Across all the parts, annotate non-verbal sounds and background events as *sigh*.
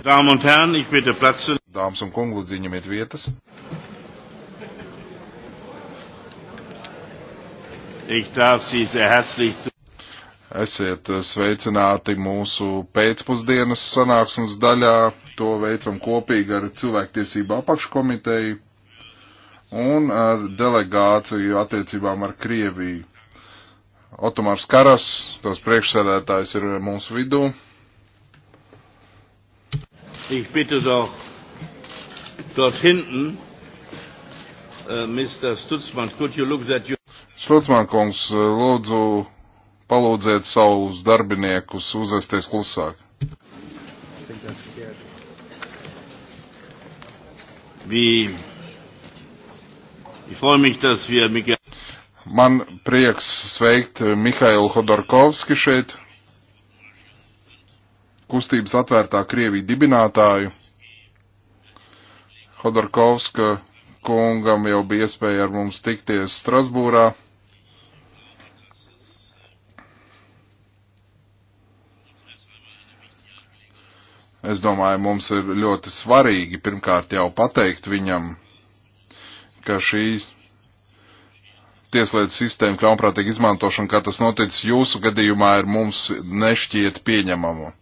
Dāmas un kungi, lūdzu, ņemiet vietas. Esiet eh, sveicināti mūsu pēcpusdienas sanāksmes daļā. To veicam kopīgi ar cilvēktiesību apakškomiteju un ar delegāciju attiecībām ar Krieviju. Otomārs Karas, tos priekšsēdētājs, ir mūsu vidū. Ich bitte doch dort hinten, uh, äh, Mr. Stutzmann, could you look that you... Stutzmann kungs, äh, lūdzu palūdziet savus darbiniekus uzvesties klusāk. Wie Ich freue mich, dass wir Michael Man prieks sveikt Mihailu Hodorkovski šeit kustības atvērtā Krievija dibinātāju. Hodorkovska kungam jau bija iespēja ar mums tikties Strasbūrā. Es domāju, mums ir ļoti svarīgi pirmkārt jau pateikt viņam, ka šī tieslietu sistēma ļaunprātīga izmantošana, kā tas noticis jūsu gadījumā, ir mums nešķiet pieņemama.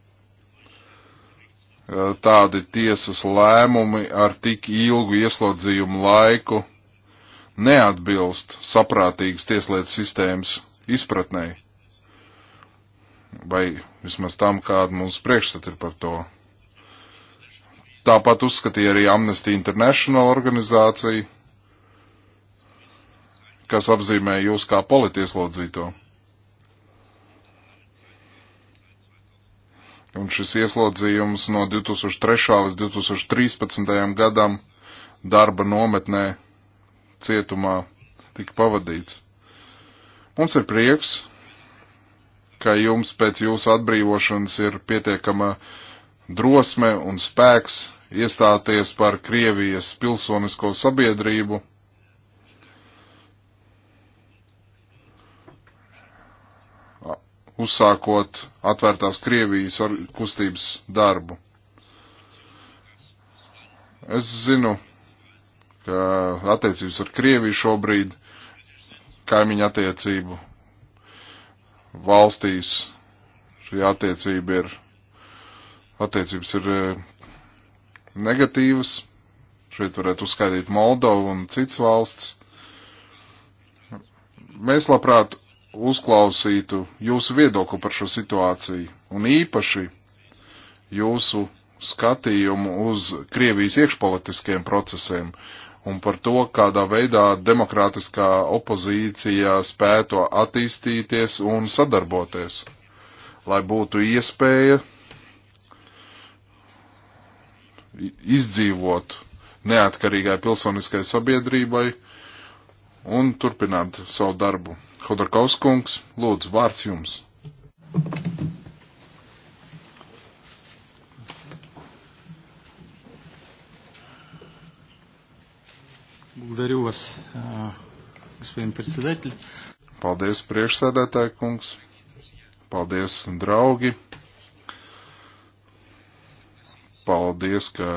Eh, tādi tiesas lēmumi ar tik ilgu ieslodzījumu laiku neatbilst saprātīgas tieslietu sistēmas izpratnei. Vai vismaz tam, kāda mums priekšstata ir par to. Tāpat uzskatīja arī Amnesty International organizācija, kas apzīmē jūs kā politieslodzīto. Un šis ieslodzījums no 2003. līdz 2013. gadam darba nometnē cietumā tika pavadīts. Mums ir prieks, ka jums pēc jūsu atbrīvošanas ir pietiekama drosme un spēks iestāties par Krievijas pilsonisko sabiedrību uzsākot atvērtās Krievijas kustības darbu. Es zinu, ka attiecības ar Krieviju šobrīd kaimiņu attiecību valstīs šī attiecība ir, attiecības ir eh, negatīvas. Šeit varētu uzskaitīt Moldovu un cits valsts. Mēs labprāt uzklausītu jūsu viedokli par šo situāciju un īpaši jūsu skatījumu uz Krievijas iekšpolitiskiem procesiem un par to, kādā veidā demokrātiskā opozīcijā spēto attīstīties un sadarboties, lai būtu iespēja izdzīvot neatkarīgai pilsoniskai sabiedrībai un turpināt savu darbu. Hodorkovskungs, lūdzu, vārds jums. Благодарю вас, э, господин председатель. Paldies, priekšsēdētāji kungs. Paldies, draugi. Paldies, ka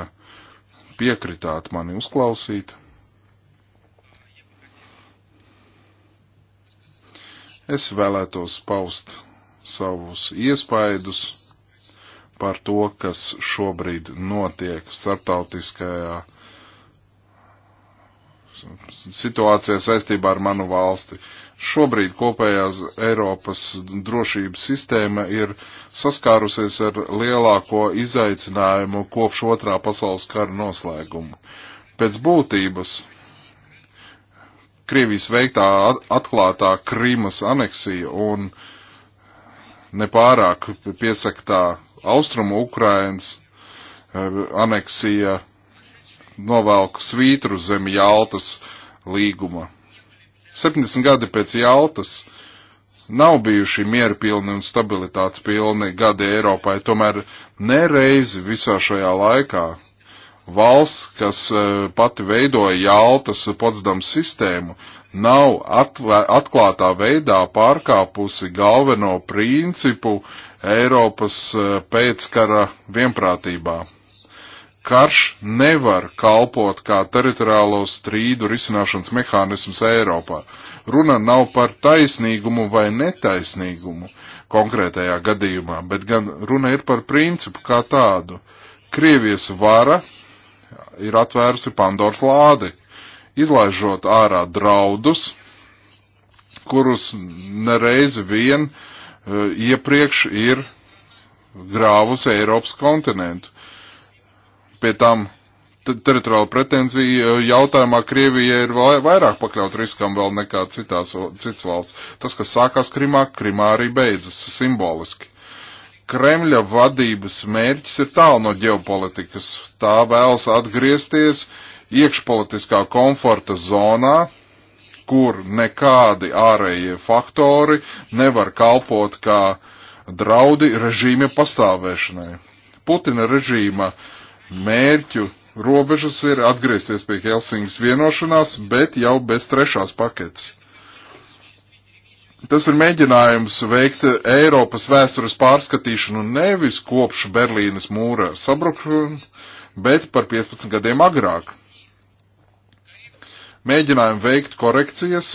piekritāt mani uzklausīt. Es vēlētos paust savus iespaidus par to, kas šobrīd notiek starptautiskajā situācijā saistībā ar manu valsti. Šobrīd kopējās Eiropas drošības sistēma ir saskārusies ar lielāko izaicinājumu kopš otrā pasaules kara noslēgumu. Pēc būtības Krievijas veiktā atklātā Krīmas aneksija un nepārāk piesaktā Austrumu Ukrainas eh, aneksija novelk svītru zem Jaltas līguma. 70 gadi pēc Jaltas nav bijuši mieru pilni un stabilitātes pilni gadi Eiropai, tomēr nereizi visā šajā laikā valsts, kas eh, pati veidoja Jaltas Potsdams sistēmu, nav atvē, atklātā veidā pārkāpusi galveno principu Eiropas eh, pēckara vienprātībā. Karš nevar kalpot kā teritoriālo strīdu risināšanas mehānisms Eiropā. Runa nav par taisnīgumu vai netaisnīgumu konkrētajā gadījumā, bet gan runa ir par principu kā tādu. Krievijas vara ir atvērusi Pandoras lādi, izlaižot ārā draudus, kurus nereiz vien e, iepriekš ir grāvusi Eiropas kontinentu. Pie tam teritoriāla pretenzija e, jautājumā Krievija ir vairāk pakļaut riskam vēl nekā citās, cits valsts. Tas, kas sākās Krimā, Krimā arī beidzas simboliski. Kremļa vadības mērķis ir tālu no ģeopolitikas. Tā vēlas atgriezties iekšpolitiskā komforta zonā, kur nekādi ārējie faktori nevar kalpot kā draudi režīma pastāvēšanai. Putina režīma mērķu robežas ir atgriezties pie Helsingas vienošanās, bet jau bez trešās paketes. Tas ir mēģinājums veikt Eiropas vēstures pārskatīšanu nevis kopš Berlīnas mūra sabrukšana, bet par 15 gadiem agrāk. Mēģinājumu veikt korekcijas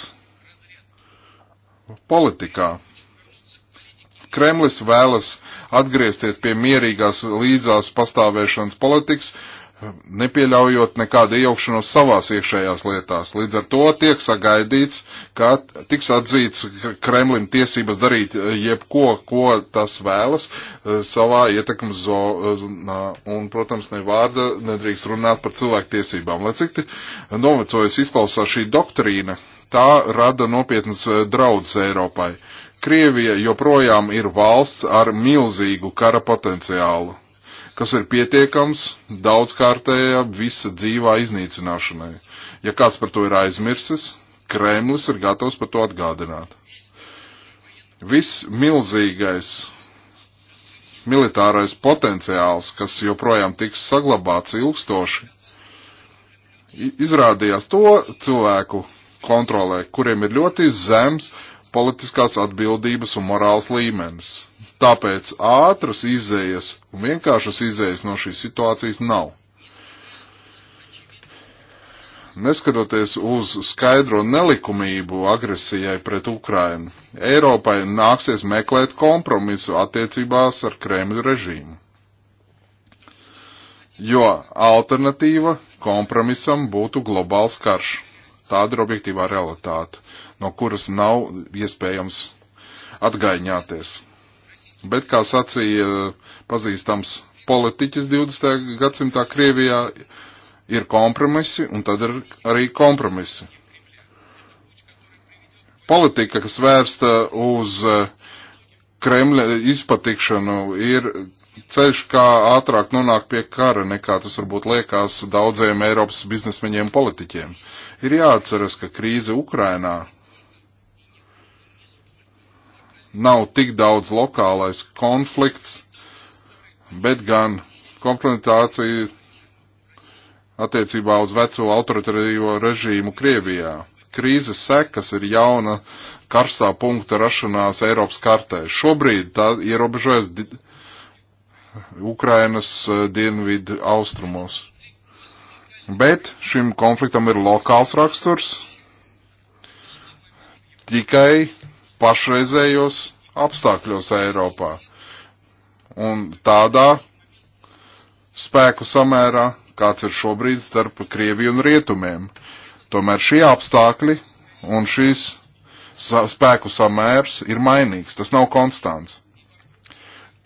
politikā. Kremlis vēlas atgriezties pie mierīgās līdzās pastāvēšanas politikas, nepieļaujot nekādu iejaukšanos savās iekšējās lietās. Līdz ar to tiek sagaidīts, ka tiks atzīts Kremlim tiesības darīt eh, jebko, ko tas vēlas eh, savā ietekmes zonā. Un, protams, ne vārda nedrīkst runāt par cilvēktiesībām. Lai cik novecojas izklausās šī doktrīna, tā rada nopietnas eh, draudz Eiropai. Krievija joprojām ir valsts ar milzīgu kara potenciālu kas ir pietiekams daudzkārtējā visa dzīvā iznīcināšanai. Ja kāds par to ir aizmirsis, Kremlis ir gatavs par to atgādināt. Viss milzīgais militārais potenciāls, kas joprojām tiks saglabāts ilgstoši, izrādījās to cilvēku kontrolē, kuriem ir ļoti zems politiskās atbildības un morāls līmenis. Tāpēc ātras izējas un vienkāršas izējas no šīs situācijas nav. Neskatoties uz skaidro nelikumību agresijai pret Ukrainu, Eiropai nāksies meklēt kompromisu attiecībās ar Kremļu režīmu. Jo alternatīva kompromisam būtu globāls karš. Tāda ir objektīvā realitāte no kuras nav iespējams atgaiņāties. Bet, kā sacīja pazīstams politiķis 20. gadsimtā Krievijā, ir kompromisi un tad ir arī kompromisi. Politika, kas vērsta uz eh, Kremļa izpatikšanu, ir ceļš, kā ātrāk nonākt pie kara, nekā tas varbūt liekas daudziem Eiropas biznesmeņiem politiķiem. Ir jāatceras, ka krīze Ukrainā nav tik daudz lokālais konflikts, bet gan komplementācija attiecībā uz veco autoritīvo režīmu Krievijā. Krīzes sekas ir jauna karstā punkta rašanās Eiropas kartē. Šobrīd tā ierobežojas di Ukrainas eh, dienvidu austrumos. Bet šim konfliktam ir lokāls raksturs. Tikai pašreizējos apstākļos Eiropā. Un tādā spēku samērā, kāds ir šobrīd starp Krieviju un Rietumiem. Tomēr šie apstākļi un šīs spēku samērs ir mainīgs, tas nav konstants.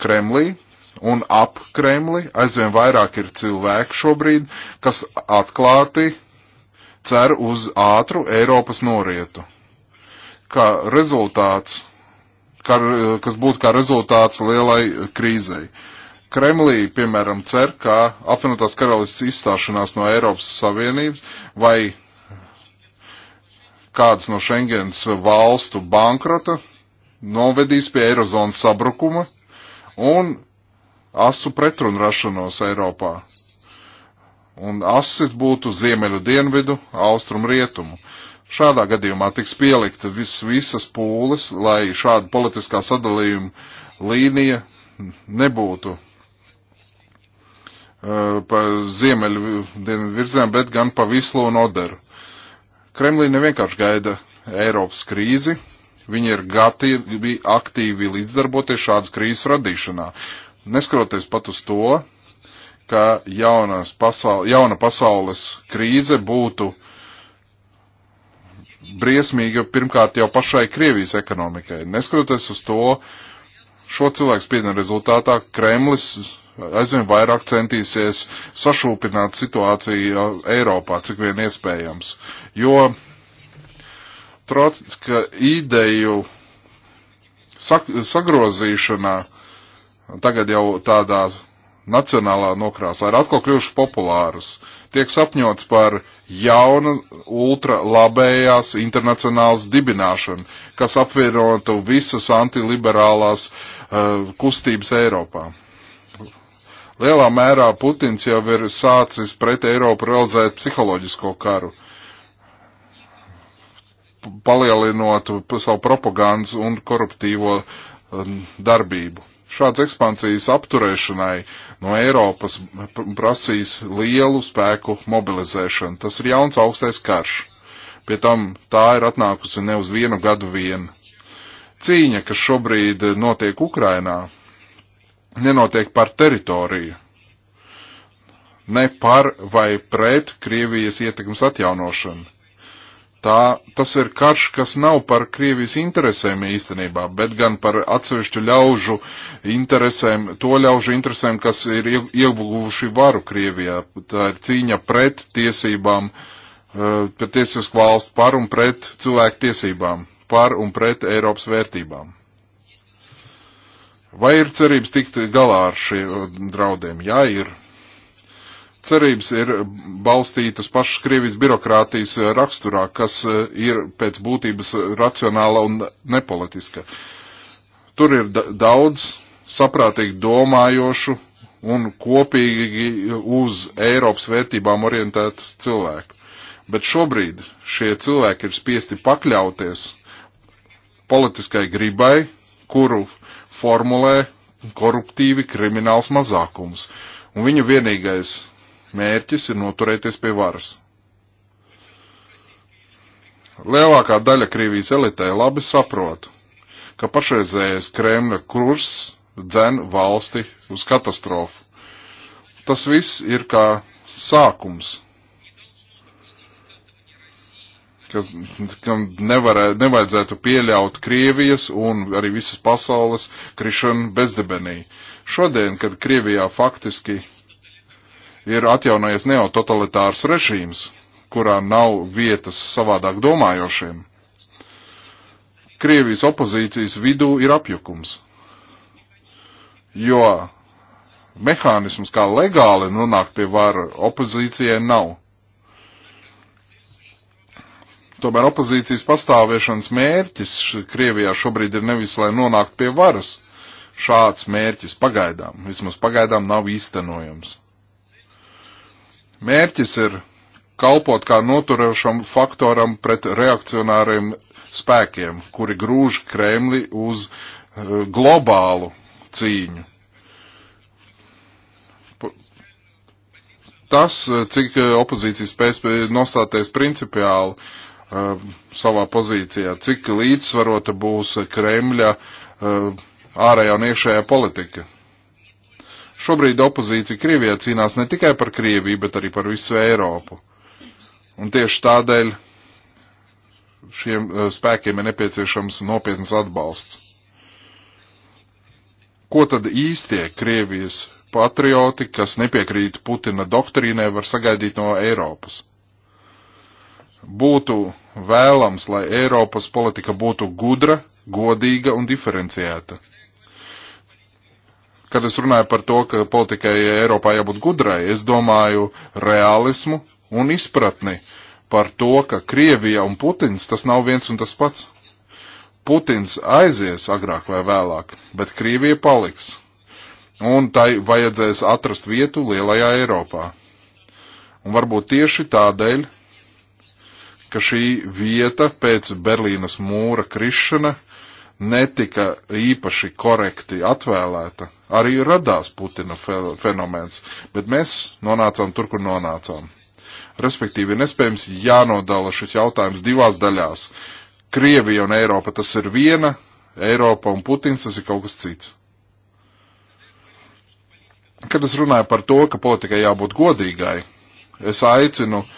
Kremlī un ap Kremli aizvien vairāk ir cilvēku šobrīd, kas atklāti cer uz ātru Eiropas norietu kā rezultāts, kā, kas būtu kā rezultāts lielai krīzei. Kremlī, piemēram, cer, ka apvienotās karalists izstāšanās no Eiropas Savienības vai kāds no Schengens valstu bankrota novedīs pie Eirozonas sabrukuma un asu pretrunu rašanos Eiropā. Un asis būtu ziemeļu dienvidu, austrumu rietumu. Uh, Šādā gadījumā tiks pielikta vis, visas pūles, lai šāda politiskā sadalījuma līnija nebūtu uh, pa ziemeļu virzienam, bet gan pa Vislu un Oderu. Kremlī nevienkārši gaida Eiropas krīzi, viņi ir gatavi aktīvi līdzdarboties šādas krīzes radīšanā. Neskroties pat uz to, ka pasaul, jauna pasaules krīze būtu uh, briesmīga pirmkārt jau pašai Krievijas ekonomikai. Neskatoties uz to, šo cilvēku spiedienu rezultātā Kremlis aizvien vairāk centīsies sašūpināt situāciju Eiropā, cik vien iespējams. Jo Trotska ideju sak sagrozīšanā tagad jau tādā nacionālā nokrāsā ir atkal kļuvušas populāras. Uh, tiek sapņots par jaunu ultralabējās internacionālas dibināšanu, kas apvienotu visas antiliberālās uh, kustības Eiropā. Lielā mērā Putins jau ir sācis pret Eiropu realizēt psiholoģisko karu, palielinot savu propagandas un koruptīvo eh, darbību šāds ekspansijas apturēšanai no Eiropas prasīs lielu spēku mobilizēšanu. Tas ir jauns augstais karš. Pie tam tā ir atnākusi ne uz vienu gadu vien. Cīņa, kas šobrīd notiek Ukrainā, nenotiek par teritoriju, ne par vai pret Krievijas ietekmes atjaunošanu Tā, tas ir karš, kas nav par Krievijas interesēm īstenībā, bet gan par atsevišķu ļaužu interesēm, to ļaužu interesēm, kas ir ieguvuši varu Krievijā. Tā ir cīņa pret tiesībām, eh, pret tiesisku valstu, par un pret cilvēku tiesībām, par un pret Eiropas vērtībām. Vai ir cerības tikt galā ar šiem draudiem? Jā, ir cerības ir balstītas pašas Krievijas birokrātijas eh, raksturā, kas eh, ir pēc būtības racionāla un nepolitiska. Tur ir daudz saprātīgi domājošu un kopīgi uz Eiropas vērtībām orientētu cilvēku. Bet šobrīd šie cilvēki ir spiesti pakļauties politiskai gribai, kuru formulē koruptīvi krimināls mazākums. Un viņu vienīgais mērķis ir noturēties pie varas. Lielākā daļa Krievijas elitē labi saprot, ka pašreizējais Kremļa kurs dzen valsti uz katastrofu. Tas viss ir kā sākums, kas, kam nevarē, nevajadzētu pieļaut Krievijas un arī visas pasaules krišanu bezdebenī. Šodien, kad Krievijā faktiski ir atjaunojies neototalitārs režīms, kurā nav vietas savādāk domājošiem. Krievijas opozīcijas vidū ir apjukums, jo mehānisms, kā legāli nonākt pie vara, opozīcijai nav. Tomēr opozīcijas pastāvēšanas mērķis Krievijā šobrīd ir nevis, lai nonāktu pie varas. Šāds mērķis pagaidām, vismaz pagaidām nav īstenojams. Mērķis ir kalpot kā noturēšam faktoram pret reakcionāriem spēkiem, kuri grūž Kremli uz eh, globālu cīņu. Tas, eh, cik eh, opozīcija spēs nostāties principiāli savā pozīcijā, cik līdzsvarota būs Kremļa ārējā un iekšējā politika. Šobrīd opozīcija Krievijā cīnās ne tikai par Krieviju, bet arī par visu Eiropu. Un tieši tādēļ šiem eh, spēkiem ir nepieciešams nopietnas atbalsts. Ko tad īstie Krievijas patrioti, kas nepiekrīt Putina doktrīnai, var sagaidīt no Eiropas? Būtu vēlams, lai Eiropas politika būtu gudra, godīga un diferenciēta. Kad es runāju par to, ka politikai Eiropā jābūt gudrai, es domāju realismu un izpratni par to, ka Krievija un Putins tas nav viens un tas pats. Putins aizies agrāk vai vēlāk, bet Krievija paliks. Un tai vajadzēs atrast vietu lielajā Eiropā. Un varbūt tieši tādēļ, ka šī vieta pēc Berlīnas mūra krišana netika īpaši korekti atvēlēta. Arī radās Putina fenomens, bet mēs nonācām tur, kur nonācām. Respektīvi, nespējams jānodala šis jautājums divās daļās. Krievija un Eiropa tas ir viena, Eiropa un Putins tas ir kaut kas cits. Kad es runāju par to, ka politikai jābūt godīgai, es aicinu uh,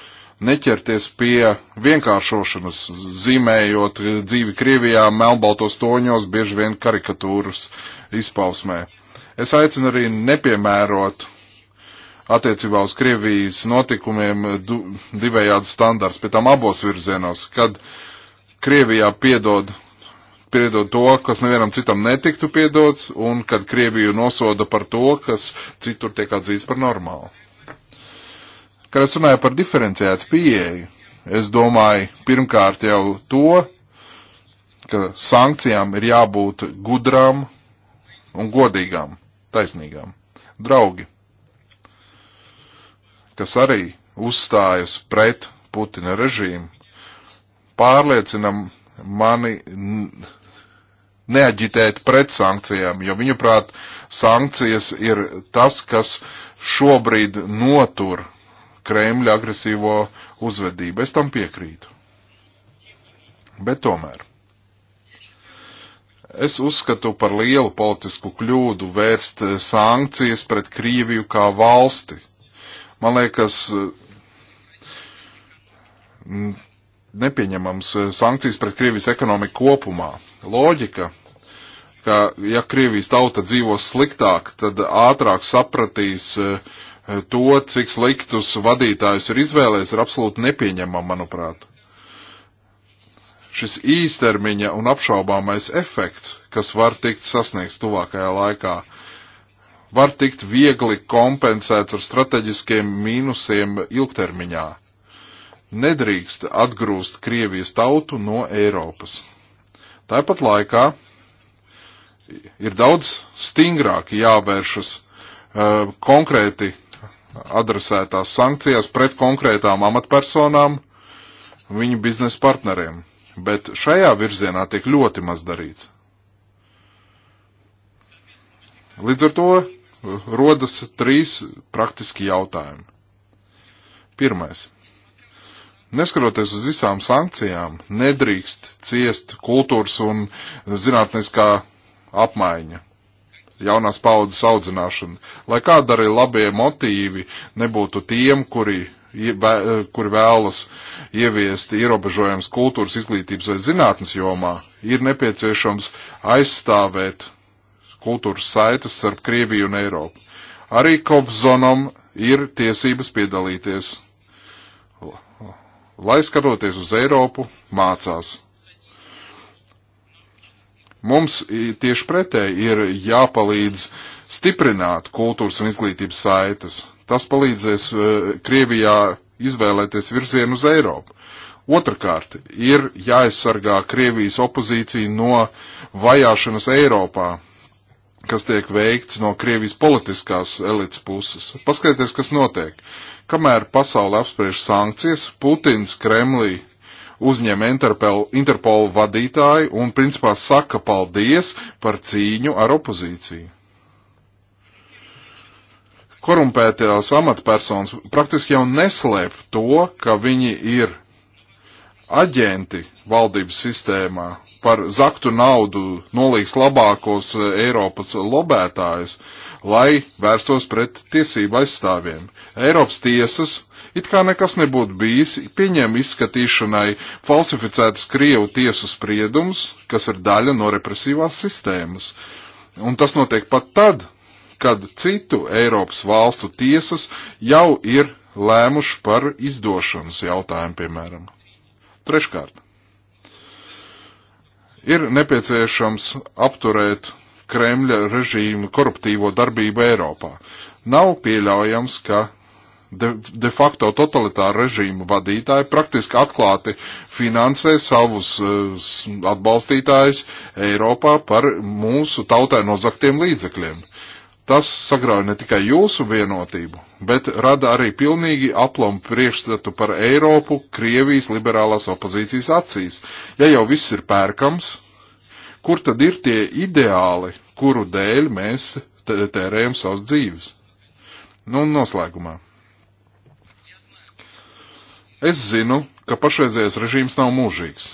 neķerties pie vienkāršošanas, zīmējot dzīvi Krievijā melnbaltos toņos, bieži vien karikatūras izpausmē. Es aicinu arī nepiemērot attiecībā uz Krievijas notikumiem du, divējādi standarts, pie tam abos virzienos, kad Krievijā piedod, piedod to, kas nevienam citam netiktu piedots, un kad Krieviju nosoda par to, kas citur tiek atzīts par normālu. Kad es runāju par diferenciētu pieeju, es domāju pirmkārt jau to, ka sankcijām ir jābūt gudrām un godīgām, taisnīgām. Draugi, kas arī uzstājas pret Putina režīmu, pārliecinam mani neaģitēt pret sankcijām, jo viņuprāt, sankcijas ir tas, kas šobrīd notur Kremļa agresīvo uzvedību. Es tam piekrītu. Bet tomēr. Es uzskatu par lielu politisku kļūdu vērst sankcijas pret Krieviju kā valsti. Man liekas, nepieņemams sankcijas pret Krievijas ekonomiku kopumā. Loģika, ka ja Krievijas tauta dzīvos sliktāk, tad ātrāk sapratīs uh, to, cik sliktus vadītājus ir izvēlējis, ir absolūti nepieņemama, manuprāt. Šis īstermiņa un apšaubāmais efekts, kas var tikt sasniegts tuvākajā laikā, var tikt viegli kompensēts ar strateģiskiem mīnusiem ilgtermiņā. Nedrīkst atgrūst Krievijas tautu no Eiropas. Tāpat laikā ir daudz stingrāk jāvēršas uh, konkrēti adresētās sankcijās pret konkrētām amatpersonām viņu biznesa partneriem. Bet šajā virzienā tiek ļoti maz darīts. Līdz ar to rodas trīs praktiski jautājumi. Pirmais. Neskatoties uz visām sankcijām, nedrīkst ciest kultūras un zinātniskā apmaiņa jaunās paudzes audzināšanu. Lai kāda arī labie motīvi nebūtu tiem, kuri, kuri vēlas ieviest ierobežojums kultūras, izglītības vai zinātnes jomā, ir nepieciešams aizstāvēt kultūras saites starp Krieviju un Eiropu. Arī Kobzonam ir tiesības piedalīties. Lai skatoties uz Eiropu, mācās. Mums tieši pretēji ir jāpalīdz stiprināt kultūras un izglītības saites. Tas palīdzēs e, Krievijā izvēlēties virzienu uz Eiropu. Otrakārt, ir jāaizsargā Krievijas opozīcija no vajāšanas Eiropā, kas tiek veikts no Krievijas politiskās elites puses. Paskatieties, kas notiek. Kamēr pasaule apspriež sankcijas, Putins Kremlī uzņem Interpol, Interpol vadītāju un principā saka paldies par cīņu ar opozīciju. Korumpētās amatpersonas praktiski jau neslēp to, ka viņi ir aģenti valdības sistēmā par zaktu naudu nolīgs labākos e, Eiropas lobētājus, lai vērstos pret tiesību aizstāvjiem. Eiropas tiesas It kā nekas nebūtu bijis, pieņem izskatīšanai falsificētas Krievu tiesu spriedums, kas ir daļa no represīvās sistēmas. Un tas notiek pat tad, kad citu Eiropas valstu tiesas jau ir lēmuši par izdošanas jautājumu, piemēram. Treškārt. Ir nepieciešams apturēt Kremļa režīmu koruptīvo darbību Eiropā. Nav pieļaujams, ka de, de facto totalitāru režīmu vadītāji praktiski atklāti finansē savus uh, eh, atbalstītājus Eiropā par mūsu tautai nozaktiem līdzekļiem. Tas sagrauj ne tikai jūsu vienotību, bet rada arī pilnīgi aplamu priekšstatu par Eiropu Krievijas liberālās opozīcijas acīs. Ja jau viss ir pērkams, kur tad ir tie ideāli, kuru dēļ mēs tērējam savas dzīves? Nu, noslēgumā. Es zinu, ka pašreizējais režīms nav mūžīgs.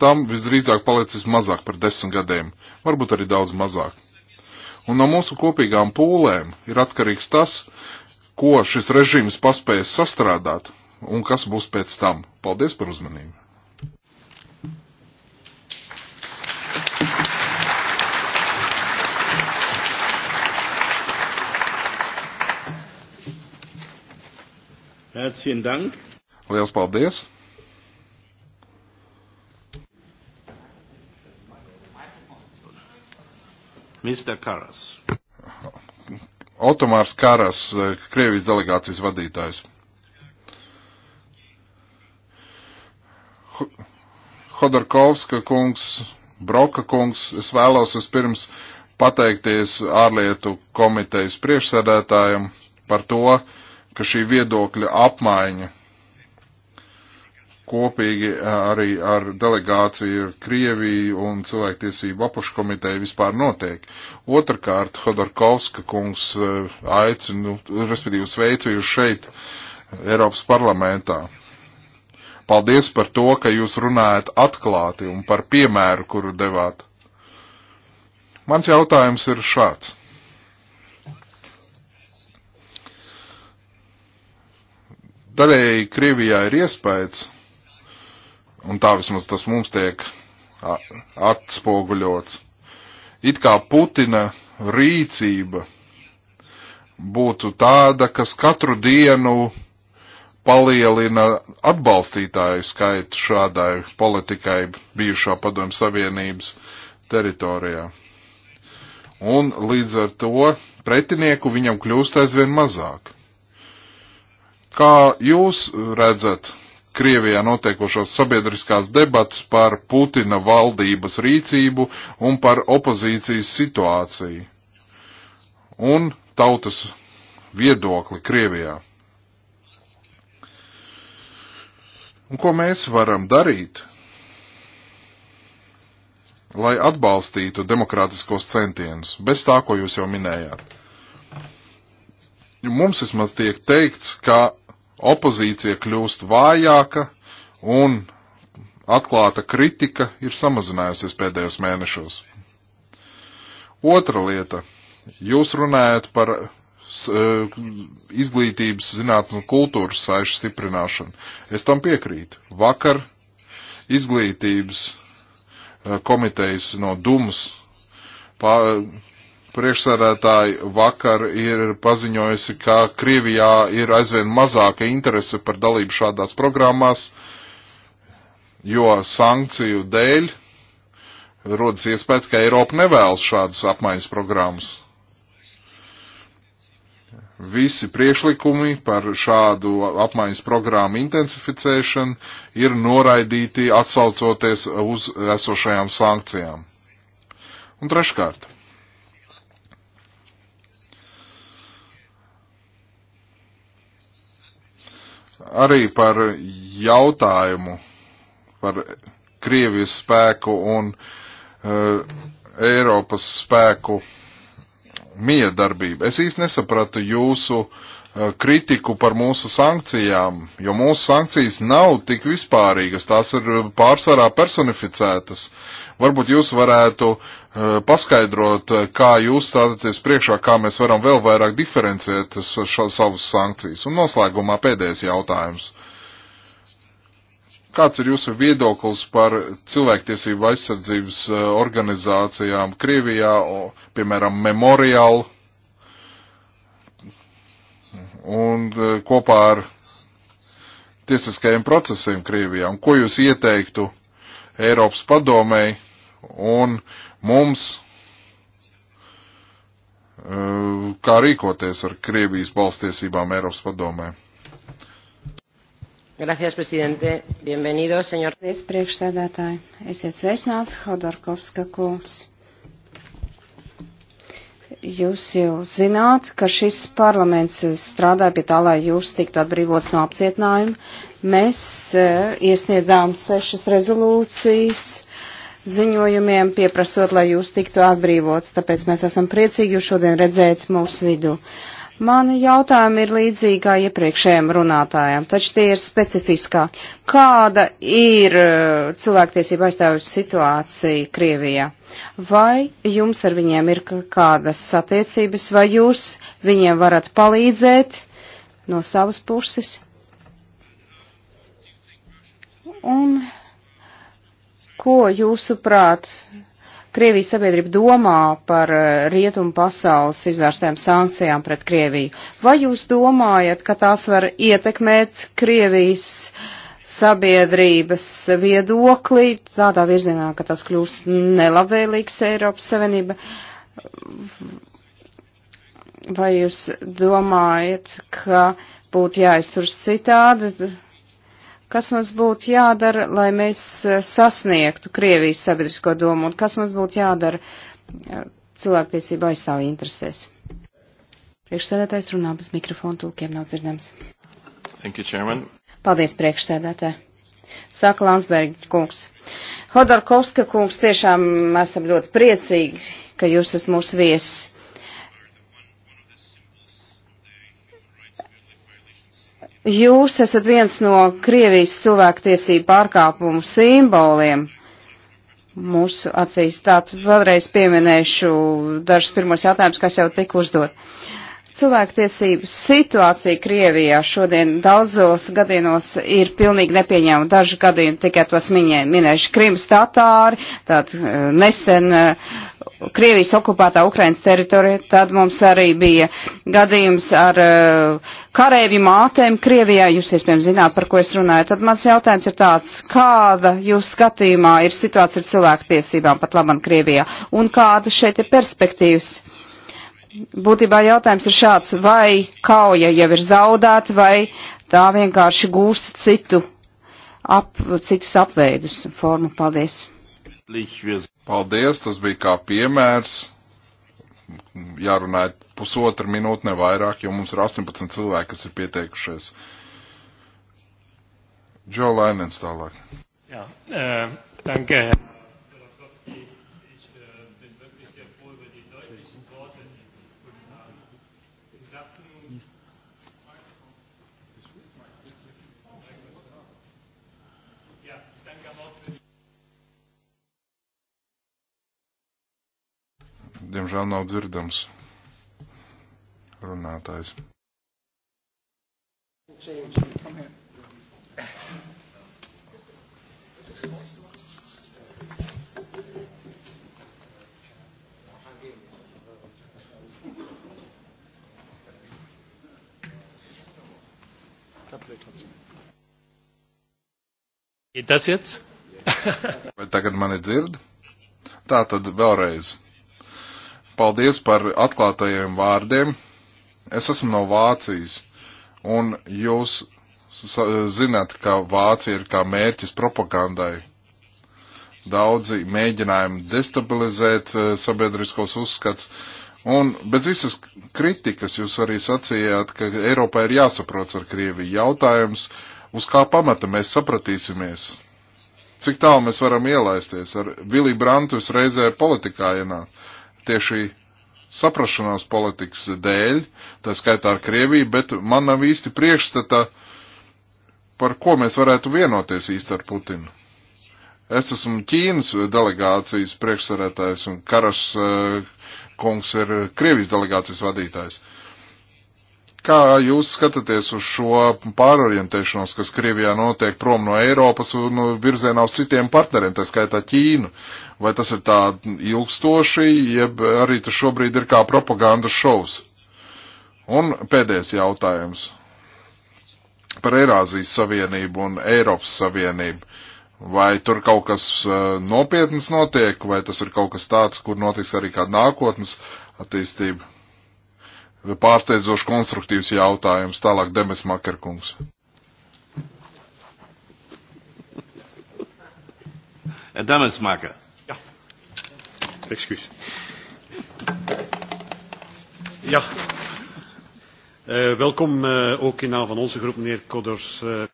Tam visdrīzāk palicis mazāk par desmit gadiem, varbūt arī daudz mazāk. Un no mūsu kopīgām pūlēm ir atkarīgs tas, ko šis režīms paspējas sastrādāt un kas būs pēc tam. Paldies par uzmanību! Herzlichen Dank. Liels paldies! Mr. Karas. Otomārs Karas, eh, Krievijas delegācijas vadītājs. Hodorkovska kungs, Broka kungs, es vēlos vispirms pateikties ārlietu komitejas priekšsēdētājiem par to, ka šī viedokļa apmaiņa kopīgi arī ar delegāciju ar Krieviju un cilvēktiesību apuškomiteju vispār notiek. Otrakārt, Hodorkovska kungs aicinu, respektīvi sveicu jūs šeit, Eiropas parlamentā. Paldies par to, ka jūs runājat atklāti un par piemēru, kuru devāt. Mans jautājums ir šāds. Daļēji Krievijā ir iespējas, Un tā vismaz tas mums tiek atspoguļots. It kā Putina rīcība būtu tāda, kas katru dienu palielina atbalstītāju skaitu šādai politikai bijušā padomju savienības teritorijā. Un līdz ar to pretinieku viņam kļūst aizvien mazāk. Kā jūs redzat Krievijā notiekošās sabiedriskās debats par Putina valdības rīcību un par opozīcijas situāciju un tautas viedokli Krievijā. Un ko mēs varam darīt, lai atbalstītu demokrātiskos centienus, bez tā, ko jūs jau minējāt? Mums vismaz tiek teikts, ka opozīcija kļūst vājāka un atklāta kritika ir samazinājusies pēdējos mēnešos. Otra lieta. Jūs runājat par e, izglītības, zinātnes un kultūras saišu stiprināšanu. Es tam piekrītu. Vakar izglītības e, komitejas no Dumas priekšsēdētāji vakar ir paziņojusi, ka Krievijā ir aizvien mazāka interese par dalību šādās programmās, jo sankciju dēļ rodas iespējas, ka Eiropa nevēlas šādas apmaiņas programmas. Visi priekšlikumi par šādu apmaiņas programmu intensificēšanu ir noraidīti atsaucoties uz esošajām sankcijām. Un treškārt, arī par jautājumu par Krievijas spēku un uh, Eiropas spēku miedarbību. Es īsti nesapratu jūsu uh, kritiku par mūsu sankcijām, jo mūsu sankcijas nav tik vispārīgas, tās ir pārsvarā personificētas. Uh, Varbūt jūs varētu uh, paskaidrot, eh, kā jūs stādaties priekšā, kā mēs varam vēl vairāk diferencēt savas sankcijas. Un noslēgumā pēdējais jautājums. Kāds ir jūsu viedoklis par cilvēktiesību aizsardzības eh, organizācijām Krievijā, o, piemēram, Memorial un kopā ar tiesiskajiem procesiem Krievijā? Un ko jūs ieteiktu Eiropas padomēji un mums, eh, kā rīkoties ar Krievijas balstiesībām Eiropas padomē. Gracias, presidente. Bienvenido, señor. Es priekšsēdētāji. Esiet sveicināts, Hodorkovska kungs. Jūs jau zināt, ka šis parlaments strādā pie tā, lai jūs tiktu atbrīvots no apcietinājuma. Mēs e, iesniedzām sešas rezolūcijas ziņojumiem, pieprasot, lai jūs tiktu atbrīvots, tāpēc mēs esam priecīgi jūs šodien redzēt mūsu vidū. Mani jautājumi ir līdzīgi kā iepriekšējiem runātājiem, taču tie ir specifiskā. Kāda ir uh, cilvēktiesība aizstāvju situācija Krievijā? Vai jums ar viņiem ir kādas attiecības, vai jūs viņiem varat palīdzēt no savas puses? Un Ko jūsuprāt Krievijas sabiedrība domā par eh, rietumu pasaules izvērstēm sankcijām pret Krieviju? Vai jūs domājat, ka tās var ietekmēt Krievijas sabiedrības viedoklī tādā virzienā, ka tas kļūst nelabvēlīgs Eiropas Savienība? Vai jūs domājat, ka būtu jāizturas citādi? kas mums būtu jādara, lai mēs eh, sasniegtu Krievijas sabiedrisko domu un kas mums būtu jādara eh, cilvēktiesība aizstāvja interesēs. Priekšsēdētājs runā bez mikrofona, tūkiem nav dzirdams. Thank you, Chairman. Paldies, priekšsēdētāji. Saka Landsbergi kungs. Hodorkovska kungs, tiešām esam ļoti priecīgi, ka jūs esat mūsu viesis. Jūs esat viens no Krievijas cilvēktiesību pārkāpumu simboliem. Mūsu acīs tāt vēlreiz pieminēšu dažus pirmos jautājumus, kas jau tika uzdot. Cilvēktiesību situācija Krievijā šodien daudzos gadienos ir pilnīgi nepieņēma. Daži gadījumi tikai tos minē, minējuši Krimas tatāri, tātad eh, nesen uh, Krievijas okupētā Ukrainas teritorija, tad mums arī bija gadījums ar uh, karēvi mātēm Krievijā, jūs iespējams zināt, par ko es runāju. Tad mans jautājums ir tāds, kāda jūs skatījumā ir situācija ar cilvēku tiesībām pat laban Krievijā un kāda šeit ir perspektīvas? Būtībā jautājums ir šāds, vai kauja jau ir zaudēta, vai tā vienkārši gūst citu, ap, citus apveidus formu. Paldies! Paldies, tas bija kā piemērs. Jārunājot pusotru minūti, ne vairāk, jo mums ir 18 cilvēki, kas ir pieteikušies. Džo Lainens tālāk. Jā, uh, danke. Diemžēl nav dzirdams runātājs. James, come here. Geht das jetzt? Vai tagad mani dzird? Tā tad vēlreiz. Paldies par atklātajiem vārdiem. Es esmu no Vācijas, un jūs zināt, ka Vācija ir kā mērķis propagandai. Daudzi mēģinājumi destabilizēt eh, sabiedriskos uzskats, un bez visas kritikas jūs arī sacījāt, ka Eiropā ir jāsaprots ar Krieviju jautājums, uz kā pamata mēs sapratīsimies. Cik tālu mēs varam ielaisties? Ar Vili Brantu es reizē politikā ienācu tieši saprašanās politikas dēļ, tā skaitā ar Krieviju, bet man nav īsti priekšstata, par ko mēs varētu vienoties īsti ar Putinu. Es esmu Ķīnas delegācijas priekšsarētājs un Karas eh, kungs ir Krievijas delegācijas vadītājs. Uh, Kā jūs skatāties uz šo pārorientēšanos, kas Krievijā notiek prom no Eiropas un virzienā uz citiem partneriem, tā skaitā Ķīnu? Vai tas ir tā ilgstoši, jeb arī tas šobrīd ir kā propagandas šovs? Un pēdējais jautājums par Eirāzijas Savienību un Eiropas Savienību. Vai tur kaut kas uh, nopietns notiek, vai tas ir kaut kas tāds, kur notiks arī kāda nākotnes attīstība? pārsteidzoši konstruktīvs jautājums. Tālāk Demes Makerkungs. Eh, Demes Maker. Jā. Excuse. Ja. Uh, welkom uh, ook in naam van onze groep, meneer Kodders. Uh.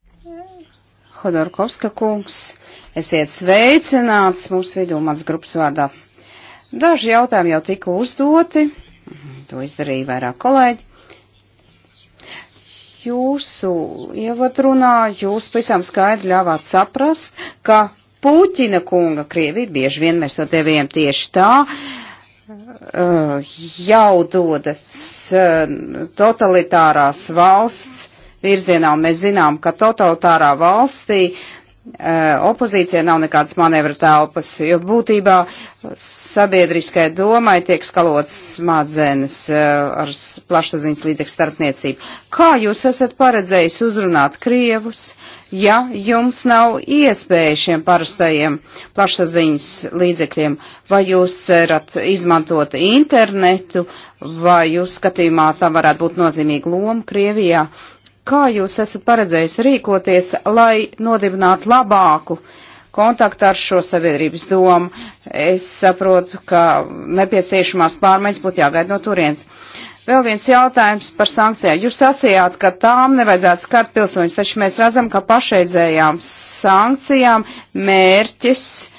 Hodorkovska kungs, esiet sveicināts mūsu vidū mans grupas vārdā. Daži jautājumi jau tika uzdoti to izdarīja vairāk kolēģi. Jūsu ievadrunā jūs pavisam skaidri ļāvāt saprast, ka Puķina kunga Krievija, bieži vien mēs to devējam tieši tā, eh, jau dodas eh, totalitārās valsts virzienā, un mēs zinām, ka totalitārā valstī uh, Eh, opozīcijai nav nekādas manevra telpas, jo būtībā sabiedriskai domai tiek skalots smadzenes eh, ar plašsaziņas līdzekļu starpniecību. Kā jūs esat paredzējis uzrunāt Krievus, ja jums nav iespēja šiem parastajiem plašsaziņas līdzekļiem? Vai jūs cerat izmantot internetu, vai jūs skatījumā tam varētu būt nozīmīga loma Krievijā? Kā jūs esat paredzējis rīkoties, lai nodibinātu labāku kontaktu ar šo sabiedrības domu? Es saprotu, ka nepieciešamās pārmaiņas būtu jāgaida no turienes. Vēl viens jautājums par sankcijām. Jūs sacījāt, ka tām nevajadzētu skart pilsoņus, taču mēs redzam, ka pašreizējām sankcijām mērķis uh,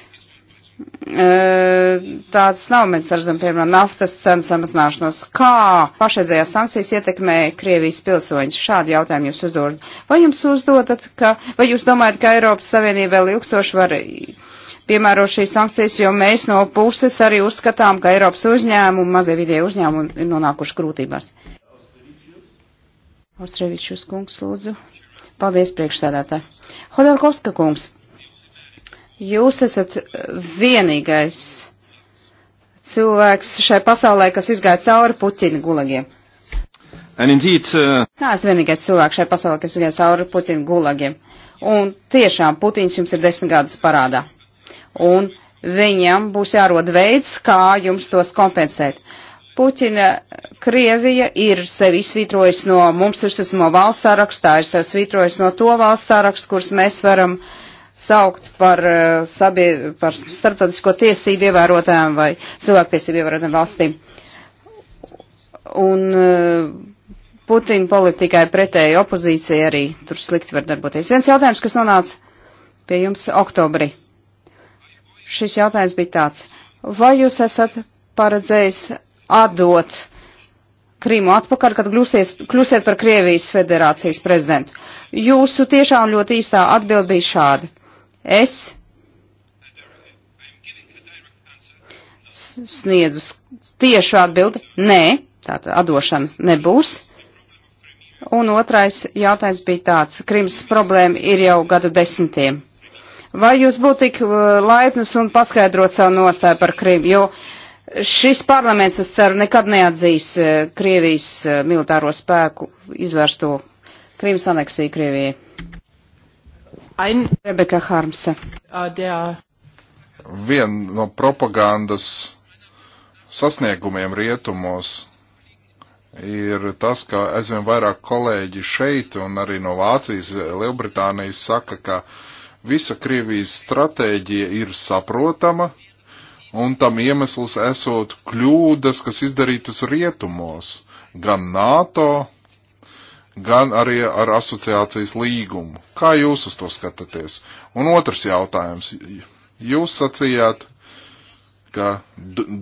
tāds nav mēs ar zem, piemēram, naftas cenu samazināšanos. Kā pašreizējās sankcijas ietekmē Krievijas pilsoņus? Šādi jautājumi jūs uzdod. Vai jums uzdodat, ka, vai jūs domājat, ka Eiropas Savienība vēl ilgstoši var piemēro šīs sankcijas, jo mēs no puses arī uzskatām, ka Eiropas uzņēmumi, mazie vidēji uzņēmumi ir nonākuši grūtībās. Ostrevičus kungs, lūdzu. Paldies, priekšsēdētāji. Hodorkovska kungs. Jūs esat vienīgais cilvēks šai pasaulē, kas izgāja cauri puķiņu gulagiem. Indeed, uh... Nā, es vienīgais cilvēks šai pasaulē, kas izgāja cauri puķiņu gulagiem. Un tiešām Putins jums ir desmit gadus parādā. Un viņam būs jārod veids, kā jums tos kompensēt. Puķina Krievija ir sevi izsvītrojusi no mums uzticamo valsts sarakstā, ir sevi svītrojusi no to valsts sarakstu, kuras mēs varam uh, saukts par, eh, sabie, par starptautisko tiesību ievērotājiem vai cilvēktiesību ievērotājiem valstīm. Un eh, Putina politikai pretēji opozīcija arī tur slikti var darboties. Viens jautājums, kas nonāca pie jums oktobrī. Šis jautājums bija tāds. Vai jūs esat paredzējis atdot Krīmu atpakaļ, kad kļūsiet, kļūsiet par Krievijas federācijas prezidentu? Jūsu tiešām ļoti īstā atbild bija šāda. Es sniedzu tiešu atbildi, nē, tātad atdošanas nebūs. Un otrais jautājums bija tāds, Krimas problēma ir jau gadu desmitiem. Vai jūs būtu tik uh, laipnas un paskaidrot savu nostāju par Krimu, jo šis parlaments, es ceru, nekad neatzīs uh, Krievijas uh, militāro spēku izvērsto Krimas aneksiju Krievijai? Ein Rebeka Harmsa. Uh, Viena no propagandas sasniegumiem rietumos ir tas, ka aizvien vairāk kolēģi šeit un arī no Vācijas, Lielbritānijas saka, ka visa Krievijas stratēģija ir saprotama un tam iemesls esot kļūdas, kas izdarītas rietumos, gan NATO, gan arī ar asociācijas līgumu. Kā jūs uz to skatāties? Un otrs jautājums. Jūs sacījāt, ka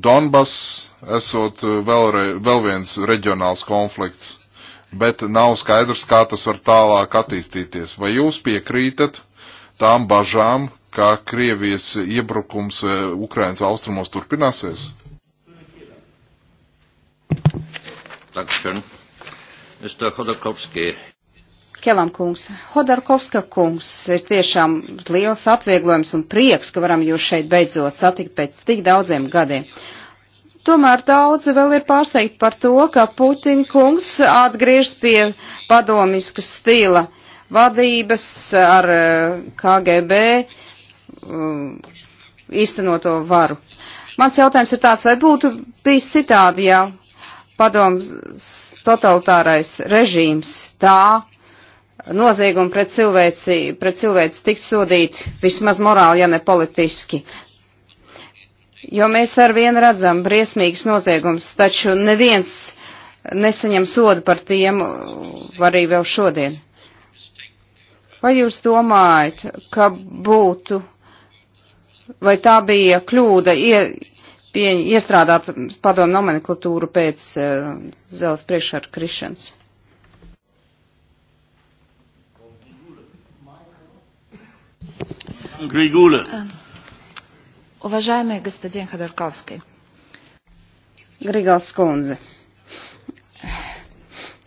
Donbass esot eh, vēl, re, vēl viens reģionāls konflikts, bet nav skaidrs, kā tas var tālāk attīstīties. Vai jūs piekrītat tām bažām, kā Krievijas iebrukums eh, Ukrainas austrumos turpināsies? Dankeschön. Kelam kungs, Hodorkovska kungs, ir tiešām liels atvieglojums un prieks, ka varam jūs šeit beidzot satikt pēc tik daudziem gadiem. Tomēr daudzi vēl ir pārsteigti par to, ka Putina kungs atgriežas pie padomiska stila vadības ar eh, KGB eh, īstenoto varu. Mans jautājums ir tāds, vai būtu bijis citādi, ja padoms totalitārais režīms, tā noziegumi pret cilvēci, pret cilvēci tikt sodīti vismaz morāli, ja ne politiski. Jo mēs ar vienu redzam briesmīgas noziegums, taču neviens nesaņem sodu par tiem arī vēl šodien. Vai jūs domājat, ka būtu, vai tā bija kļūda ie, pieņ, iestrādāt padomu nomenklatūru pēc uh, zeles priekšsvaru krišanas. Grigula. Um, Уважаемый господин Ходорковский. Grigals skundze.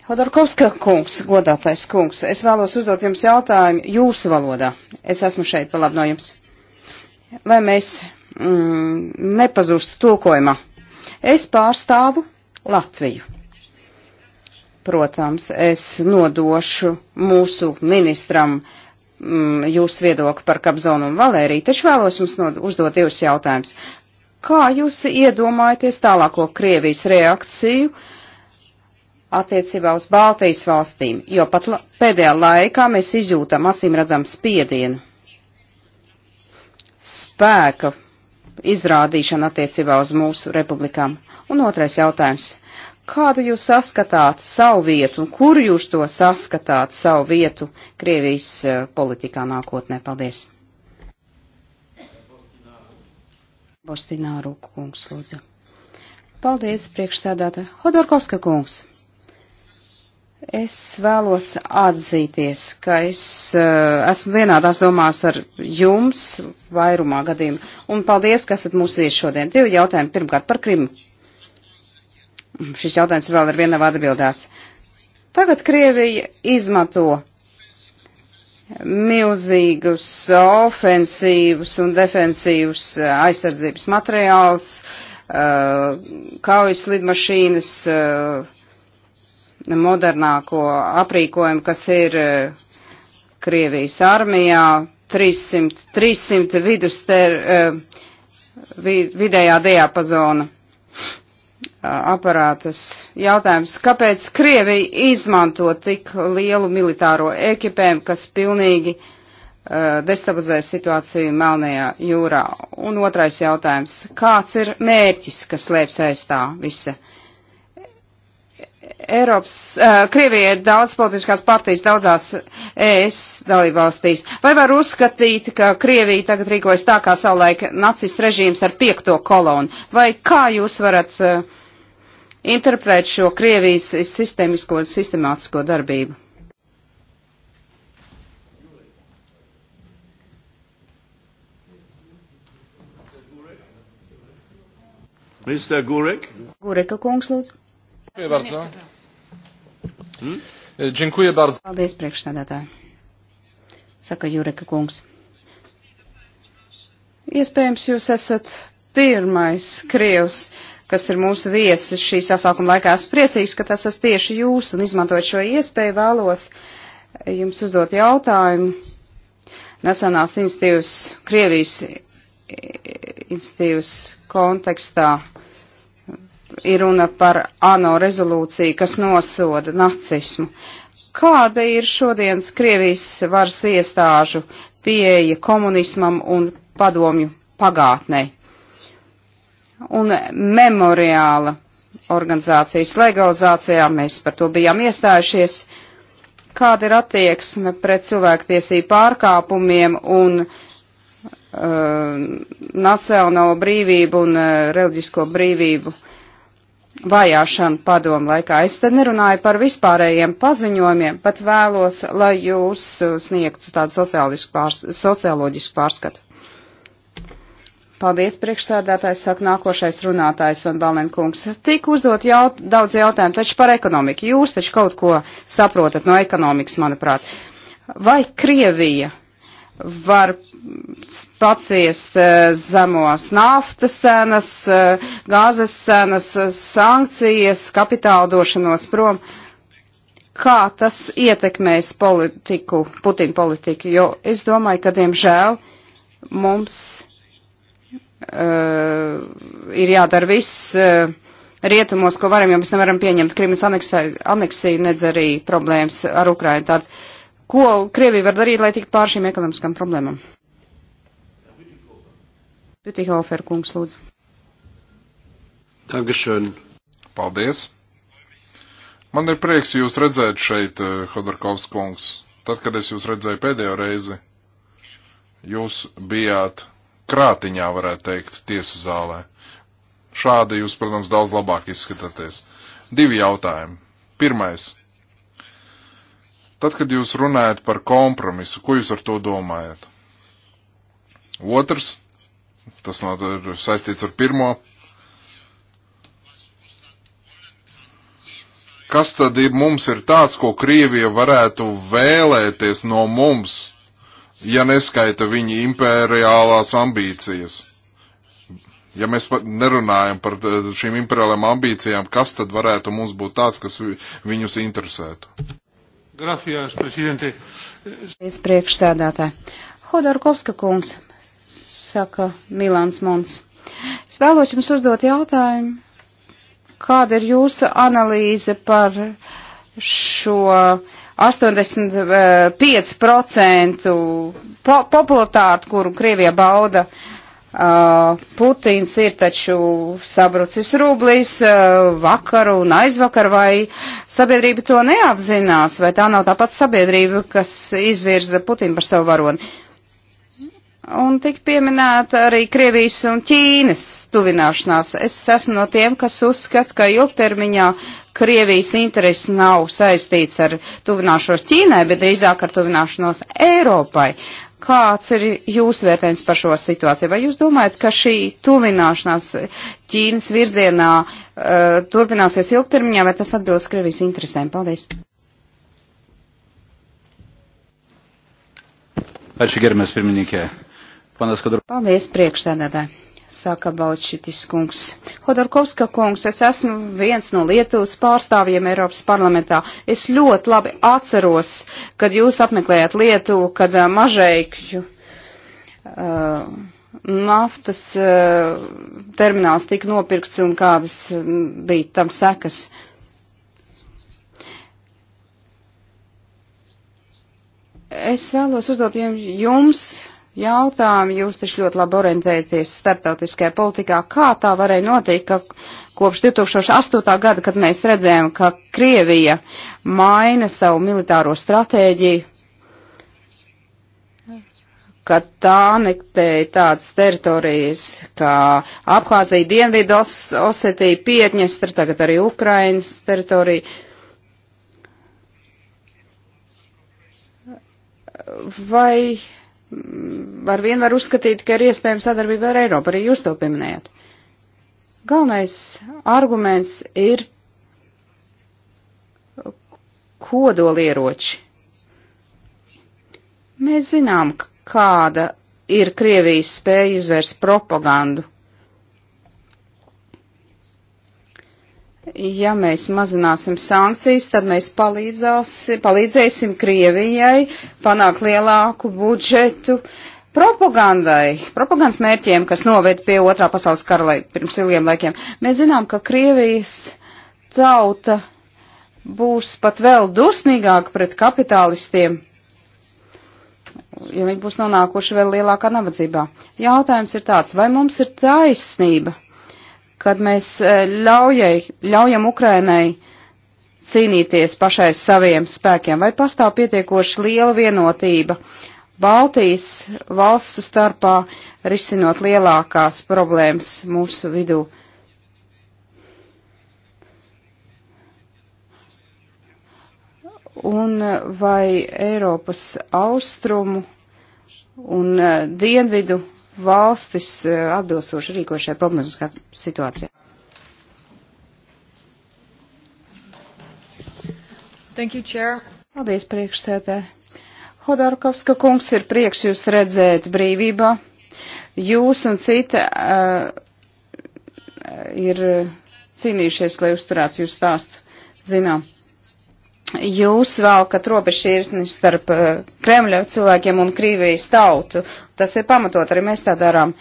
Hodorkovska kungs, godātais kungs, es vēlos uzdot jums jautājumu jūsu valodā. Es esmu šeit, pa labi no jums. Lai mēs mm, nepazūstu tulkojumā. Es pārstāvu Latviju. Protams, es nodošu mūsu ministram mm, jūsu viedokli par Kapzonu un Valēriju, taču vēlos jums nod, uzdot divus jautājumus. Kā jūs iedomājaties tālāko Krievijas reakciju? attiecībā uz Baltijas valstīm, jo pat la pēdējā laikā mēs izjūtam acīm redzam spiedienu. Spēka izrādīšana attiecībā uz mūsu republikām. Un otrais jautājums. Kādu jūs saskatāt savu vietu un kur jūs to saskatāt savu vietu Krievijas eh, politikā nākotnē? Paldies! Bostināru kungs lūdzu. Paldies, priekšsēdātāja Hodorkovska kungs. Es vēlos atzīties, ka es uh, esmu vienādās domās ar jums vairumā gadījumu. Un paldies, ka esat mūsu viesi šodien. Divi jautājumi. Pirmkārt par Krimu. Šis jautājums vēl ir vienam atbildēts. Tagad Krievija izmanto milzīgus ofensīvus un defensīvus eh, aizsardzības materiāls, uh, kaujas lidmašīnas. Uh, modernāko aprīkojumu, kas ir eh, Krievijas armijā, 300, 300 viduster, vid, vidējā diapazona eh, aparātus. Jautājums, kāpēc Krievija izmanto tik lielu militāro ekipēm, kas pilnīgi uh, destabilizē situāciju Melnajā jūrā? Un otrais jautājums, kāds ir mērķis, kas lēps aiz tā visa? Uh, Eiropas, uh, Krievija ir daudz politiskās partijas daudzās ES dalībvalstīs. Vai var uzskatīt, ka Krievija tagad rīkojas tā kā savulaik nacistu režīms ar piekto kolonu? Vai kā jūs varat uh, interpretēt šo Krievijas sistēmisko, sistemātisko darbību? Mr. Gurek. Gureka kungs, lūdzu. Dziękuję bardzo. Hmm? E, dziękuję bardzo. Paldies, priekšstādātāji. Saka Jureka kungs. Iespējams, jūs esat pirmais krievs, kas ir mūsu viesis šī sasaukuma laikā. Es priecīgs, ka tas esat tieši jūs un izmantojot šo iespēju vēlos jums uzdot jautājumu. Nesenās institīvas, Krievijas institīvas kontekstā ir runa par ANO rezolūciju, kas nosoda nacismu. Kāda ir šodienas Krievijas varas iestāžu pieeja komunismam un padomju pagātnei? Un memoriāla organizācijas legalizācijā mēs par to bijām iestājušies. Kāda ir attieksme pret cilvēktiesību pārkāpumiem un Uh, nacionālo brīvību un uh, reliģisko brīvību vajāšanu padomu laikā. Es te nerunāju par vispārējiem paziņojumiem, bet vēlos, lai jūs sniegtu tādu pārs, socioloģisku pārskatu. Paldies, priekšsēdētājs, saka nākošais runātājs Van Balenkungs. Tik uzdot jaut, daudz jautājumu, taču par ekonomiku. Jūs taču kaut ko saprotat no ekonomikas, manuprāt. Vai Krievija var paciest eh, zemos naftas cenas, eh, gāzes cenas, eh, sankcijas, kapitāla došanos prom. Kā tas ietekmēs politiku, Putina politiku? Jo es domāju, ka, diemžēl, mums uh, ir jādara viss uh, rietumos, ko varam, jo mēs nevaram pieņemt Krimas aneksiju, aneksiju nedz arī problēmas ar Ukrainu. Tātad, uh, Ko Krievija var darīt, lai tiktu pār šīm ekonomiskām problēmām? Jutihofer kungs, lūdzu. Dankeschön. Paldies. Man ir prieks jūs redzēt šeit, eh, Hodorkovs kungs. Tad, kad es jūs redzēju pēdējo reizi, jūs bijāt krātiņā, varētu teikt, tiesas zālē. Šādi jūs, protams, daudz labāk izskatāties. Divi jautājumi. Pirmais. Tad, kad jūs runājat par kompromisu, ko jūs ar to domājat? Otrs, tas nav saistīts ar pirmo. Kas tad ir, mums ir tāds, ko Krievija varētu vēlēties no mums, ja neskaita viņa imperiālās ambīcijas? Ja mēs nerunājam par eh, šīm imperiālām ambīcijām, kas tad varētu mums būt tāds, kas viņus interesētu? Grafijās, prezidente. Es priekšsēdētāji. Hodorkovska kungs, saka Milāns Mons. Es vēlos jums uzdot jautājumu. Kāda ir jūsu analīze par šo 85% eh, po populātātu, kuru Krievija bauda uh, Uh, Putins ir taču sabrucis rublis uh, vakar un aizvakar, vai sabiedrība to neapzinās, vai tā nav tāpat sabiedrība, kas izvirza Putinu par savu varoni. Un tik pieminēta arī Krievijas un Ķīnas tuvināšanās. Es esmu no tiem, kas uzskata, ka ilgtermiņā Krievijas interesi nav saistīts ar tuvināšanos Ķīnai, bet drīzāk ar tuvināšanos Eiropai. Kāds ir jūsu vērtējums par šo situāciju? Vai jūs domājat, ka šī tuvināšanās Ķīnas virzienā uh, turpināsies ilgtermiņā, vai tas atbilst Krievijas interesēm? Paldies! Ačiū, gerbiamas pirmininkė. Panas Kadru. Paldies, priekšsēdētāji saka Balčitis kungs. Hodorkovska kungs, es esmu viens no Lietuvas pārstāvjiem Eiropas parlamentā. Es ļoti labi atceros, kad jūs apmeklējāt Lietuvu, kad uh, mažēkļu uh, naftas uh, termināls tika nopirkts un kādas bija tam sekas. Es vēlos uzdot jums jautājumu. Jūs taču ļoti labi orientējaties starptautiskajā politikā. Kā tā varēja notikt, ka kopš 2008. gada, kad mēs redzējām, ka Krievija maina savu militāro stratēģiju, ka tā anektēja tādas teritorijas kā Abhāzija, Dienvidu Os Osetija, Pietņestra, tagad arī Ukrainas teritorija. Vai var vien var uzskatīt, ka ir iespējama sadarbība ar Eiropu, arī jūs to pieminējat. Galvenais arguments ir kodolieroči. Mēs zinām, kāda ir Krievijas spēja izvērst propagandu ja mēs mazināsim sankcijas, tad mēs palīdzēsim Krievijai panākt lielāku budžetu propagandai, propagandas mērķiem, kas noved pie otrā pasaules kara lai, pirms ilgiem laikiem. Mēs zinām, ka Krievijas tauta būs pat vēl dusmīgāka pret kapitālistiem, jo viņi būs nonākuši vēl lielākā nabadzībā. Jautājums ir tāds, vai mums ir taisnība? kad mēs e, ļaujai, ļaujam Ukrainai cīnīties pašai saviem spēkiem, vai pastāv pietiekoši liela vienotība Baltijas valstu starpā, risinot lielākās problēmas mūsu vidū. Un e, vai Eiropas austrumu un e, dienvidu valstis eh, atbilstoši rīkošai prognoziskā situācijā. Thank you, Chair. Paldies, priekšsēdē. Hodorkovska kungs ir prieks jūs redzēt brīvībā. Jūs un cita uh, eh, ir cīnījušies, lai uzturētu jūs stāstu. Zinām, jūs valkat robežšķirtni starp eh, Kremļa cilvēkiem un Krīvijas tautu. Tas ir pamatot, arī mēs tā darām.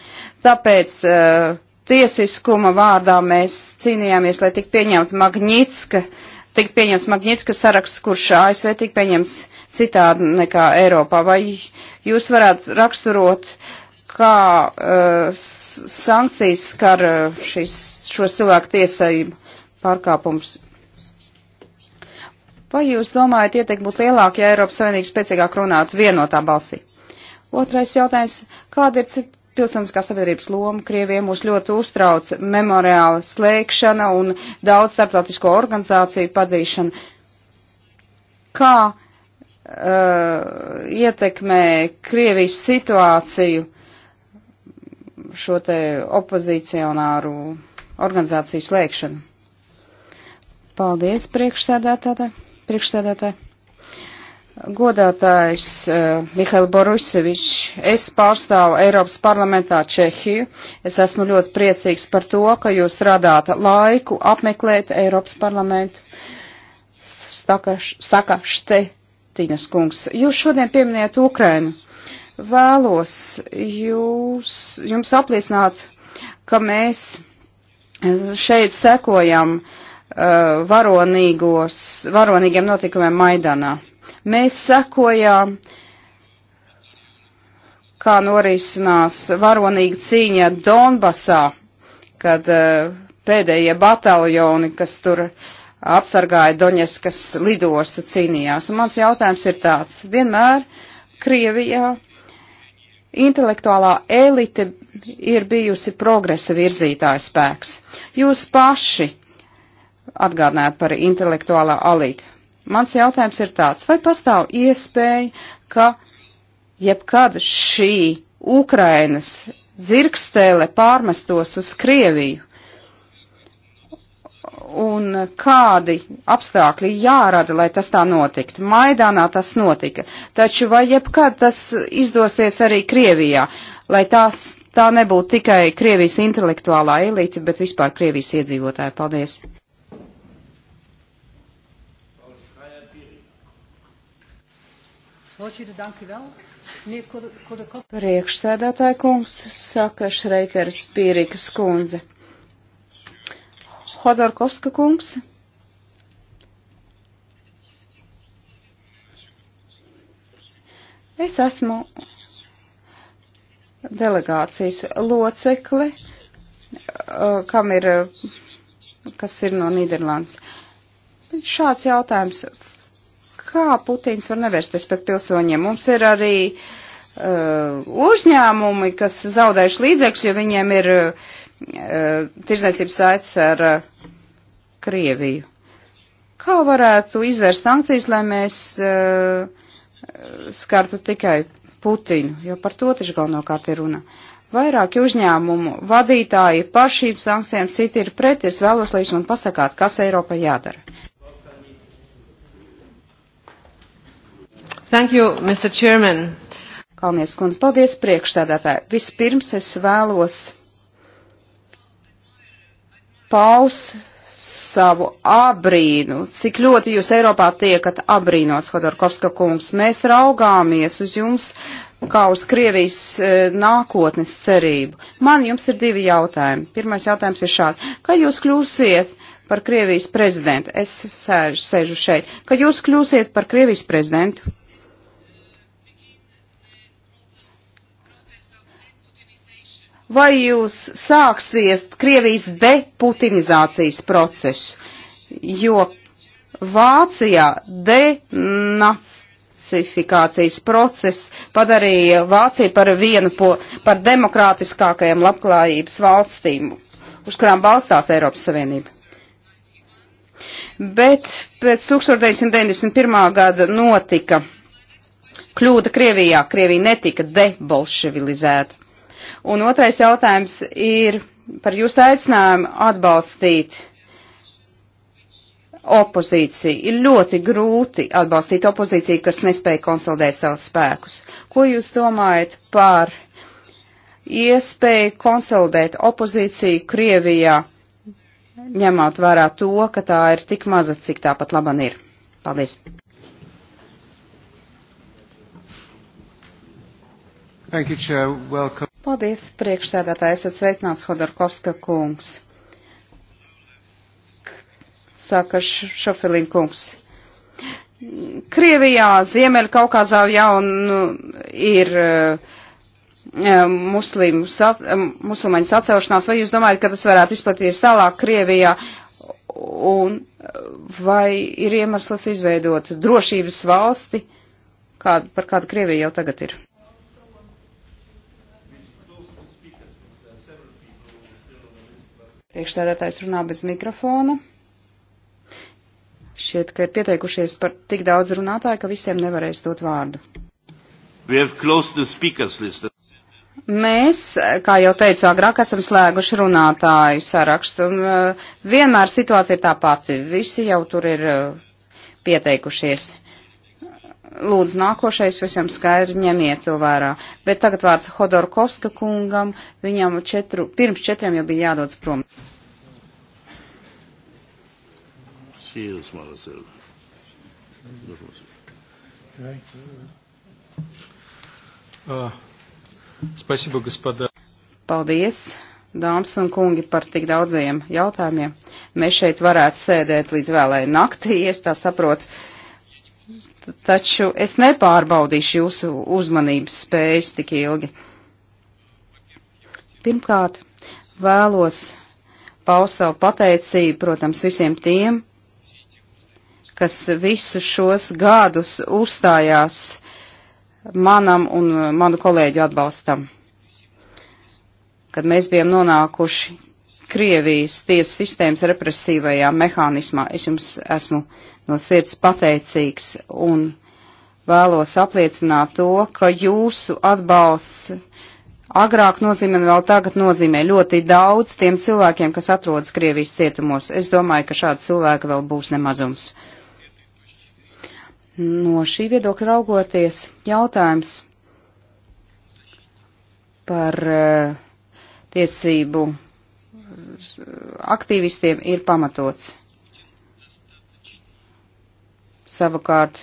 Tāpēc uh, tiesiskuma vārdā mēs cīnījāmies, lai tiktu pieņemta Magnitska, tikt pieņemts Magnitska saraksts, kurš ASV tika pieņemts citādi nekā Eiropā. Vai jūs varētu raksturot, kā uh, sankcijas skar šis, šo cilvēku tiesību pārkāpums? Vai jūs domājat, ietekmi būtu lielāka, ja Eiropas Savienība spēcīgāk runātu vienotā balsī? Otrais jautājums. Kāda ir pilsoniskā sabiedrības loma? Krievijai mūs ļoti uztrauc memoriāla slēgšana un daudz starptautisko organizāciju padzīšana. Kā uh, ietekmē Krievijas situāciju šo te opozicionāru organizāciju slēgšanu? Paldies, priekšsēdētāji! priekšsēdētāji. Godātājs uh, eh, Mihail Borusevičs, es pārstāvu Eiropas parlamentā Čehiju. Es esmu ļoti priecīgs par to, ka jūs radāt laiku apmeklēt Eiropas parlamentu. Staka, saka Štetinas kungs, jūs šodien pieminējat Ukrainu. Vēlos jūs, jums apliecināt, ka mēs šeit sekojam uh, Uh, varonīgos, varonīgiem notikumiem Maidanā. Mēs sekojām, kā norisinās varonīga cīņa Donbasā, kad uh, pēdējie bataljoni, kas tur apsargāja Doņeskas lidostu, cīnījās. Un mans jautājums ir tāds. Vienmēr Krievijā intelektuālā elite ir bijusi progresa virzītājs spēks. Jūs paši atgādinājāt par intelektuālā alīti. Mans jautājums ir tāds, vai pastāv iespēja, ka jebkad šī Ukrainas dzirkstēle pārmestos uz Krieviju? Un kādi apstākļi jārada, lai tas tā notiktu? Maidānā tas notika, taču vai jebkad tas izdosies arī Krievijā, lai tās, tā nebūtu tikai Krievijas intelektuālā elīte, bet vispār Krievijas iedzīvotāji? Paldies! Priekšsēdētāja kungs saka Šreikeris Pīrikas kundze. Hodorkovska kungs. Es esmu delegācijas locekli, kam ir, kas ir no Nīderlandes. Šāds jautājums. Kā Putins var nevērsties pret pilsoņiem? Mums ir arī uh, uzņēmumi, kas zaudējuši līdzekļus, jo viņiem ir uh, tirzniecības saites ar uh, Krieviju. Kā varētu izvērst sankcijas, lai mēs uh, skartu tikai Putinu, jo par to taču galvenokārt ir runa. Vairāki uzņēmumu vadītāji par šīm sankcijām citi ir pret, es vēlos, lai jūs man pasakāt, kas Eiropai jādara. Thank you, Mr. Chairman. Kalnies kundze, paldies priekšsēdētāji. Vispirms es vēlos paus savu abrīnu, cik ļoti jūs Eiropā tiekat abrīnos, Hodorkovska kungs. Mēs raugāmies uz jums kā uz Krievijas e, nākotnes cerību. Man jums ir divi jautājumi. Pirmais jautājums ir šāds. Kad jūs kļūsiet par Krievijas prezidentu? Es sēžu, sēžu šeit. Kad jūs kļūsiet par Krievijas prezidentu? vai jūs sāksies Krievijas deputinizācijas procesu, jo Vācijā denacifikācijas process padarīja Vāciju par vienu po, par demokrātiskākajām labklājības valstīm, uz kurām balstās Eiropas Savienība. Bet pēc 1991. gada notika kļūda Krievijā. Krievija netika debolševilizēta. Un otrais jautājums ir par jūsu aicinājumu atbalstīt opozīciju. Ir ļoti grūti atbalstīt opozīciju, kas nespēja konsolidēt savus spēkus. Ko jūs domājat par iespēju konsolidēt opozīciju Krievijā, ņemot vērā to, ka tā ir tik maza, cik tāpat laban ir? Paldies! Thank you, Chair. Welcome. Paldies, priekšsēdētāji. Esat sveicināts, Hodorkovska kungs. Saka Šofelīn kungs. Krievijā, Ziemeļkaukazā jau nu, ir uh, eh, eh, muslimu, eh, musulmaņu sacelšanās, vai jūs domājat, ka tas varētu izplatīties tālāk Krievijā, un vai ir iemesls izveidot drošības valsti, kādu, par kādu Krievija jau tagad ir? Priekšsēdētājs runā bez mikrofona. Šķiet, ka ir pieteikušies par tik daudz runātāju, ka visiem nevarēs dot vārdu. Mēs, kā jau teicu, agrāk esam slēguši runātāju sarakstu, un uh, vienmēr situācija ir tā pati. Visi jau tur ir uh, pieteikušies. Lūdzu, nākošais visam skaidri ņemiet to vērā. Bet tagad vārds Hodorkovska kungam, viņam četru, pirms četriem jau bija jādodas prom. Uh, Paldies, dāmas un kungi, par tik daudzajiem jautājumiem. Mēs šeit varētu sēdēt līdz vēlēji naktī, es tā saprotu taču es nepārbaudīšu jūsu uzmanības spējas tik ilgi. Pirmkārt, vēlos paust savu pateicību, protams, visiem tiem, kas visus šos gadus uzstājās manam un manu kolēģu atbalstam. Kad mēs bijām nonākuši Krievijas tiesas sistēmas represīvajā mehānismā, es jums esmu uh, no sirds pateicīgs un vēlos apliecināt to, ka jūsu atbalsts agrāk nozīmē un vēl tagad nozīmē ļoti daudz tiem cilvēkiem, kas atrodas Krievijas cietumos. Es domāju, ka šādi cilvēki vēl būs nemazums. No šī viedokļa raugoties jautājums par eh, tiesību eh, aktīvistiem ir pamatots. Savukārt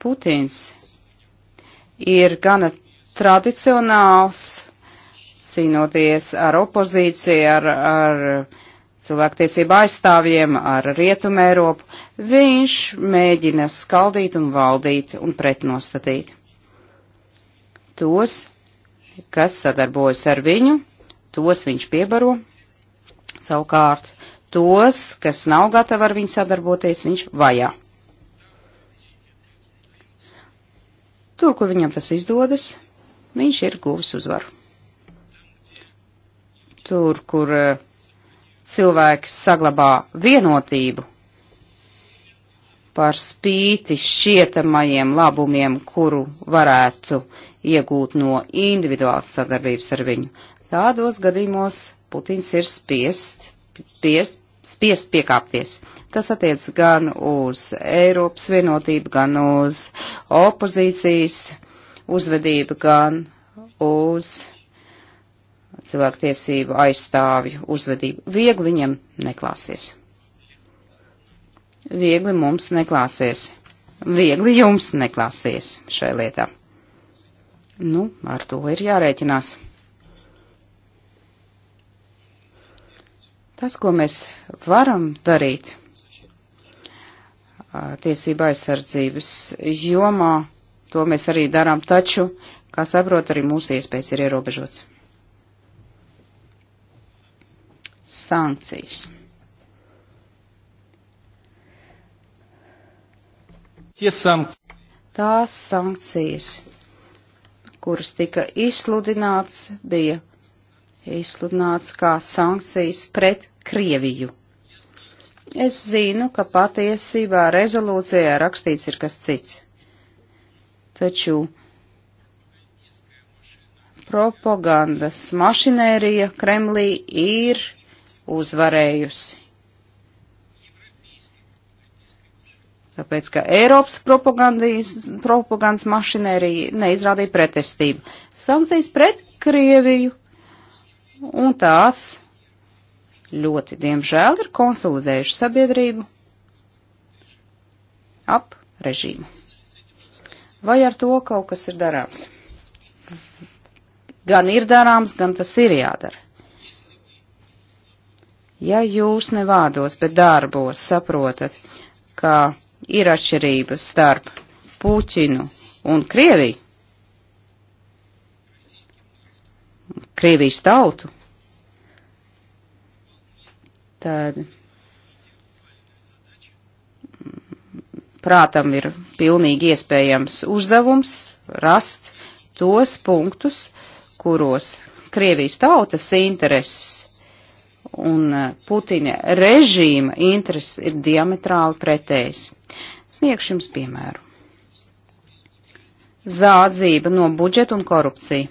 Putins ir gana tradicionāls, cīnoties ar opozīciju, ar, ar cilvēktiesību aizstāvjiem, ar Rietumu Eiropu, viņš mēģina skaldīt un valdīt un pretnostatīt tos, kas sadarbojas ar viņu, tos viņš piebaro, savukārt tos, kas nav gatavi ar viņu sadarboties, viņš vajā. Tur, kur viņam tas izdodas, viņš ir guvis uzvaru. Tur, kur eh, cilvēki saglabā vienotību par spīti šietamajiem labumiem, kuru varētu iegūt no individuālas sadarbības ar viņu. Tādos gadījumos Putins ir spiest, spiest, spiest piekāpties. Tas attiec gan uz Eiropas vienotību, gan uz opozīcijas uzvedību, gan uz cilvēktiesību aizstāvju uzvedību. Viegli viņam neklāsies. Viegli mums neklāsies. Viegli jums neklāsies šai lietā. Nu, ar to ir jārēķinās. Tas, ko mēs varam darīt, tiesība aizsardzības jomā. To mēs arī darām, taču, kā saprot, arī mūsu iespējas ir ierobežotas. Sankcijas. Um, Tās sankcijas, kuras tika izsludināts, bija izsludināts kā sankcijas pret Krieviju. Es zinu, ka patiesībā rezolūcijā rakstīts ir kas cits. Taču propagandas mašinērija Kremlī ir uzvarējusi. Tāpēc, ka Eiropas propagandas mašinērija neizrādīja pretestību. Sankcijas pret Krieviju un tās ļoti, diemžēl, ir konsolidējuši sabiedrību ap režīmu. Vai ar to kaut kas ir darāms? Gan ir darāms, gan tas ir jādara. Ja jūs ne vārdos, bet darbos saprotat, ka ir atšķirība starp Puķinu un Krieviju, Krievijas tautu, tad prātam ir pilnīgi iespējams uzdevums rast tos punktus, kuros Krievijas tautas intereses un e, Putina režīma intereses ir diametrāli pretējas. Sniegšu jums piemēru. Zādzība no budžeta un korupcija.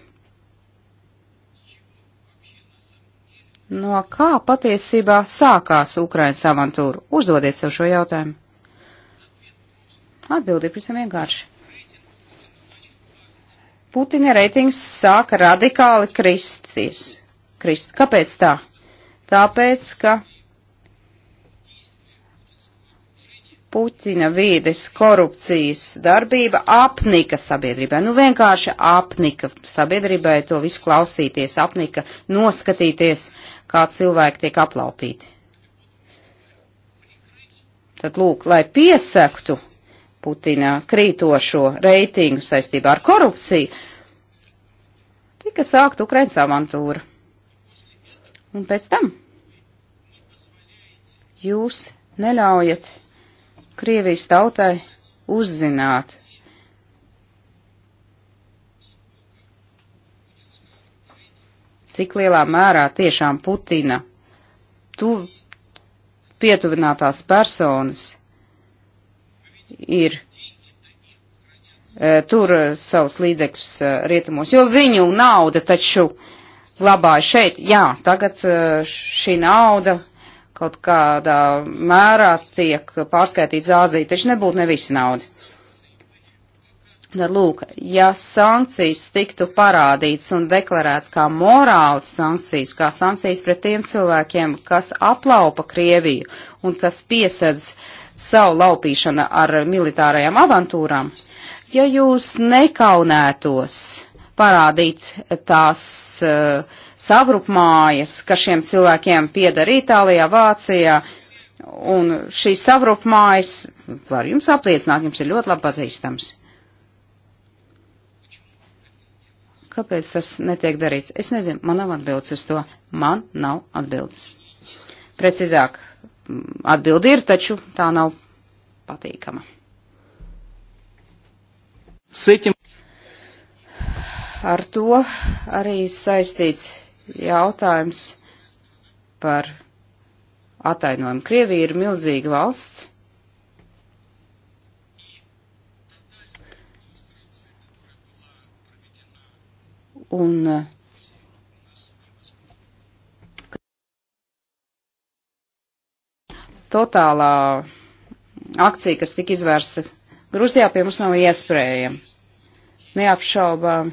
No kā patiesībā sākās Ukrainas avantūra? Uzdodiet sev šo jautājumu. Atbildi ir pavisam vienkārši. Putina reitings sāka radikāli kristies. Krist. Kāpēc tā? Tāpēc, ka Putina vīdes korupcijas darbība apnika sabiedrībai. Nu vienkārši apnika sabiedrībai to visu klausīties, apnika noskatīties. Uh, kā cilvēki tiek aplaupīti. Tad lūk, lai piesektu Putina krītošo reitingu saistībā ar korupciju, tika sākt Ukrainas avantūra. Un pēc tam jūs neļaujat Krievijas tautai uzzināt cik lielā mērā tiešām Putina tu, pietuvinātās personas ir e, tur savus līdzekļus e, rietumos, jo viņu nauda taču glabāja šeit. Jā, tagad e, šī nauda kaut kādā mērā tiek pārskaitīts Āzija, taču nebūtu ne visi naudas. Tad lūk, ja sankcijas tiktu parādīts un deklarēts kā morāls sankcijas, kā sankcijas pret tiem cilvēkiem, kas aplaupa Krieviju un kas piesedz savu laupīšanu ar militārajām avantūrām, ja jūs nekaunētos parādīt tās uh, savrupmājas, kas šiem cilvēkiem piedara Itālijā, Vācijā, un šīs savrupmājas, var jums apliecināt, jums ir ļoti labi pazīstams. Kāpēc tas netiek darīts? Es nezinu, man nav atbildes uz to. Man nav atbildes. Precīzāk, mm, atbildi ir, taču tā nav patīkama. Siķim. Ar to arī saistīts jautājums par atainojumu. Krievija ir milzīga valsts un totālā akcija, kas tika izvērsta Gruzijā, pie mums nav iespējama. Neapšaubām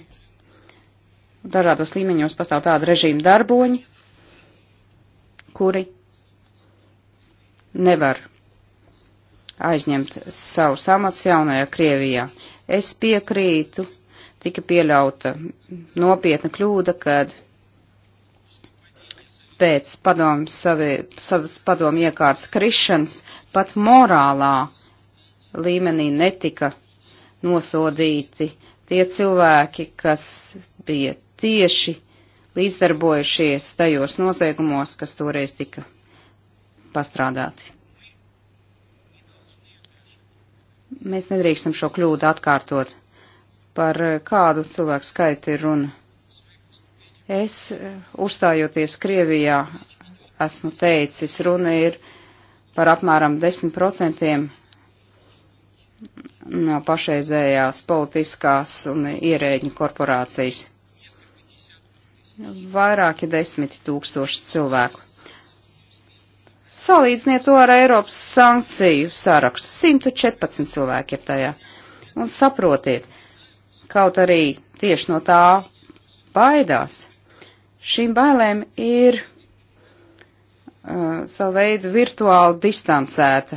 dažādos līmeņos pastāv tāda režīma darboņi, kuri nevar aizņemt savu samats jaunajā Krievijā. Es piekrītu tika pieļauta nopietna kļūda, kad pēc padomu savi, savas padomu iekārtas krišanas pat morālā līmenī netika nosodīti tie cilvēki, kas bija tieši līdzdarbojušies tajos noziegumos, kas toreiz tika pastrādāti. Mēs nedrīkstam šo kļūdu atkārtot par eh, kādu cilvēku skaitu ir runa. Es, eh, uzstājoties Krievijā, esmu teicis, runa ir par apmēram 10% no pašreizējās politiskās un ierēģņu korporācijas. Vairāki desmiti tūkstoši cilvēku. Salīdziniet to ar Eiropas sankciju sarakstu. 114 cilvēki ir tajā. Un saprotiet, kaut arī tieši no tā baidās. Šīm bailēm ir uh, savu veidu virtuāli distancēta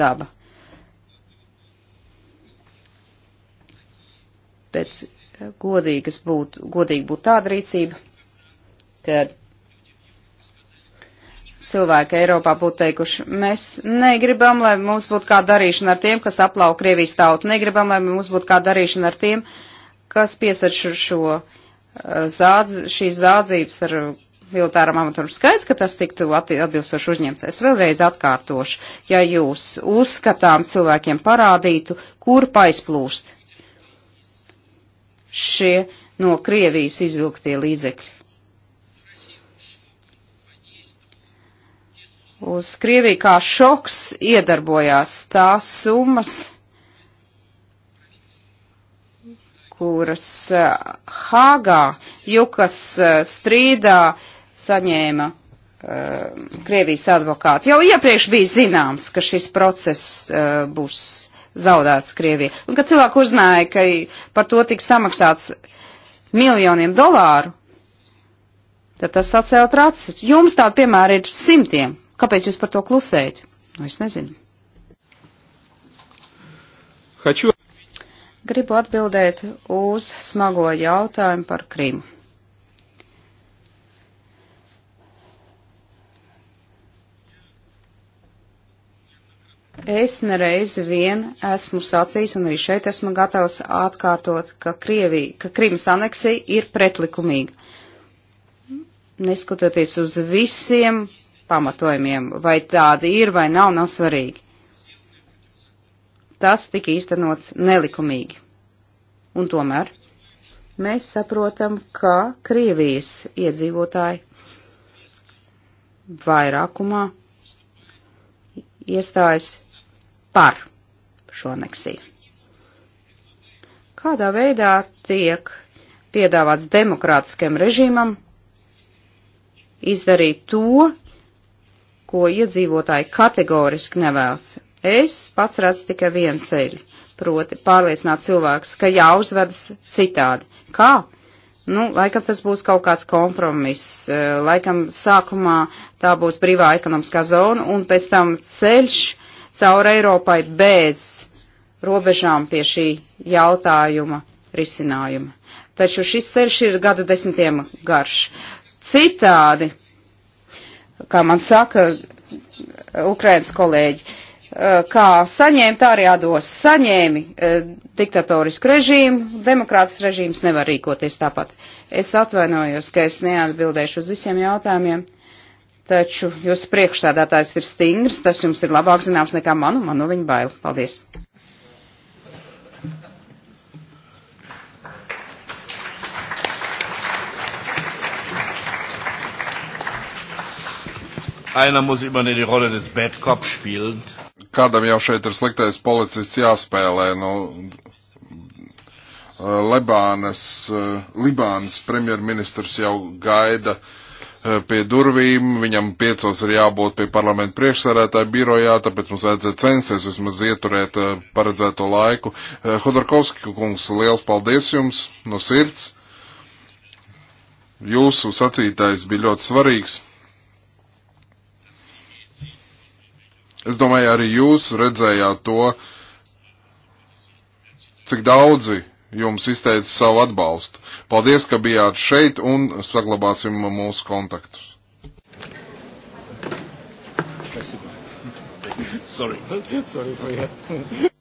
daba. Bet godīgas būtu, godīgi būtu tāda rīcība, kad cilvēki Eiropā būtu teikuši, mēs negribam, lai mums būtu kā darīšana ar tiem, kas aplauka Krievijas tautu, negribam, lai mums būtu kā darīšana ar tiem, kas piesaļ šo eh, zādz, šīs zādzības ar militāram amaturam. Skaidrs, ka tas tiktu atbilstoši uzņemts. Es vēlreiz atkārtošu, ja jūs uzskatām cilvēkiem parādītu, kur paizplūst šie no Krievijas izvilktie līdzekļi. uz Krieviju kā šoks iedarbojās tās summas, kuras eh, Hāgā Jukas eh, strīdā saņēma uh, Krievijas advokāti. Jau iepriekš bija zināms, ka šis process uh, būs zaudēts Krievijai. Un kad cilvēki uzzināja, ka par to tiks samaksāts miljoniem dolāru, tad tas atcelt racis. Jums tādi piemēri ir simtiem. Kāpēc jūs par to klusējat? Nu, es nezinu. Haču. Gribu atbildēt uz smago jautājumu par Krimu. Es nereiz vien esmu sacījis, un arī šeit esmu gatavs atkārtot, ka, Krievija, ka Krimas aneksija ir pretlikumīga. Neskatoties uz visiem pamatojumiem, vai tādi ir vai nav, nav svarīgi. Tas tika īstenots nelikumīgi. Un tomēr mēs saprotam, ka Krievijas iedzīvotāji vairākumā iestājas par šo aneksiju. Kādā veidā tiek piedāvāts demokrātiskiem režīmam izdarīt to, ko iedzīvotāji kategoriski nevēlas. Es pats redzu tikai vienu ceļu, proti pārliecināt cilvēkus, ka jāuzvedas citādi. Kā? Nu, laikam tas būs kaut kāds kompromiss, eh, laikam sākumā tā būs brīvā ekonomiskā zona un pēc tam ceļš cauri Eiropai bez robežām pie šī jautājuma risinājuma. Taču šis ceļš ir gadu desmitiem garš. Citādi kā man saka Ukrainas kolēģi, kā saņēma, tā arī atdos. Saņēmi diktatorisku režīmu, demokrātas režīms nevar rīkoties tāpat. Es atvainojos, ka es neatbildēšu uz visiem jautājumiem, taču jūsu priekšstādātājs ir stingrs, tas jums ir labāk zināms nekā manu, man no viņa bail. Paldies! Einer muss immer die Rolle des Bad Cop spielen. Kādam jau šeit ir sliktais policists jāspēlē, nu, eh, Lebānas, eh, Libānas premjerministrs jau gaida eh, pie durvīm, viņam piecos ir jābūt pie parlamenta priekšsarētāja birojā, tāpēc mums vajadzēja censties vismaz ieturēt paredzēto laiku. Hodorkovski kungs, liels paldies jums no sirds! Jūsu sacītais bija ļoti svarīgs. Es domāju, arī jūs redzējāt to, cik daudzi jums izteica savu atbalstu. Paldies, ka bijāt šeit un saglabāsim mūsu kontaktus. Sorry. *laughs* Sorry for you.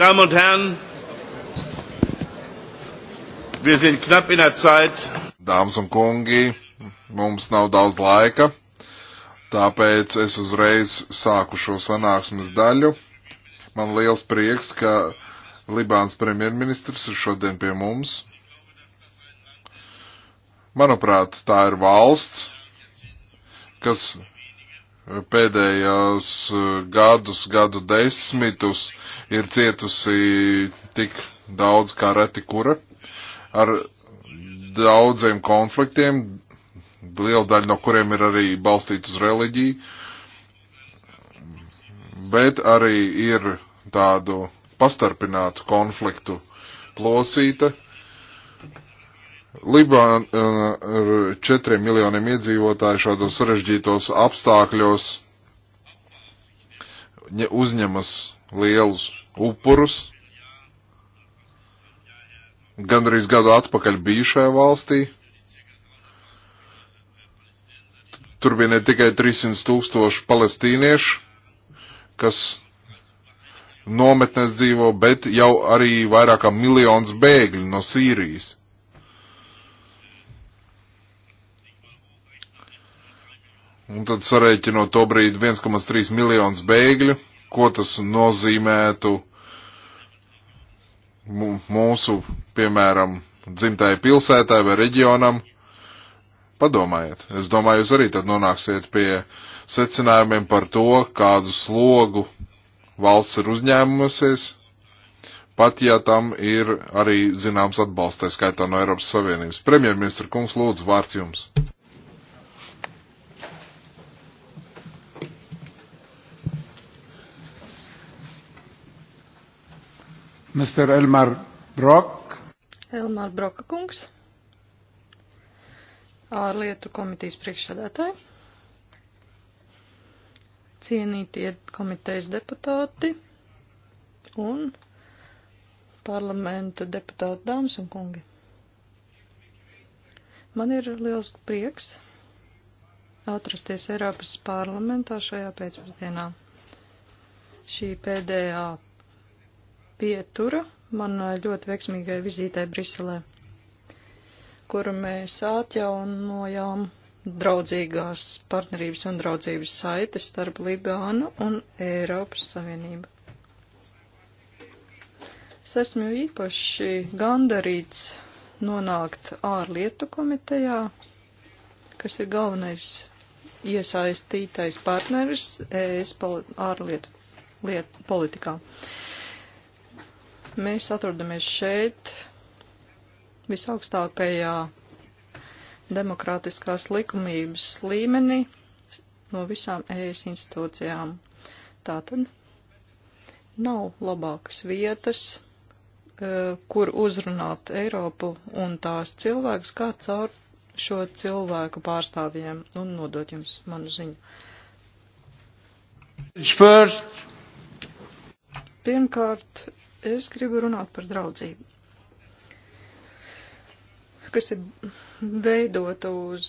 Damen und Herren, wir sind knapp in der Zeit. Dāmas un kungi, mums nav daudz laika, tāpēc es uzreiz sāku šo sanāksmes daļu. Man liels prieks, ka Libāns premjerministrs ir šodien pie mums. Manuprāt, tā ir valsts, kas pēdējos eh, gadus, gadu desmitus ir cietusi tik daudz kā reti kura ar daudziem konfliktiem, liela daļa no kuriem ir arī balstīta uz reliģiju, bet arī ir tādu pastarpinātu konfliktu plosīta, Libāna uh, ar četriem miljoniem iedzīvotāju šādos sarežģītos apstākļos uzņemas lielus upurus. Gandrīz gadu atpakaļ bija šajā valstī. Tur bija ne tikai 300 tūkstoši palestīniešu, kas nometnēs dzīvo, bet jau arī vairāk kā miljons bēgļu no Sīrijas. Un tad sarēķinot to brīdi 1,3 miljonus bēgļu, ko tas nozīmētu mūsu, piemēram, dzimtajai pilsētai vai reģionam. Padomājiet, es domāju, jūs arī tad nonāksiet pie secinājumiem par to, kādu slogu valsts ir uzņēmusies, pat ja tam ir arī zināms atbalsts, tā skaitā no Eiropas Savienības. Premjerministra kungs, lūdzu, vārds jums. Mr. Elmar Brok. Elmar Broka kungs. Ārlietu komitīs priekšsēdētāji. Cienītie komitejas deputāti un parlamenta deputāti dāmas un kungi. Man ir liels prieks atrasties Eiropas parlamentā šajā pēcpusdienā. Šī pēdējā pietura man ļoti veiksmīgai vizītei Briselē, kur mēs atjaunojām draudzīgās partnerības un draudzības saites starp Libānu un Eiropas Savienību. Es esmu īpaši gandarīts nonākt ārlietu komitejā, kas ir galvenais iesaistītais partneris ES ārlietu liet, politikā. Uh, mēs atrodamies šeit visaugstākajā demokrātiskās likumības līmenī no visām ES institūcijām. Tātad nav labākas vietas, e, kur uzrunāt Eiropu un tās cilvēkus, kā caur šo cilvēku pārstāvjiem un nodot jums manu ziņu. First. Pirmkārt, Es gribu runāt par draudzību, kas ir veidota uz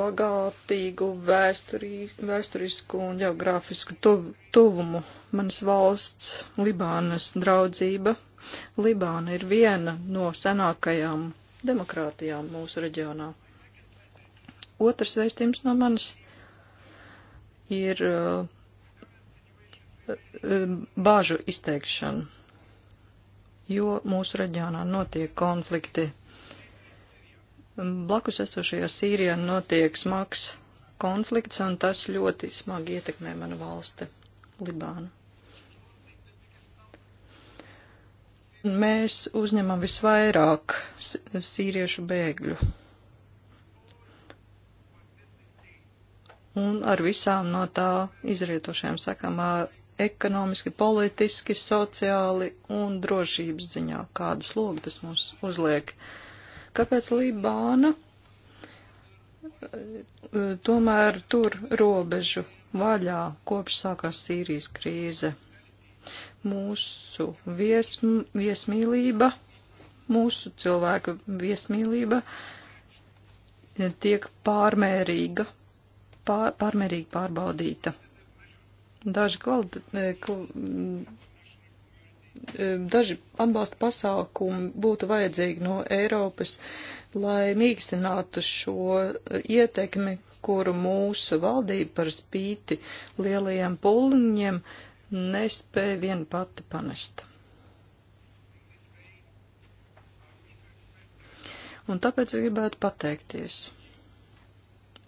bagātīgu vēsturī, vēsturisku un geogrāfisku tuv, tuvumu. Manas valsts Libānas draudzība. Libāna ir viena no senākajām demokrātijām mūsu reģionā. Otrs vēstījums no manis ir uh, uh, bāžu izteikšana jo mūsu reģionā notiek konflikti. Blakus esošajā Sīrijā notiek smags konflikts, un tas ļoti smagi ietekmē manu valsti, Libānu. Mēs uzņemam visvairāk sīriešu bēgļu. Un ar visām no tā izrietošajām sakām ekonomiski, politiski, sociāli un drošības ziņā, kādu slogu tas mums uzliek. Kāpēc Libāna e, tomēr tur robežu vaļā kopš sākās Sīrijas krīze? Mūsu viesm, viesmīlība, mūsu cilvēku viesmīlība tiek pārmērīga, pār, pārmērīgi pārbaudīta Daži, kvalitāti, e, e, daži atbalsta pasākumi būtu vajadzīgi no Eiropas, lai mīkstinātu šo e, ietekmi, kuru mūsu valdība par spīti lielajiem pulniņiem nespēja vien pati panest. Un tāpēc gribētu pateikties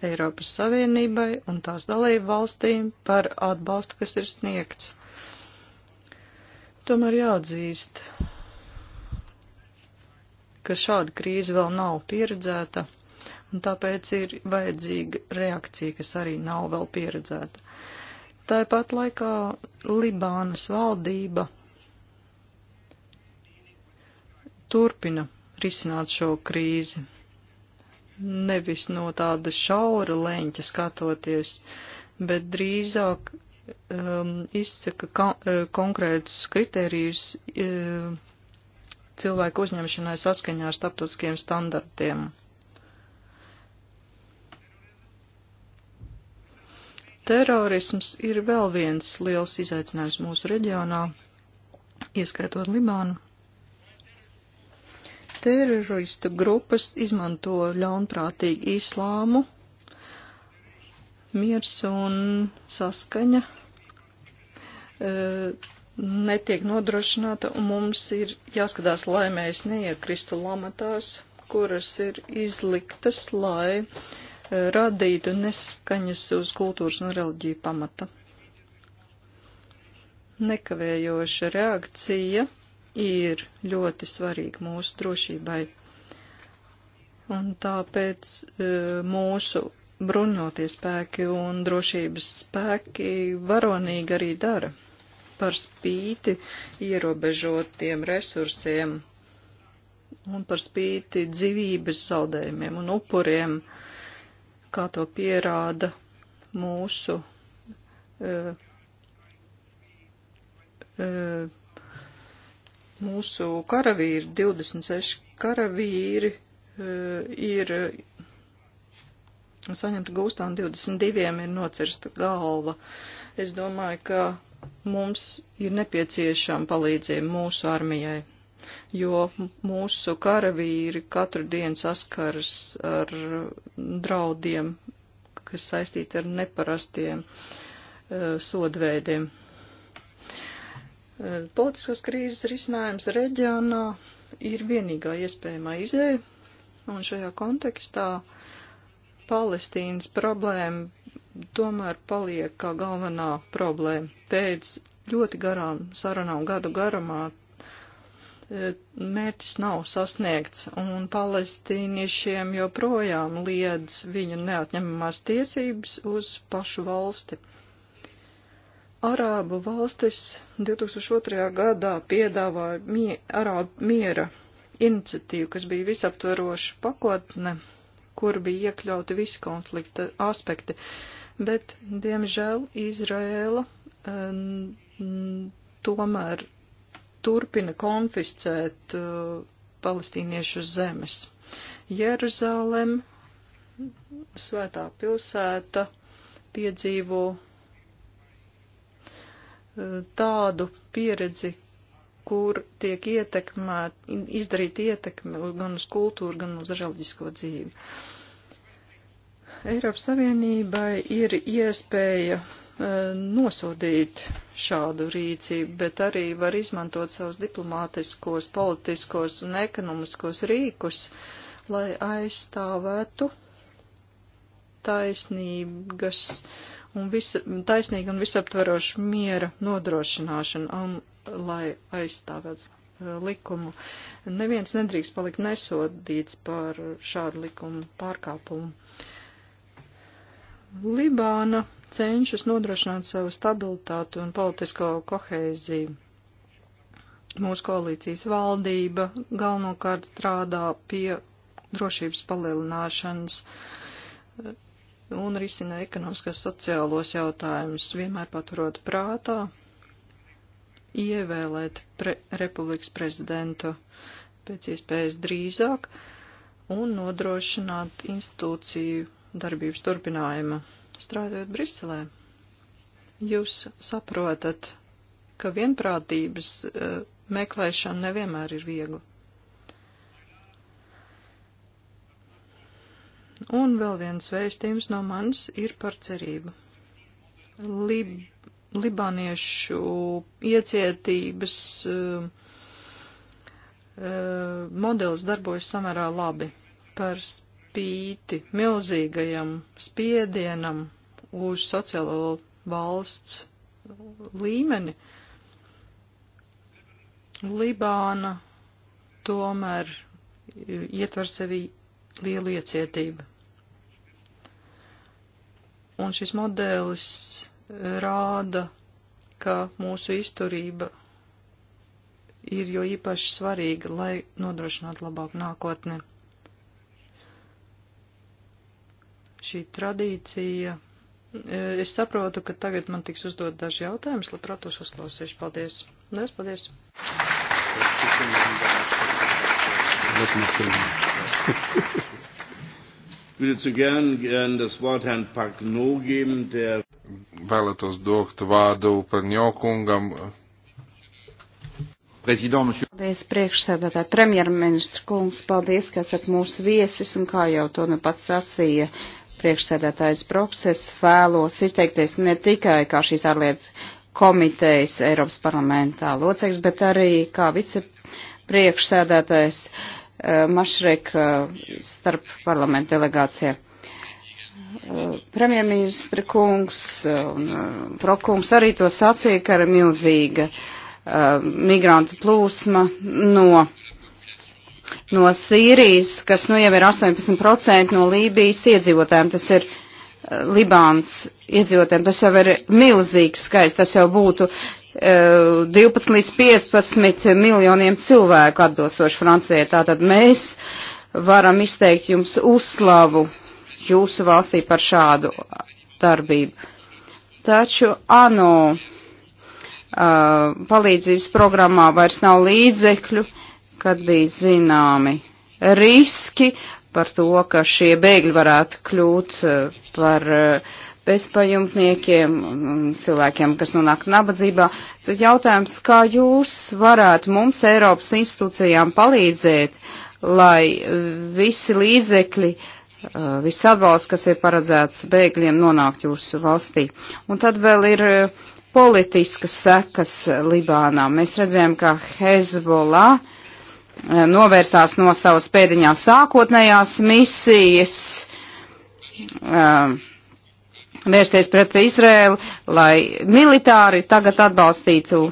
Eiropas Savienībai un tās dalību valstīm par atbalstu, kas ir sniegts. Tomēr jāatzīst, ka šāda krīze vēl nav pieredzēta, un tāpēc ir vajadzīga reakcija, kas arī nav vēl pieredzēta. Tāpat laikā Libānas valdība turpina risināt šo krīzi nevis no tāda šaura leņķa skatoties, bet drīzāk um, izsaka kon eh, konkrētus kritērijus um, cilvēku uzņemšanai saskaņā ar starptautiskiem standartiem. Terorisms ir vēl viens liels izaicinājums mūsu reģionā, ieskaitot Libānu teroristu grupas izmanto ļaunprātīgi islāmu, miers un saskaņa e, netiek nodrošināta, un mums ir jāskatās, lai mēs neiekristu lamatās, kuras ir izliktas, lai e, radītu nesaskaņas uz kultūras un reliģiju pamata. Nekavējoša reakcija ir ļoti svarīga mūsu drošībai. Un tāpēc e, mūsu bruņotie spēki un drošības spēki varonīgi arī dara par spīti ierobežotiem resursiem un par spīti dzīvības zaudējumiem un upuriem, kā to pierāda mūsu uh, uh, Mūsu karavīri, 26 karavīri, e, ir saņemta gūstā un 22 ir nocirsta galva. Es domāju, ka mums ir nepieciešama palīdzība mūsu armijai, jo mūsu karavīri katru dienu saskars ar draudiem, kas saistīti ar neparastiem uh, sodveidiem. Eh, politiskās krīzes risinājums reģionā ir vienīgā iespējamā izēja, un šajā kontekstā Palestīnas problēma tomēr paliek kā galvenā problēma. Pēc ļoti garām sarunām gadu garumā eh, mērķis nav sasniegts, un palestīniešiem joprojām liedz viņu neatņemamās tiesības uz pašu valsti. Arābu valstis 2002. gadā piedāvāja mie, Arābu miera iniciatīvu, kas bija visaptveroša pakotne, kur bija iekļauti visi konflikta aspekti, bet, diemžēl, Izraēla um, eh, tomēr turpina konfiscēt uh, palestīniešu zemes. Jeruzalem, svētā pilsēta, piedzīvo tādu pieredzi, kur tiek ietekmēt, izdarīt ietekmi gan uz kultūru, gan uz reliģisko dzīvi. Eiropas Savienībai ir iespēja e, nosodīt šādu rīcību, bet arī var izmantot savus diplomātiskos, politiskos un ekonomiskos rīkus, lai aizstāvētu taisnības uh, un visa, taisnīga un visaptveroša miera nodrošināšana, un, lai aizstāvētu uh, likumu. Neviens nedrīkst palikt nesodīts par šādu likumu pārkāpumu. Libāna cenšas nodrošināt savu stabilitātu un politisko koheiziju. Mūsu koalīcijas valdība galvenokārt strādā pie drošības palielināšanas un risina ekonomiskās sociālos jautājumus, vienmēr paturot prātā ievēlēt pre republikas prezidentu pēc iespējas drīzāk un nodrošināt institūciju darbības turpinājumu. Strādājot Briselē, jūs saprotat, ka vienprātības eh, meklēšana nevienmēr ir viegla. Un vēl viens vēstījums no manis ir par cerību. Lib Libāniešu iecietības uh, uh, modelis darbojas samērā labi par spīti milzīgajam spiedienam uz sociālo valsts līmeni. Libāna tomēr ietver sevi lielu iecietību. Un šis modelis eh, rāda, ka mūsu izturība ir jo īpaši svarīga, lai nodrošinātu labāku nākotni. Šī tradīcija. Eh, es saprotu, ka tagad man tiks uzdot daži jautājums, labprāt jūs uzklausīšu. Paldies. Lies, paldies. Let *laughs* me würde zu gern, gern das Wort Herrn Pagno geben, der Vēlētos dot vārdu Pagņokungam. Paldies, priekšsēdētāji, premjerministra kungs, paldies, ka esat mūsu viesis, un kā jau to nu pats sacīja priekšsēdētājs Broks, es vēlos izteikties ne tikai kā šīs ārlietas komitejas Eiropas parlamentā loceks, bet arī kā vicepriekšsēdētājs. Uh, Eh, Mašrek eh, starp parlamentu delegācijā. Eh, Premjerministra kungs un prokungs arī to sacīja, ka ir milzīga migrantu plūsma no, no Sīrijas, kas nu jau ir 18% no Lībijas iedzīvotājiem. Tas ir Libāns iedzīvotājiem. Tas jau ir milzīgs skaits. Tas jau būtu 12 eh, līdz 15 miljoniem cilvēku atbilstoši Francijai. Tātad mēs varam izteikt jums uzslavu jūsu valstī par šādu darbību. Taču ANO uh, palīdzības programmā vairs nav līdzekļu, kad bija zināmi riski par to, ka šie bēgļi varētu kļūt uh, par uh, bezpajumtniekiem un cilvēkiem, kas nonāk nabadzībā. Tad jautājums, kā jūs varētu mums Eiropas institūcijām palīdzēt, lai e, visi līdzekļi, e, viss atbalsts, kas ir paredzēts bēgļiem, nonākt jūsu valstī. Un tad vēl ir e, politiskas sekas Libānā. Mēs redzējām, ka Hezbollah novērsās no savas pēdiņās sākotnējās misijas. Um, vērsties pret Izrēlu, lai militāri tagad atbalstītu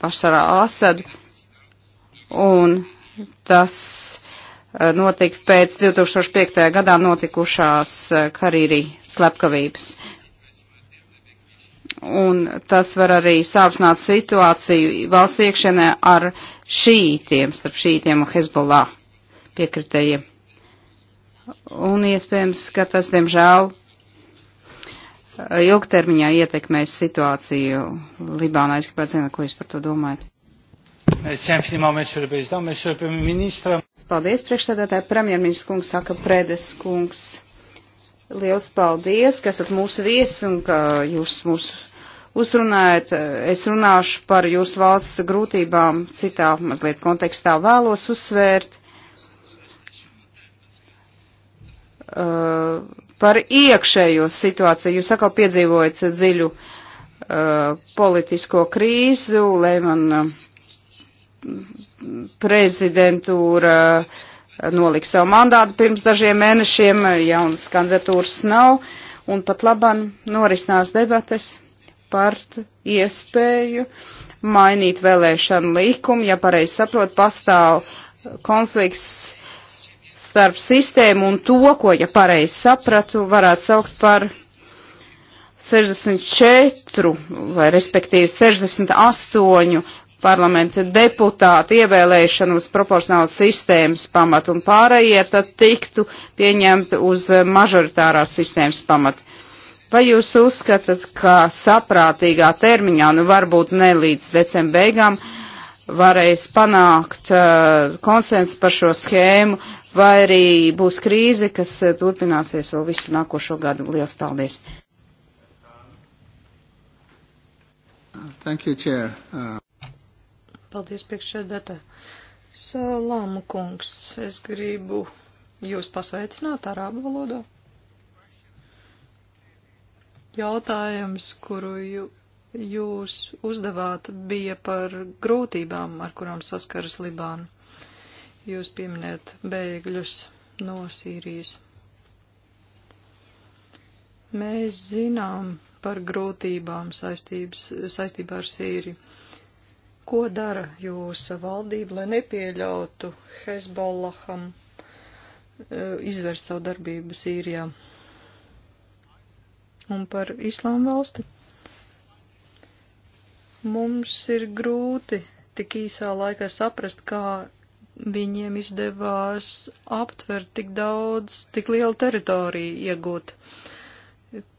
pašarā Asadu. Un tas eh, notika pēc 2005. gadā notikušās eh, karīrī slepkavības. Un tas var arī sāpsnāt situāciju valsts iekšienē ar šītiem, starp šītiem un Hezbollah piekritējiem. Un iespējams, ka tas, diemžēl, ilgtermiņā ietekmēs situāciju Libānā. Es gribētu zināt, ko jūs par to domājat. Paldies, priekšsēdētāji. Premjerministrs kungs saka, Predes kungs. Liels paldies, ka esat mūsu viesi un ka jūs mūs uzrunājat. Es runāšu par jūsu valsts grūtībām citā mazliet kontekstā vēlos uzsvērt. Uh, par iekšējo situāciju. Jūs atkal piedzīvojat dziļu uh, politisko krīzu, Lehman uh, prezidentūra uh, nolika savu mandātu pirms dažiem mēnešiem, uh, jaunas kandidatūras nav, un pat laban norisinās debates par iespēju mainīt vēlēšanu likumu, ja pareizi saprot, pastāv konflikts starp sistēmu un to, ko, ja pareizi sapratu, varētu saukt par 64 vai respektīvi 68 parlamenta deputātu ievēlēšanu uz proporcionālas sistēmas pamatu un pārējie tad tiktu pieņemti uz mažoritārās sistēmas pamatu. Vai jūs uzskatāt, ka saprātīgā termiņā, nu varbūt ne līdz decembra beigām, varēs panākt uh, konsensu par šo schēmu, vai arī būs krīze, kas eh, turpināsies vēl visu nākošo gadu. Lielas paldies! Thank you, Chair. Uh... Paldies, priekšsēdētā. Salāmu kungs, es gribu jūs pasveicināt arābu valodā. Jautājums, kuru jū, jūs uzdevāt, bija par grūtībām, ar kurām saskaras Libāna. Jūs pieminēt bēgļus no Sīrijas. Mēs zinām par grūtībām saistības, saistībā ar Sīriju. Ko dara jūsu valdība, lai nepieļautu Hezbollaham e, izvērst savu darbību Sīrijā? Un par Islāma valsti? Mums ir grūti tik īsā laikā saprast, kā viņiem izdevās aptvert tik daudz, tik lielu teritoriju iegūt.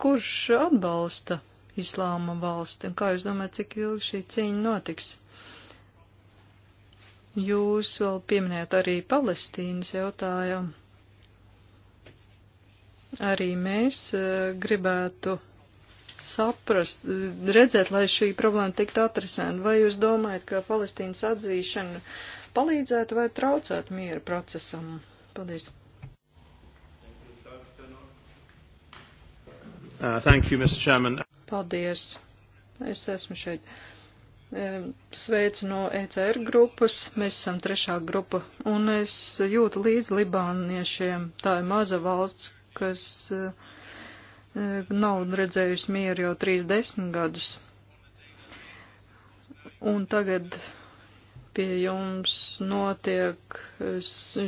Kurš atbalsta islāma valsti un kā jūs domājat, cik ilgi šī cīņa notiks? Jūs vēl pieminējat arī Palestīnas jautājumu. Arī mēs eh, gribētu saprast, redzēt, lai šī problēma tiktu atrisināta. Vai jūs domājat, ka Palestīnas atzīšana uh, palīdzētu vai traucētu miera procesam? Paldies! Uh, thank you, Mr. Chairman. Paldies. Es esmu šeit. Sveicu no ECR grupas. Mēs esam trešā grupa. Un es jūtu līdz Libāniešiem. Tā ir maza valsts, kas eh, eh, nav redzējusi mieru jau 30 gadus. Un tagad pie jums notiek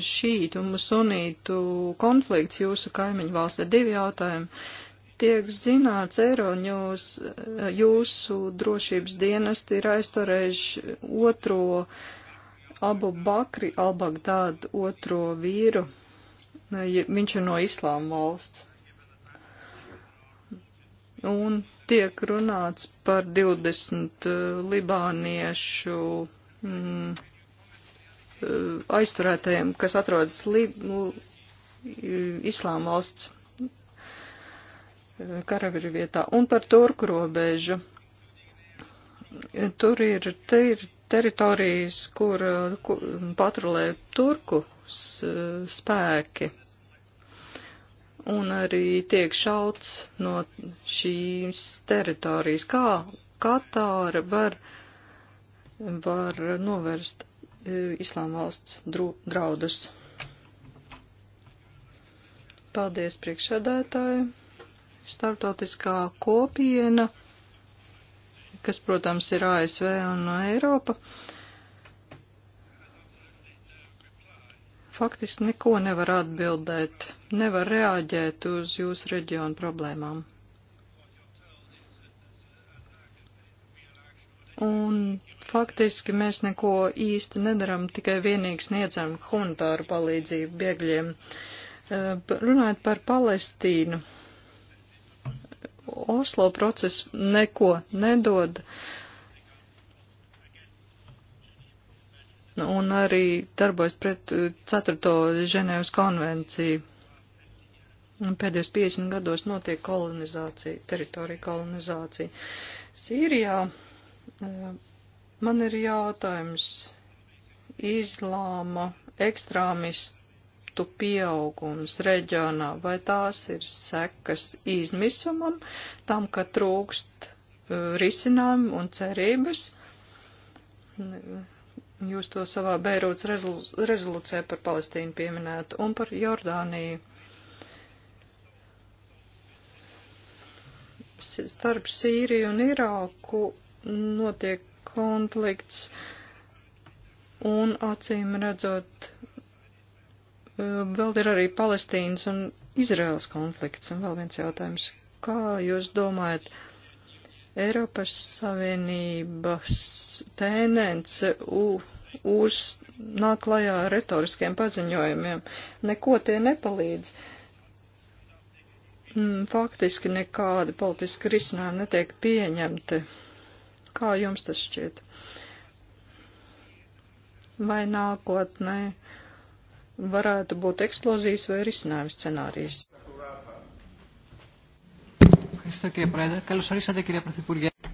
šītu un sunītu konflikts jūsu kaimiņu valstī. Divi jautājumi. Tiek zināts, Eiroņūs, jūsu drošības dienesti ir aizturējuši otro Abu Bakri al-Baghdādu otro vīru. Viņš ir no Islāma valsts. Un tiek runāts par 20 uh, libāniešu mm, aizturētajiem, kas atrodas Lib Islāma valsts karavīru vietā un par turku robežu. Tur ir, te ir teritorijas, kur, kur patrulē turku spēki. Un arī tiek šauts no šīs teritorijas, kā Katāra var uh, var novērst e, Islāma valsts draudus. Paldies priekšsēdētāji. Startautiskā kopiena, kas, protams, ir ASV un Eiropa, faktiski neko nevar atbildēt, nevar reaģēt uz jūsu reģionu problēmām. Un Faktiski mēs neko īsti nedaram, tikai vienīgi sniedzam humanitāru palīdzību bēgļiem. Eh, runājot par Palestīnu, Oslo process neko nedod. Un arī darbojas pret 4. Eh, Ženēvas konvenciju. Pēdējos 50 gados notiek kolonizācija, teritorija kolonizācija. Sīrijā eh, Man ir jautājums. Izlāma ekstrāmistu pieaugums reģionā, vai tās ir sekas izmisumam, tam, ka trūkst uh, risinājumu un cerības? Jūs to savā Beirotas rezolūcijā par Palestīnu pieminētu un par Jordāniju. Starp Sīriju un Irāku notiek konflikts un acīm redzot vēl ir arī Palestīnas un Izraels konflikts. Un vēl viens jautājums. Kā jūs domājat, Eiropas Savienības tendence uz nāk klajā ar retoriskiem paziņojumiem? Neko tie nepalīdz. Mm, faktiski nekādi politiski risinājumi netiek pieņemti. Kā jums tas šķiet? Vai nākotnē varētu būt eksplozijas vai risinājums scenārijs?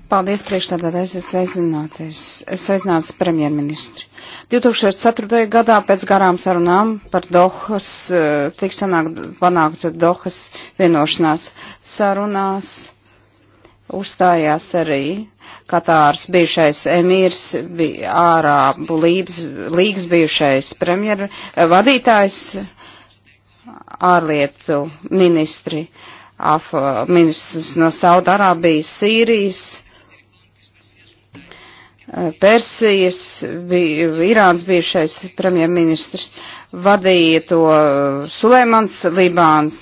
Paldies, priekšstādātājs, es sveicināties, sveicināts premjerministri. 2004. gadā pēc garām sarunām par Dohas, eh, tik sanāk panākta Dohas vienošanās sarunās uzstājās arī Katārs bijušais emīrs, bija ārābu lības, līgas bijušais premjer eh, vadītājs, ārlietu ministri, af, ministrs no Saudarābijas, Sīrijas, eh, Persijas, bija, Irāns bijušais premjerministrs, vadīja to eh, Sulēmans, Libāns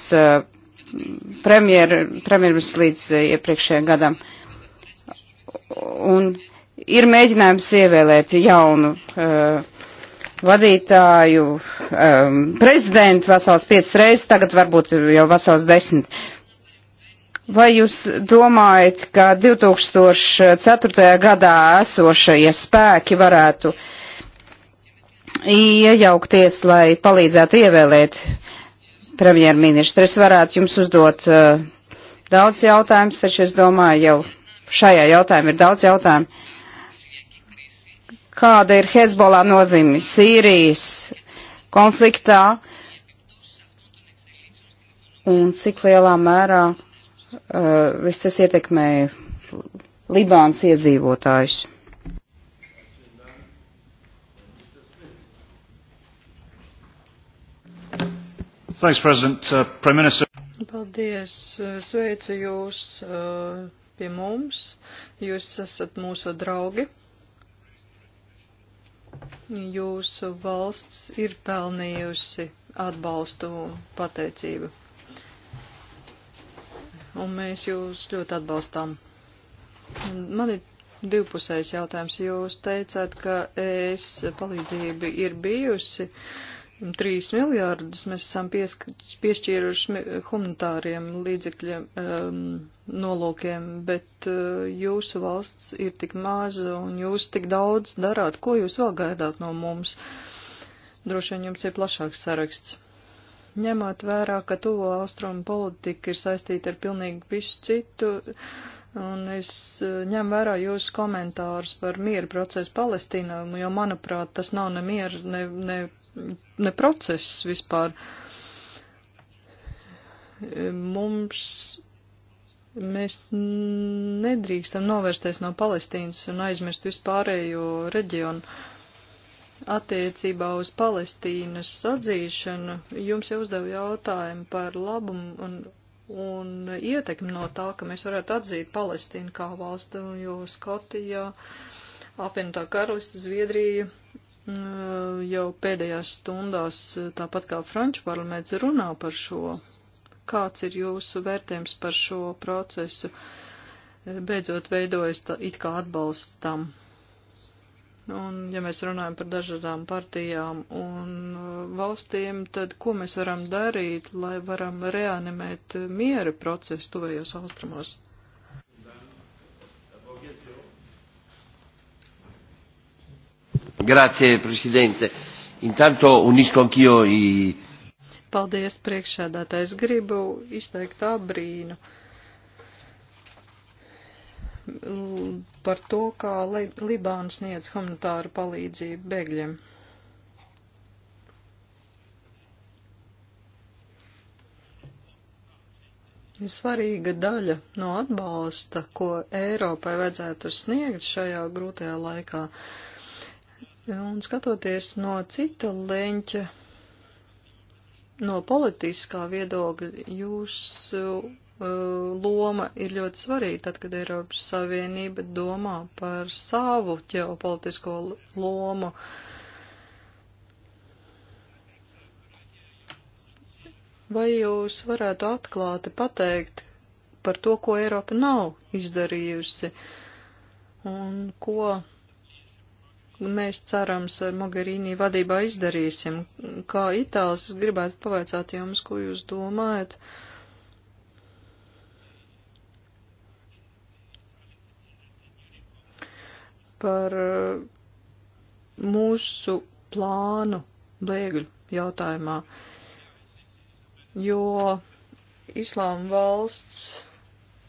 premjer, premjerministrs līdz eh, iepriekšējiem gadam. Un ir mēģinājums ievēlēt jaunu uh, vadītāju, um, prezidentu vesels piecas reizes, tagad varbūt jau vesels desmit. Vai jūs domājat, ka 2004. gadā esošie spēki varētu iejaukties, lai palīdzētu ievēlēt uh, premjerministres, varētu jums uzdot uh, daudz jautājumus, taču es domāju, jau šajā jautājumā ir daudz jautājumu. Kāda ir Hezbollah nozīme Sīrijas konfliktā un cik lielā mērā uh, viss tas ietekmē Libānas iedzīvotājus? Thanks, President. Uh, Prime Minister. Paldies. Sveicu jūs uh, pie mums. Jūs esat mūsu draugi. Jūsu valsts ir pelnījusi atbalstu un pateicību. Un mēs jūs ļoti atbalstām. Man ir divpusējs jautājums. Jūs teicāt, ka es palīdzība ir bijusi. Uh, 3 miljārdus mēs esam piešķīruši humanitāriem līdzekļiem um, nolūkiem, bet uh, jūsu valsts ir tik maza un jūs tik daudz darāt. Ko jūs vēl gaidāt no mums? Droši vien jums ir plašāks saraksts. Ņemot vērā, ka tuvo austrumu politika ir saistīta ar pilnīgi visu citu, un es uh, ņemu vērā jūsu komentārus par mieru procesu Palestīnā, jo, manuprāt, tas nav ne mieru, ne, ne ne process vispār. Mums, mēs nedrīkstam novērsties no Palestīnas un aizmirst vispārējo reģionu. Attiecībā uz Palestīnas atzīšanu jums jau uzdevu jautājumu par labumu un, un ietekmi no tā, ka mēs varētu atzīt Palestīnu kā valstu, jo Skotijā, apvienotā karalista, Zviedrija jau pēdējās stundās, tāpat kā Franču parlaments, runā par šo. Kāds ir jūsu vērtējums par šo procesu? Beidzot veidojas tā, it kā atbalsts tam. Un, ja mēs runājam par dažādām partijām un valstīm, tad ko mēs varam darīt, lai varam reanimēt miera procesu tuvējos austrumos? Grazie, prezidente. Intanto unisco anch'io i. Paldies, priekšsēdētājs. Gribu izteikt abrīnu par to, kā Libāna sniedz humanitāru palīdzību bēgļiem. svarīga daļa no atbalsta, ko Eiropai vajadzētu sniegt šajā grūtajā laikā, Un skatoties no cita leņķa, no politiskā viedokļa, jūsu uh, loma ir ļoti svarīga, tad, kad Eiropas Savienība domā par savu ģeopolitisko lomu. Vai jūs varētu atklāti pateikt par to, ko Eiropa nav izdarījusi un ko mēs cerams ar Mogherīnī vadībā izdarīsim. Kā itālis es gribētu pavaicāt jums, ko jūs domājat. Par uh, mūsu plānu bēgļu jautājumā, jo Islāma valsts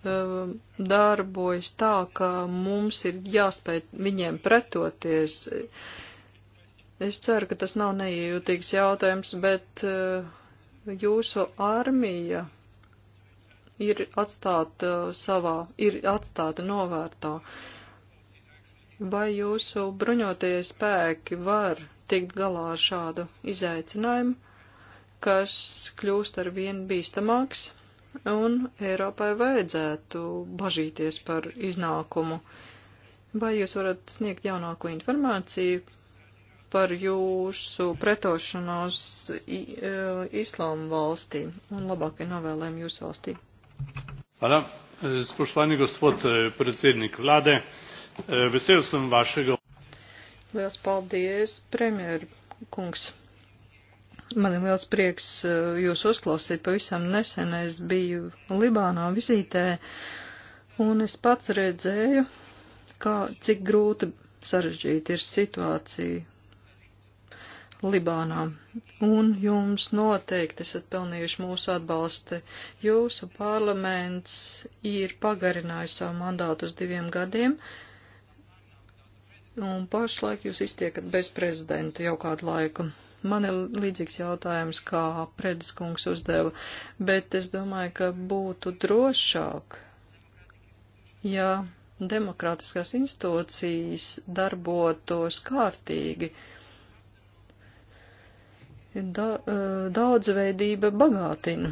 Uh, darbojas tā, ka mums ir jāspēj viņiem pretoties. Es ceru, ka tas nav neiejūtīgs jautājums, bet uh, jūsu armija ir atstāta uh, savā, ir atstāta novērtā. Vai jūsu bruņotie spēki var tikt galā ar šādu izaicinājumu, kas kļūst ar vien bīstamāks? un Eiropai vajadzētu bažīties par iznākumu. Vai jūs varat sniegt jaunāko informāciju par jūsu pretošanos e, islāma valstī un labākie novēlējumi jūsu valstī? Hvala. E, spoštovani gospod e, predsednik vlade, vesel sem vašega. Lielas paldies, premjer kungs. Man ir liels prieks eh, jūs uzklausīt. Pavisam nesen es biju Libānā vizītē, un es pats redzēju, kā, cik grūti sarežģīta ir situācija Libānā, un jums noteikti esat pelnījuši mūsu atbalsti. Jūsu parlaments ir pagarinājis savu mandātu uz diviem gadiem, un pašlaik jūs iztiekat bez prezidenta jau kādu laiku. Man ir līdzīgs jautājums, kā prediskungs uzdeva, bet es domāju, ka būtu drošāk, ja demokrātiskās institūcijas darbotos kārtīgi. Da, e, daudzveidība bagātina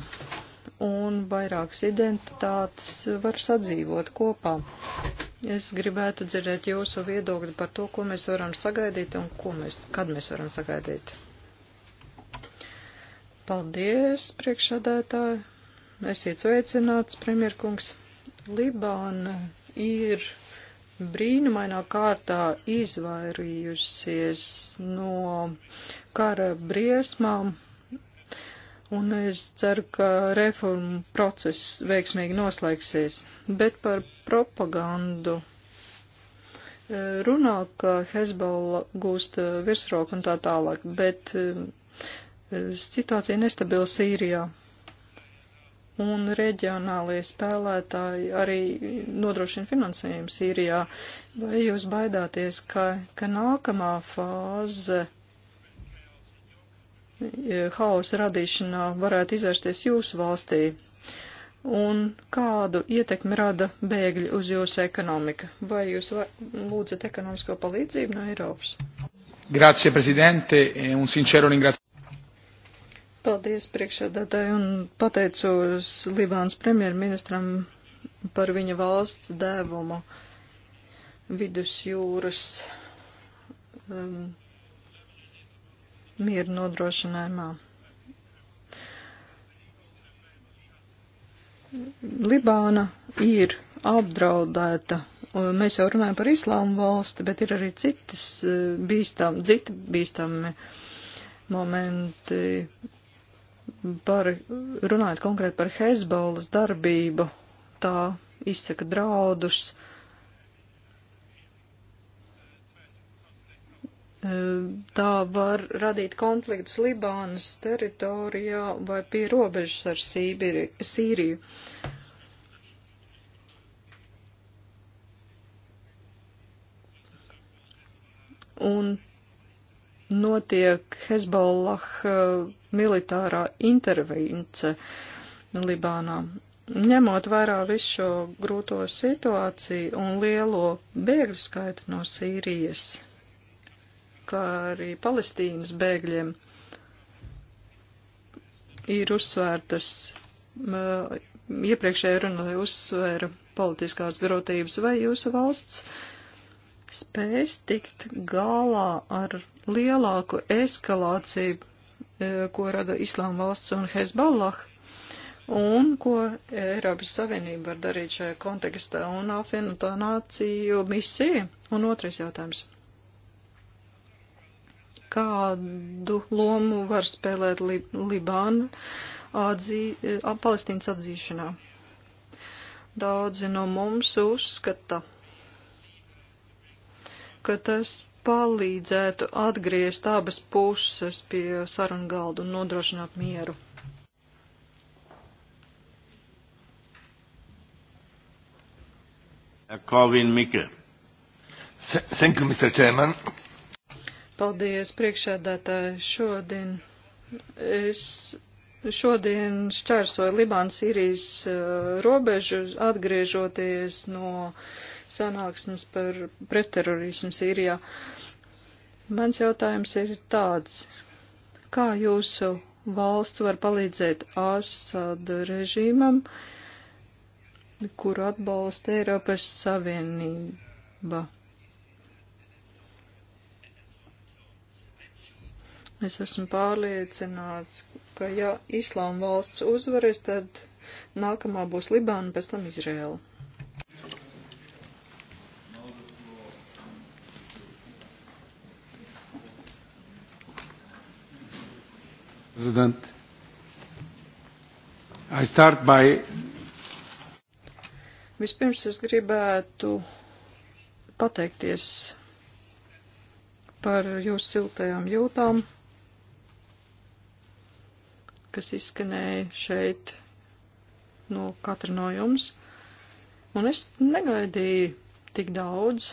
un vairākas identitātes var sadzīvot kopā. Es gribētu dzirdēt jūsu viedokli par to, ko mēs varam sagaidīt un ko mēs, kad mēs varam sagaidīt. Paldies, priekšsādētāji. Esiet sveicināts, premjerkungs. Libāna ir brīnumainā kārtā izvairījusies no kara briesmām, un es ceru, ka reformu process veiksmīgi noslēgsies. Bet par propagandu runā, ka Hezbollah gūst virsroku un tā tālāk, bet Situācija nestabila Sīrijā, un reģionālie spēlētāji arī nodrošina finansējumu Sīrijā. Vai jūs baidāties, ka, ka nākamā fāze e, hausa radīšanā varētu izvērsties jūsu valstī? Un kādu ietekmi rada bēgļi uz jūsu ekonomiku? Vai jūs lūdzat ekonomisko palīdzību no Eiropas? Grazie, Presidente, e un sincero ringraziamento. Paldies priekšādātāji un pateicos Libānas premjerministram par viņa valsts dēvumu vidusjūras um, mieru nodrošinājumā. Libāna ir apdraudēta. Mēs jau runājam par islāmu valsti, bet ir arī citas uh, bīstām, citi bīstami momenti par, runājot konkrēti par Hezbollas darbību, tā izsaka draudus. E, tā var radīt konfliktus Libānas teritorijā vai pie robežas ar Sībiri, Sīriju. Un notiek Hezbollah e, militārā intervence Libānā. Ņemot vērā visu šo grūto situāciju un lielo bēgļu skaitu no Sīrijas, kā arī Palestīnas bēgļiem, ir uzsvērtas, iepriekšēja runāja uzsvēra politiskās grūtības, vai jūsu valsts spēs tikt galā ar lielāku eskalāciju Eh, ko rada Islāma valsts un Hezbollah, un ko Eiropas Savienība var darīt šajā kontekstā un apvienotā nāciju misija. Un otrais jautājums. Kādu lomu var spēlēt Lib Libāna atzī, eh, Palestīnas atzīšanā? Daudzi no mums uzskata, ka tas palīdzētu atgriezt abas puses pie sarunu galda un nodrošināt mieru. Kovin Mike. Thank you, Mr. Chairman. Paldies, priekšēdētāji. Šodien es šodien šķērsoju Libānas-Sīrijas uh, robežu, atgriežoties no uh, sanāksmes par pretterorismu Sīrijā. Mans jautājums ir tāds, kā jūsu valsts var palīdzēt Asad režīmam, kuru atbalsta Eiropas Savienība? Es esmu pārliecināts, ka ja Islāma valsts uzvarēs, tad nākamā būs Libāna, pēc tam Izrēla. President. I start by. Vispirms es gribētu pateikties par jūsu siltajām jūtām, kas izskanēja šeit no katra no jums. Un es negaidīju tik daudz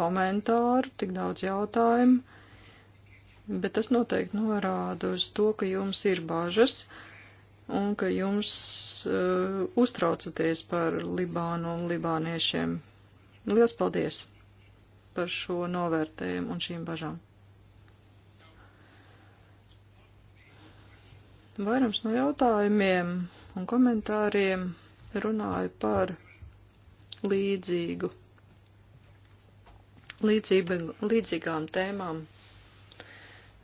komentāru, tik daudz jautājumu bet tas noteikti norāda uz to, ka jums ir bažas un ka jums uh, uztraucaties par Libānu un libāniešiem. Lielas paldies par šo novērtējumu un šīm bažām. Vairums no jautājumiem un komentāriem runāja par līdzīgu, līdzība, līdzīgām tēmām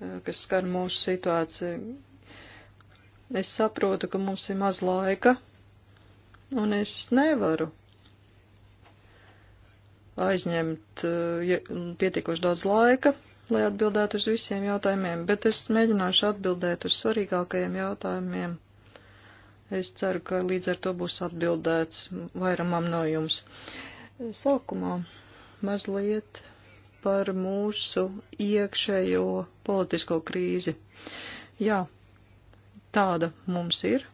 kas skar mūsu situāciju. Es saprotu, ka mums ir maz laika, un es nevaru aizņemt uh, ja, pietiekoši daudz laika, lai atbildētu uz visiem jautājumiem, bet es mēģināšu atbildēt uz svarīgākajiem jautājumiem. Es ceru, ka līdz ar to būs atbildēts vairamam no jums. Sākumā mazliet par mūsu iekšējo politisko krīzi. Jā, tāda mums ir.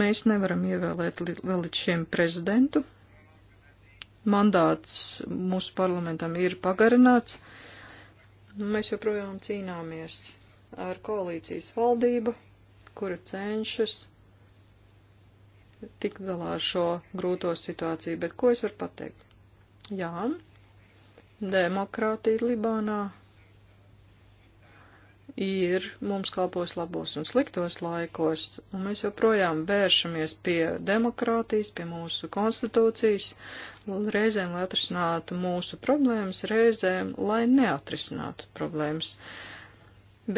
Mēs nevaram ievēlēt li vēl līdz šim prezidentu. Mandāts mūsu parlamentam ir pagarināts. Nu, mēs joprojām cīnāmies ar koalīcijas valdību, kura cenšas tikt galā ar šo grūto situāciju, bet ko es varu pateikt? Jā, demokrātija Libānā ir mums kalpos labos un sliktos laikos, un mēs joprojām vēršamies pie demokrātijas, pie mūsu konstitūcijas, reizēm, lai atrisinātu mūsu problēmas, reizēm, lai neatrisinātu problēmas.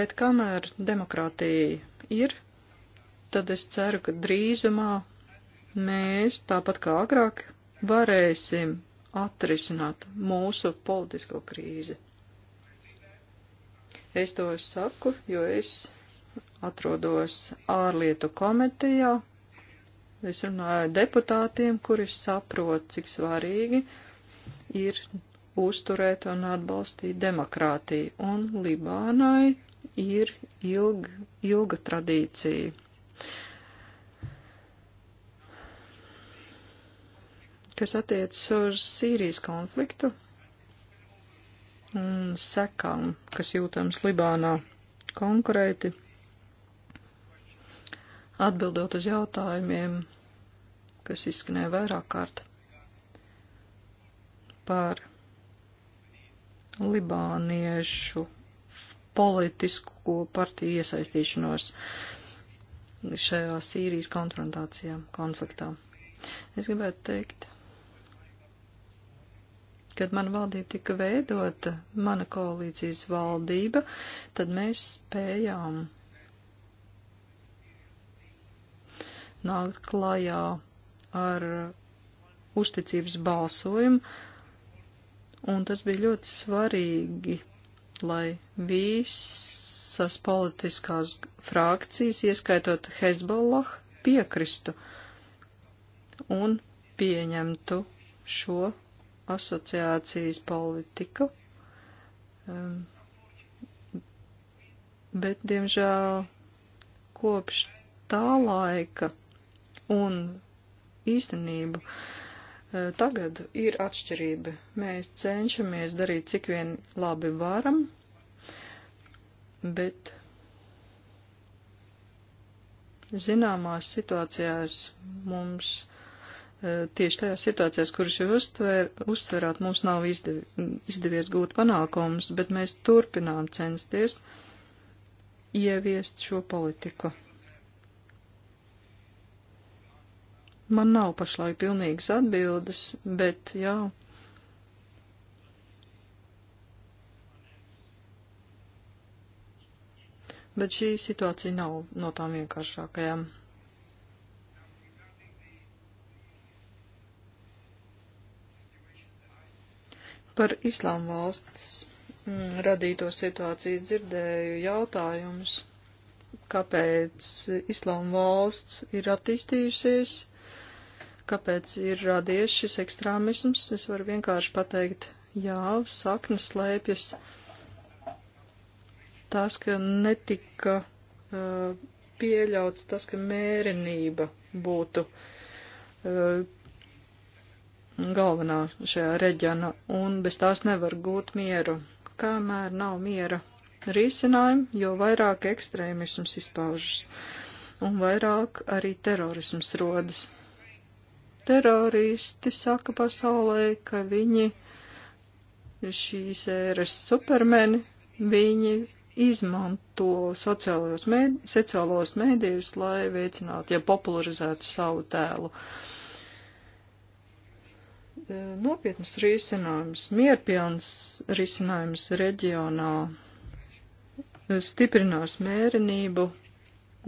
Bet kamēr demokrātija ir, tad es ceru, ka drīzumā mēs, tāpat kā agrāk, varēsim atrisināt mūsu politisko krīzi. Es to saku, jo es atrodos ārlietu komitejā. Es runāju ar deputātiem, kuri saprot, cik svarīgi ir uzturēt un atbalstīt demokrātiju. Un Libānai ir ilg, ilga tradīcija kas attiecas uz Sīrijas konfliktu un sekām, kas jūtams Libānā konkrēti, atbildot uz jautājumiem, kas izskanēja vairāk kārt par libāniešu politisko partiju iesaistīšanos šajā Sīrijas konfrontācijā, konfliktā. Es gribētu teikt, kad mana valdība tika veidota, mana koalīcijas valdība, tad mēs spējām nākt klajā ar uzticības balsojumu, un tas bija ļoti svarīgi, lai visas politiskās frakcijas, ieskaitot Hezbollah, piekristu un pieņemtu šo asociācijas politiku, bet, diemžēl, kopš tā laika un īstenību e, tagad ir atšķirība. Mēs cenšamies darīt cik vien labi varam, bet zināmās situācijās mums Eh, tieši tajās situācijās, kuras jūs uztver, uzsverāt, mums nav izdevi, izdevies gūt panākumus, bet mēs turpinām censties ieviest šo politiku. Man nav pašlaik pilnīgas atbildes, bet jā. Bet šī situācija nav no tām vienkāršākajām. Par islām valsts mm, radīto situāciju dzirdēju jautājumus, kāpēc islām valsts ir attīstījusies, kāpēc ir radies šis ekstrēmisms. Es varu vienkārši pateikt, jā, saknes slēpjas tas, ka netika uh, pieļauts tas, ka mērenība būtu uh, galvenā šajā reģiona, un bez tās nevar gūt mieru, kamēr nav miera risinājumu, jo vairāk ekstrēmisms izpaužas, un vairāk arī terorisms rodas. Teroristi saka pasaulē, ka viņi šīs ēras supermeni, viņi izmanto sociālos mēdījus, lai veicinātu, ja popularizētu savu tēlu. Uh, E, nopietnas risinājums, mierpilns risinājums reģionā e, stiprinās mērenību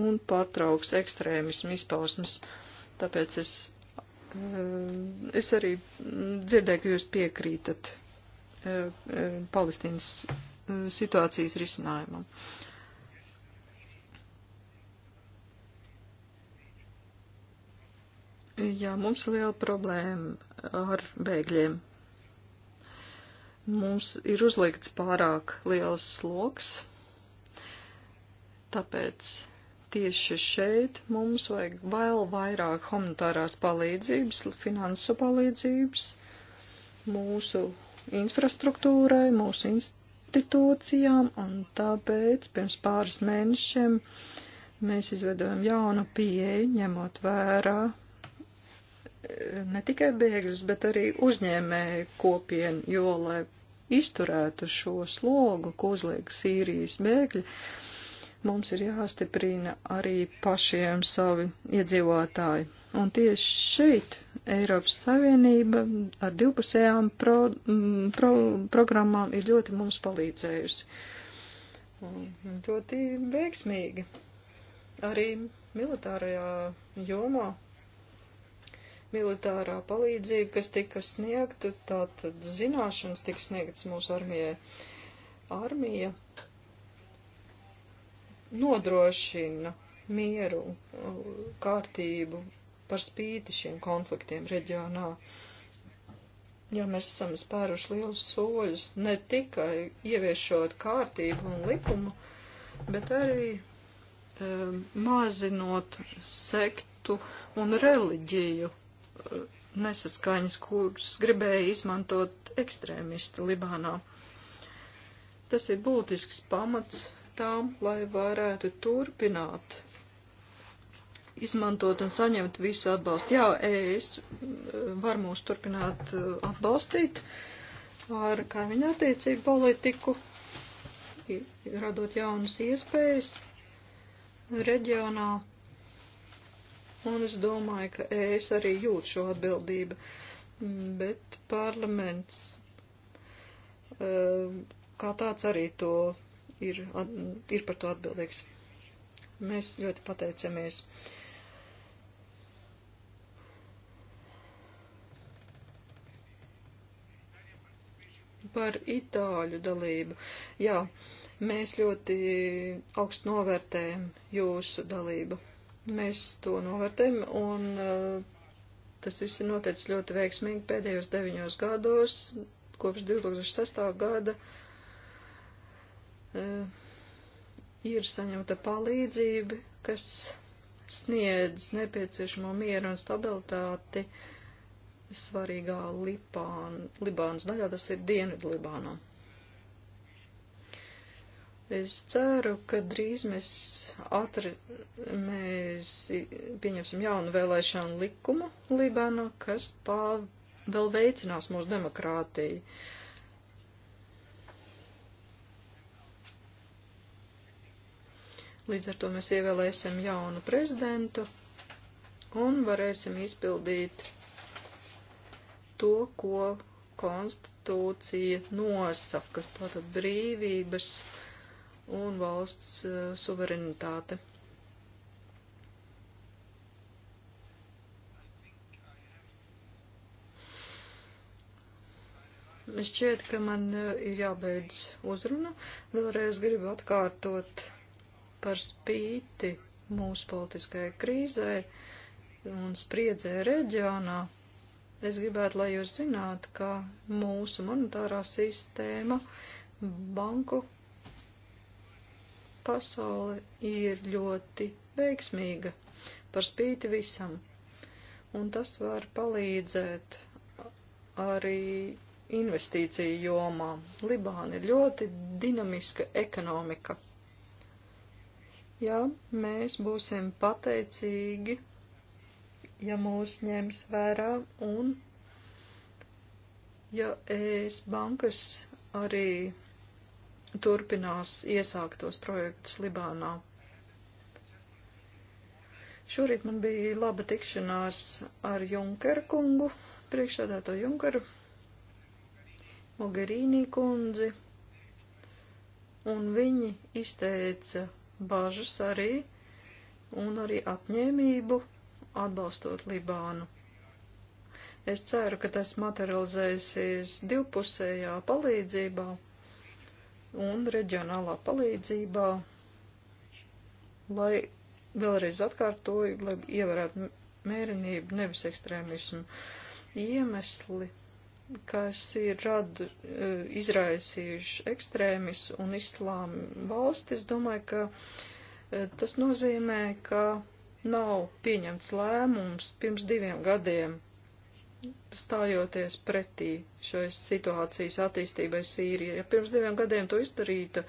un pārtrauks ekstrēmismu izpausmes. Tāpēc es, e, es arī dzirdēju, ka jūs piekrītat Palestīnas situācijas risinājumam. Uh, Jā, mums ir liela problēma ar bēgļiem. Mums ir uzlikts pārāk liels sloks, tāpēc tieši šeit mums vajag vēl vairāk humanitārās palīdzības, finansu palīdzības mūsu infrastruktūrai, mūsu institūcijām, un tāpēc pirms pāris mēnešiem mēs izveidojam jaunu pieeju, ņemot vērā ne tikai bēgļus, bet arī uzņēmēju kopienu, jo, lai izturētu šo slogu, ko uzliek Sīrijas bēgļi, mums ir jāstiprina arī pašiem savi iedzīvotāji. Un tieši šeit Eiropas Savienība ar divpusējām pro, mm, pro, programmām ir ļoti mums palīdzējusi. Un ļoti veiksmīgi. Arī militārajā jomā militārā palīdzība, kas tika sniegta, tātad zināšanas tika sniegtas mūsu armijai. Armija nodrošina mieru, kārtību par spīti šiem konfliktiem reģionā. Ja mēs esam spēruši lielus soļus, ne tikai ieviešot kārtību un likumu, bet arī um, mazinot sektu un reliģiju nesaskaņas, kuras gribēja izmantot ekstrēmisti Libānā. Tas ir būtisks pamats tām, lai varētu turpināt izmantot un saņemt visu atbalstu. Jā, es eh, var mūs turpināt eh, atbalstīt ar kaimiņu attiecību politiku, radot jaunas iespējas reģionā un es domāju, ka es arī jūtu šo atbildību, mm, bet parlaments eh, kā tāds arī to ir, ir par to atbildīgs. Mēs ļoti pateicamies. Par itāļu dalību. Jā, mēs ļoti augstu novērtējam jūsu dalību. Mēs to novērtējam, un uh, tas viss ir noticis ļoti veiksmīgi pēdējos deviņos gados, kopš 2006. gada. Uh, ir saņemta palīdzība, kas sniedz nepieciešamo mieru un stabilitāti svarīgā Lipān, Libānas daļā, tas ir Dienvidu Libānā. Es ceru, ka drīz mēs, atri, mēs pieņemsim jaunu vēlēšanu likumu Libānā, kas pā, vēl veicinās mūsu demokrātiju. Līdz ar to mēs ievēlēsim jaunu prezidentu un varēsim izpildīt to, ko konstitūcija nosaka, tātad brīvības un valsts eh, suverenitāte. Šķiet, ka man eh, ir jābeidz uzruna. Vēlreiz gribu atkārtot par spīti mūsu politiskajai krīzē un spriedzē reģionā. Es gribētu, lai jūs zinātu, ka mūsu monetārā sistēma banku pasaule ir ļoti veiksmīga par spīti visam. Un tas var palīdzēt arī investīciju jomā. Libāna ir ļoti dinamiska ekonomika. Jā, mēs būsim pateicīgi, ja mūs ņems vērā un ja es bankas arī turpinās iesāktos projektus Libānā. Šorīt man bija laba tikšanās ar Junkeru kungu, priekšsēdēto Junkeru, Mogherīnī kundzi, un viņi izteica bažas arī un arī apņēmību atbalstot Libānu. Es ceru, ka tas materializēsies divpusējā palīdzībā un reģionālā palīdzībā, lai vēlreiz atkārtoju, lai ievērētu mērenību, nevis ekstrēmismu iemesli, kas ir radu, e, izraisījuši ekstrēmis un islāma valsti. Es domāju, ka e, tas nozīmē, ka nav pieņemts lēmums pirms diviem gadiem stājoties pretī šai situācijas attīstībai Sīrijā. Ja pirms diviem gadiem to izdarīta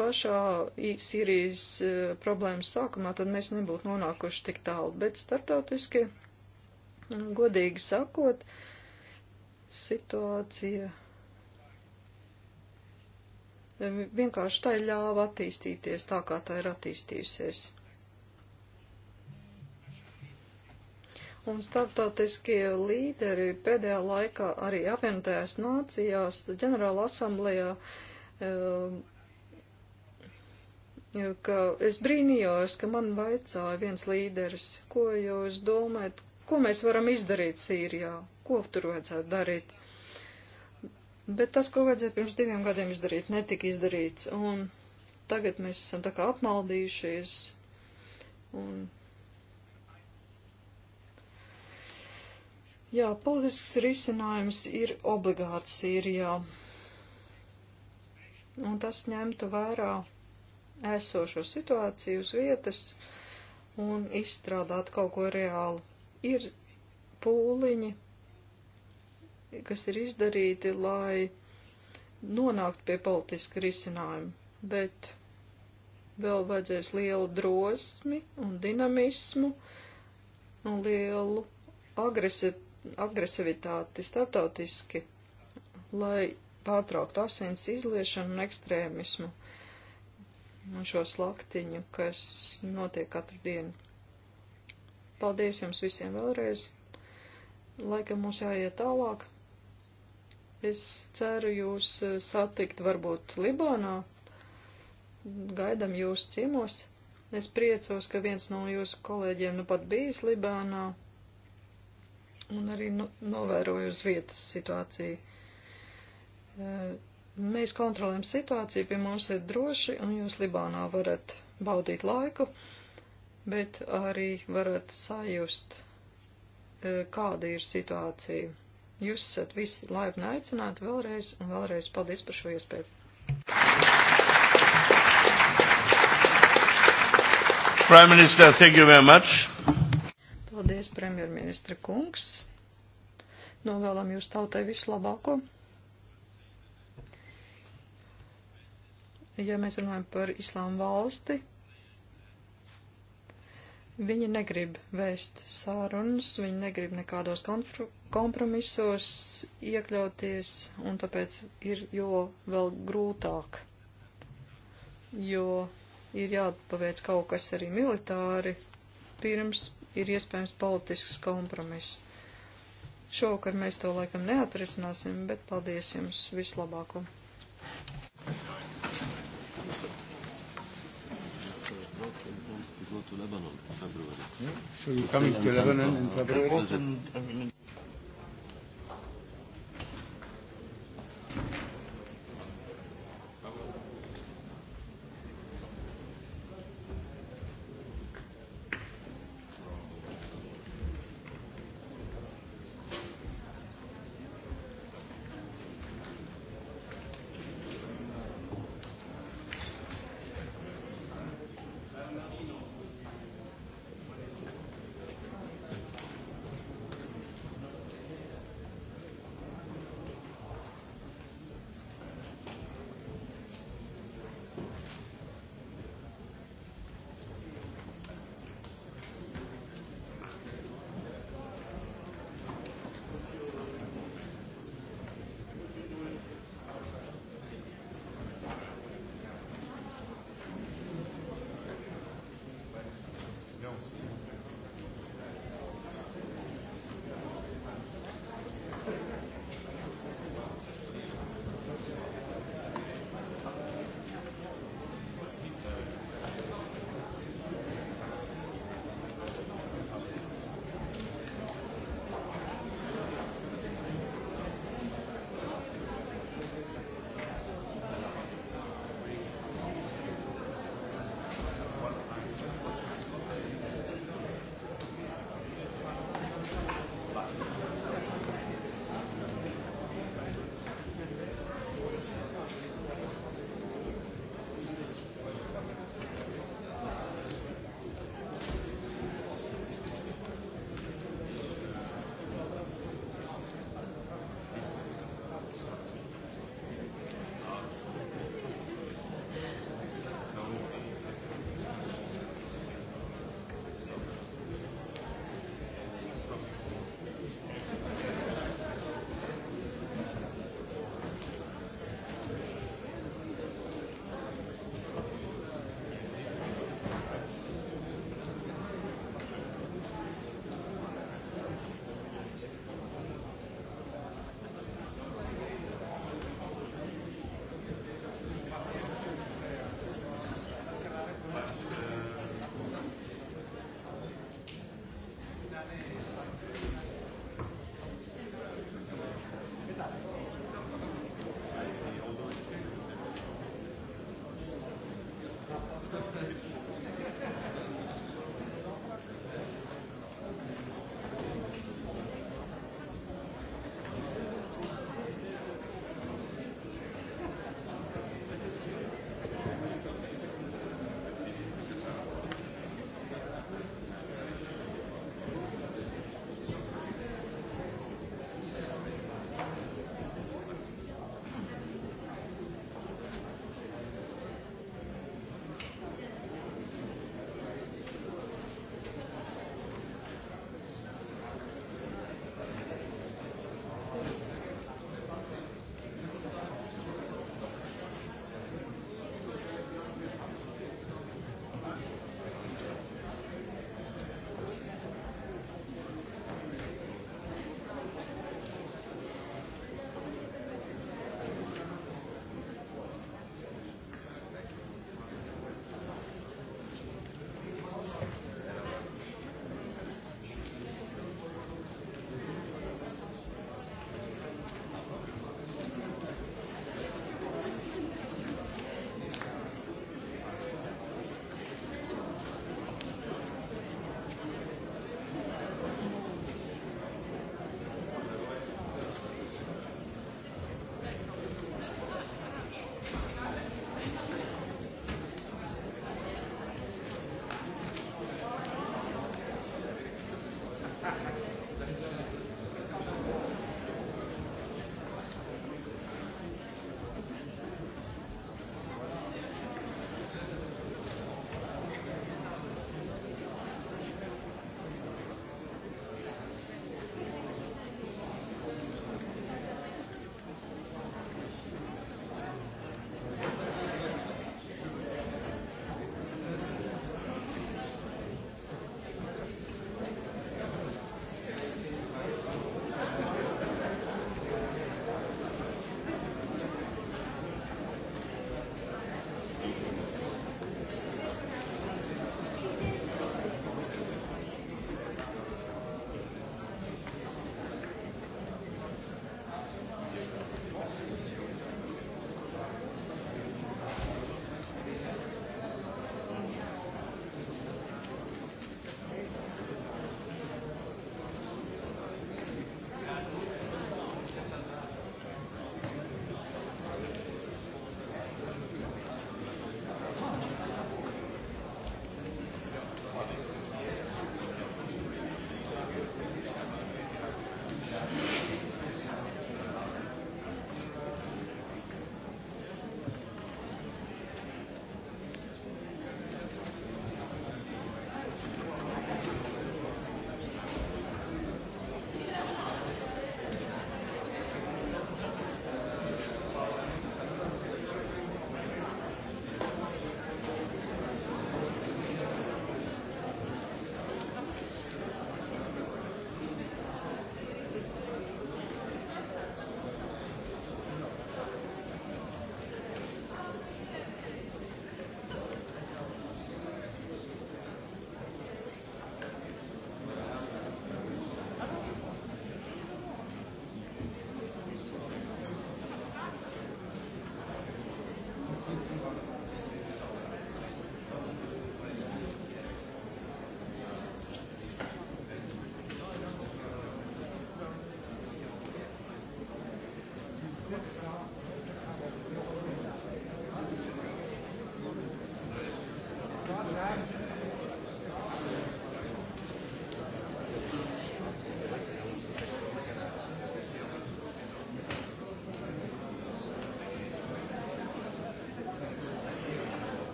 pašā Sīrijas e, problēmas sākumā, tad mēs nebūtu nonākuši tik tālu, bet starptautiski, godīgi sakot, situācija vienkārši tai ļāva attīstīties tā, kā tā ir attīstījusies. Un starptautiskie līderi pēdējā laikā arī apvienotajās nācijās, ģenerāla asamblējā, um, ka es brīnījos, ka man vaicāja viens līderis, ko jūs domājat, ko mēs varam izdarīt Sīrijā, ko tur vajadzētu darīt. Bet tas, ko vajadzēja pirms diviem gadiem izdarīt, netika izdarīts, un tagad mēs esam tā kā apmaldījušies, un Jā, politisks risinājums ir obligāts Sīrijā. Un tas ņemtu vērā esošo situāciju uz vietas un izstrādāt kaut ko reālu. Ir pūliņi, kas ir izdarīti, lai nonāktu pie politiska risinājuma, bet vēl vajadzēs lielu drosmi un dinamismu un lielu agresivitāti agresivitāti starptautiski, lai pārtrauktu asins izliešanu un ekstrēmismu un šo slaktiņu, kas notiek katru dienu. Paldies jums visiem vēlreiz. Laikam mums jāiet tālāk. Es ceru jūs eh, satikt varbūt Libānā. Gaidam jūs ciemos. Es priecos, ka viens no jūsu kolēģiem nu pat bijis Libānā un arī nu, novēroju uz vietas situāciju. E, mēs kontrolējam situāciju, pie mums ir droši, un jūs Libānā varat baudīt laiku, bet arī varat sajust, e, kāda ir situācija. Jūs esat visi laipni aicināti vēlreiz, un vēlreiz paldies par šo iespēju. Prime Minister, thank you very much. Paldies, premjerministra kungs. Novēlam jūs tautai vislabāko. Ja mēs runājam par islāma valsti, viņi negrib vēst sārunas, viņi negrib nekādos kompromisos iekļauties, un tāpēc ir jo vēl grūtāk, jo ir jāpaveic kaut kas arī militāri pirms ir iespējams politisks kompromiss. Šovakar mēs to laikam neatrisināsim, bet paldies jums vislabāko! go to Lebanon in February. Yeah? So you're coming to Lebanon in February?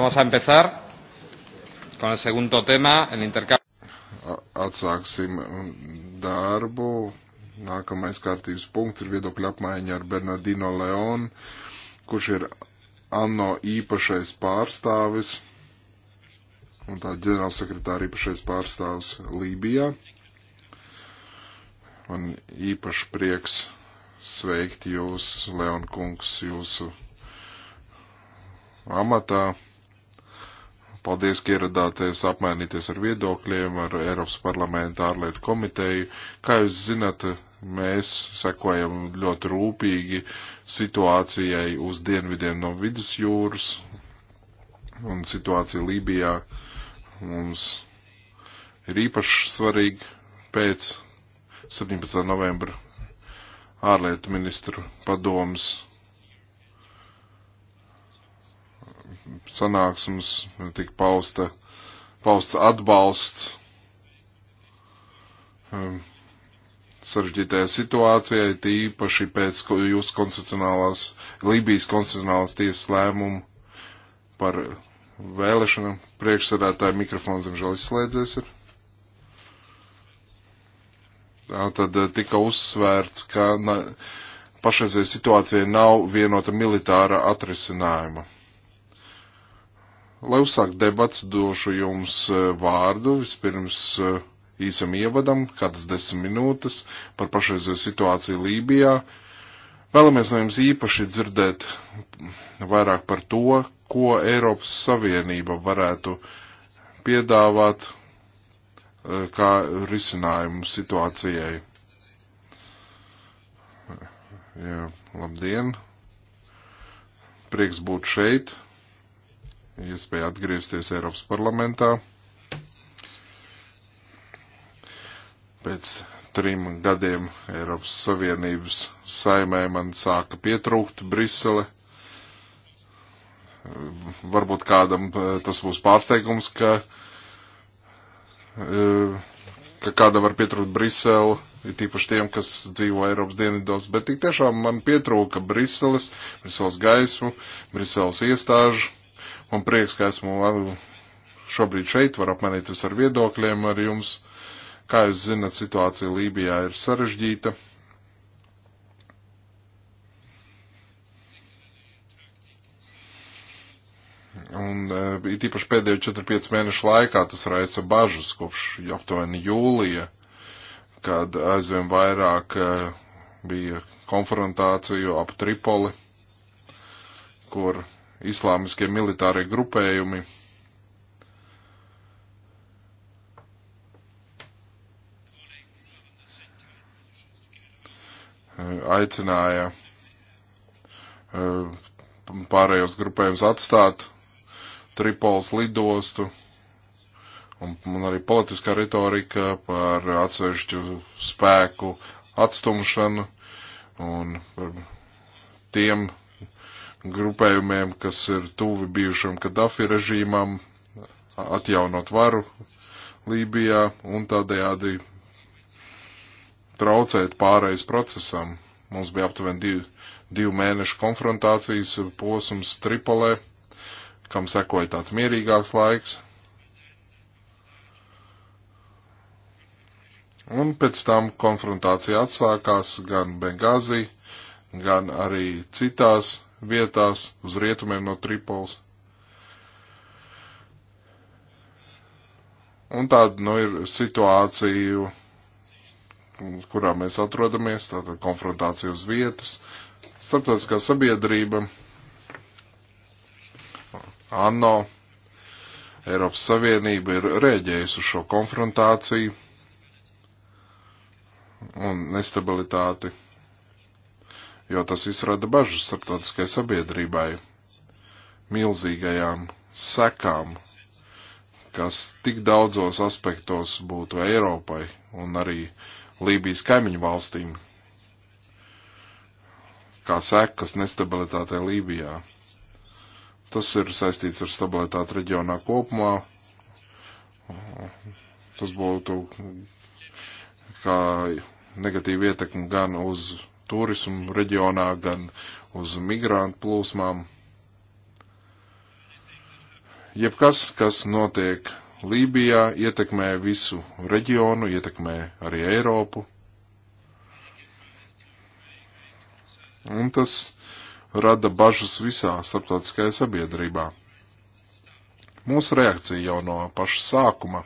Vamos a empezar con el segundo tema, el intercambio. Atsāksim darbu. Nākamais kārtības punkts ir viedokļa apmaiņa ar Bernardino Leon, kurš ir ANO īpašais pārstāvis un tā ģenerālsekretāra īpašais pārstāvis Lībijā. Man īpaši prieks sveikt jūs, Leon kungs, jūsu amatā. Paldies, ka ieradāties apmainīties ar viedokļiem ar Eiropas parlamentu ārlietu komiteju. Kā jūs zināt, mēs sekojam ļoti rūpīgi situācijai uz dienvidiem no vidusjūras un situācija Lībijā mums ir īpaši svarīga pēc 17. novembra ārlietu ministru padomas sanāksmes tika pausta, pausts atbalsts um, sarežģītajā situācijā, tīpaši pēc jūsu konstitucionālās, Lībijas konstitucionālās tiesas lēmumu par vēlēšanām. Priekšsēdētāja mikrofons, diemžēl, izslēdzies ir. Tā tad eh, tika uzsvērts, ka na, pašreizējā situācija nav vienota militāra atrisinājuma. Lai uzsākt debats, došu jums e, vārdu vispirms e, īsam ievadam, kādas desmit minūtes par pašreizējo situāciju Lībijā. Vēlamies no jums īpaši dzirdēt vairāk par to, ko Eiropas Savienība varētu piedāvāt e, kā risinājumu situācijai. Jā, labdien! Prieks būt šeit! iespēja atgriezties Eiropas parlamentā pēc trim gadiem Eiropas Savienības saimē man sāka pietrūkt Brisele. Varbūt kādam eh, tas būs pārsteigums, ka, eh, ka kāda var pietrūkt Brisele, ir tīpaši tiem, kas dzīvo Eiropas dienvidos, bet tik tiešām man pietrūka Briseles, Briseles gaismu, Briseles iestāžu Man prieks, ka esmu šobrīd šeit, var apmainīties ar viedokļiem ar jums. Kā jūs zinat, situācija Lībijā ir sarežģīta. Un eh, it īpaši pēdējo 4-5 mēnešu laikā tas raisa bažas kopš aptuveni jūlija, kad aizvien vairāk eh, bija konfrontāciju ap Tripoli, kur islāmiskie militārie grupējumi. aicināja eh, pārējos grupējums atstāt Tripols lidostu un, un arī politiskā retorika par atsevišķu spēku atstumšanu un par tiem grupējumiem, kas ir tuvi bijušam Kadafi režīmam, atjaunot varu Lībijā un tādējādi traucēt pārējais procesam. Mums bija aptuveni divi, divu mēnešu konfrontācijas posms Tripolē, kam sekoja tāds mierīgāks laiks. Un pēc tam konfrontācija atsākās gan Bengāzī, gan arī citās vietās uz rietumiem no Tripols. Un tāda nu, ir situācija, kurā mēs atrodamies, tāda konfrontācija uz vietas, starptautiskā sabiedrība, ANO, Eiropas Savienība ir rēģējusi uz šo konfrontāciju un nestabilitāti jo tas viss rada bažas starptautiskai sabiedrībai, milzīgajām sekām, kas tik daudzos aspektos būtu Eiropai un arī Lībijas kaimiņu valstīm, kā sekas nestabilitātei Lībijā. Tas ir saistīts ar stabilitāti reģionā kopumā. Tas būtu kā negatīva ietekme gan uz turismu reģionā, gan uz migrantu plūsmām. Jebkas, kas notiek Lībijā, ietekmē visu reģionu, ietekmē arī Eiropu. Un tas rada bažas visā starptautiskajā sabiedrībā. Mūsu reakcija jau no paša sākuma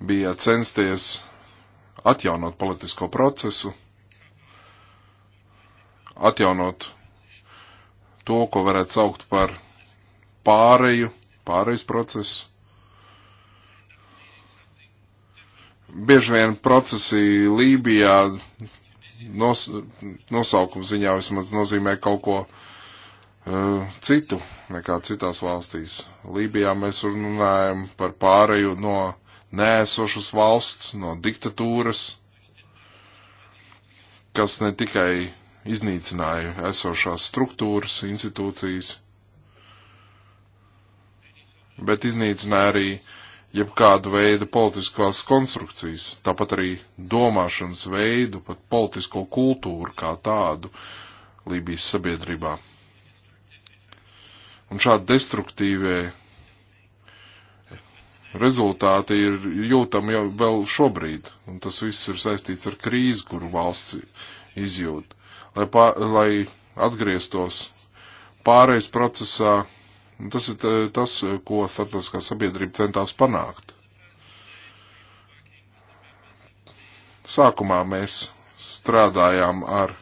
bija censties atjaunot politisko procesu, atjaunot to, ko varētu saukt par pāreju, pārejas procesu. Bieži vien procesi Lībijā nos, nosaukums ziņā vismaz nozīmē kaut ko uh, citu nekā citās valstīs. Lībijā mēs runājam par pāreju no nēsošas valsts, no diktatūras, kas ne tikai iznīcināja esošās struktūras, institūcijas, bet iznīcināja arī jebkādu veidu politiskās konstrukcijas, tāpat arī domāšanas veidu, pat politisko kultūru kā tādu Lībijas sabiedrībā. Un šādi destruktīvie rezultāti ir jūtami jau vēl šobrīd, un tas viss ir saistīts ar krīzi, kuru valsts izjūt lai, pār, lai atgrieztos pārejas procesā. Tas ir tas, ko starptautiskā sabiedrība centās panākt. Sākumā mēs strādājām ar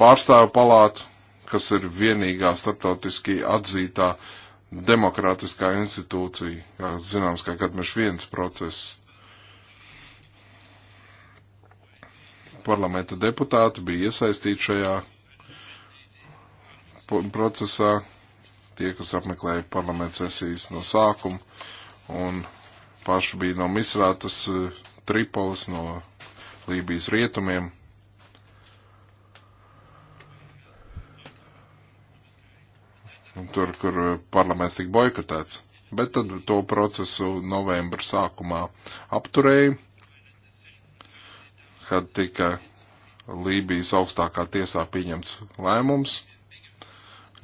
pārstāvu palātu, kas ir vienīgā starptautiski atzītā demokrātiskā institūcija, kā zināms, kā kad mēs viens process parlamenta deputāti bija iesaistīti šajā procesā, tie, kas apmeklēja parlamenta sesijas no sākuma, un paši bija no Misrātas, Tripolis, no Lībijas rietumiem. Tur, kur parlaments tika boikotēts. Bet tad to procesu novembra sākumā apturēja kad tika Lībijas augstākā tiesā pieņemts lēmums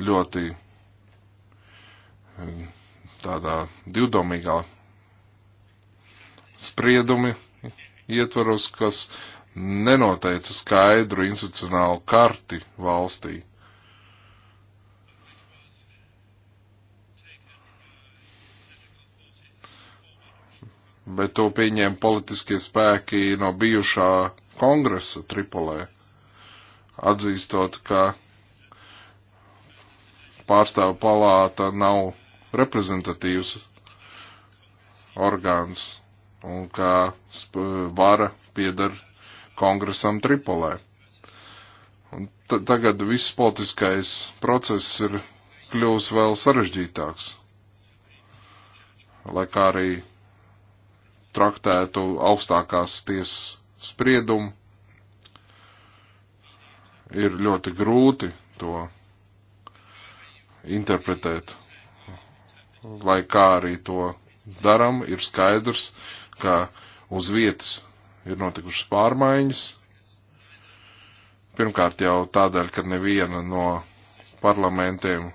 ļoti eh, tādā divdomīgā spriedumi ietvaros, kas nenoteica skaidru institucionālu karti valstī. bet to pieņēma politiskie spēki no bijušā kongresa Tripolē, atzīstot, ka pārstāvu palāta nav reprezentatīvs orgāns un ka vara piedar kongresam Tripolē. Un tagad viss politiskais process ir kļūs vēl sarežģītāks, lai kā arī traktētu augstākās tiesas spriedumu. Ir ļoti grūti to interpretēt. Lai kā arī to daram, ir skaidrs, ka uz vietas ir notikušas pārmaiņas. Pirmkārt jau tādēļ, ka neviena no parlamentiem,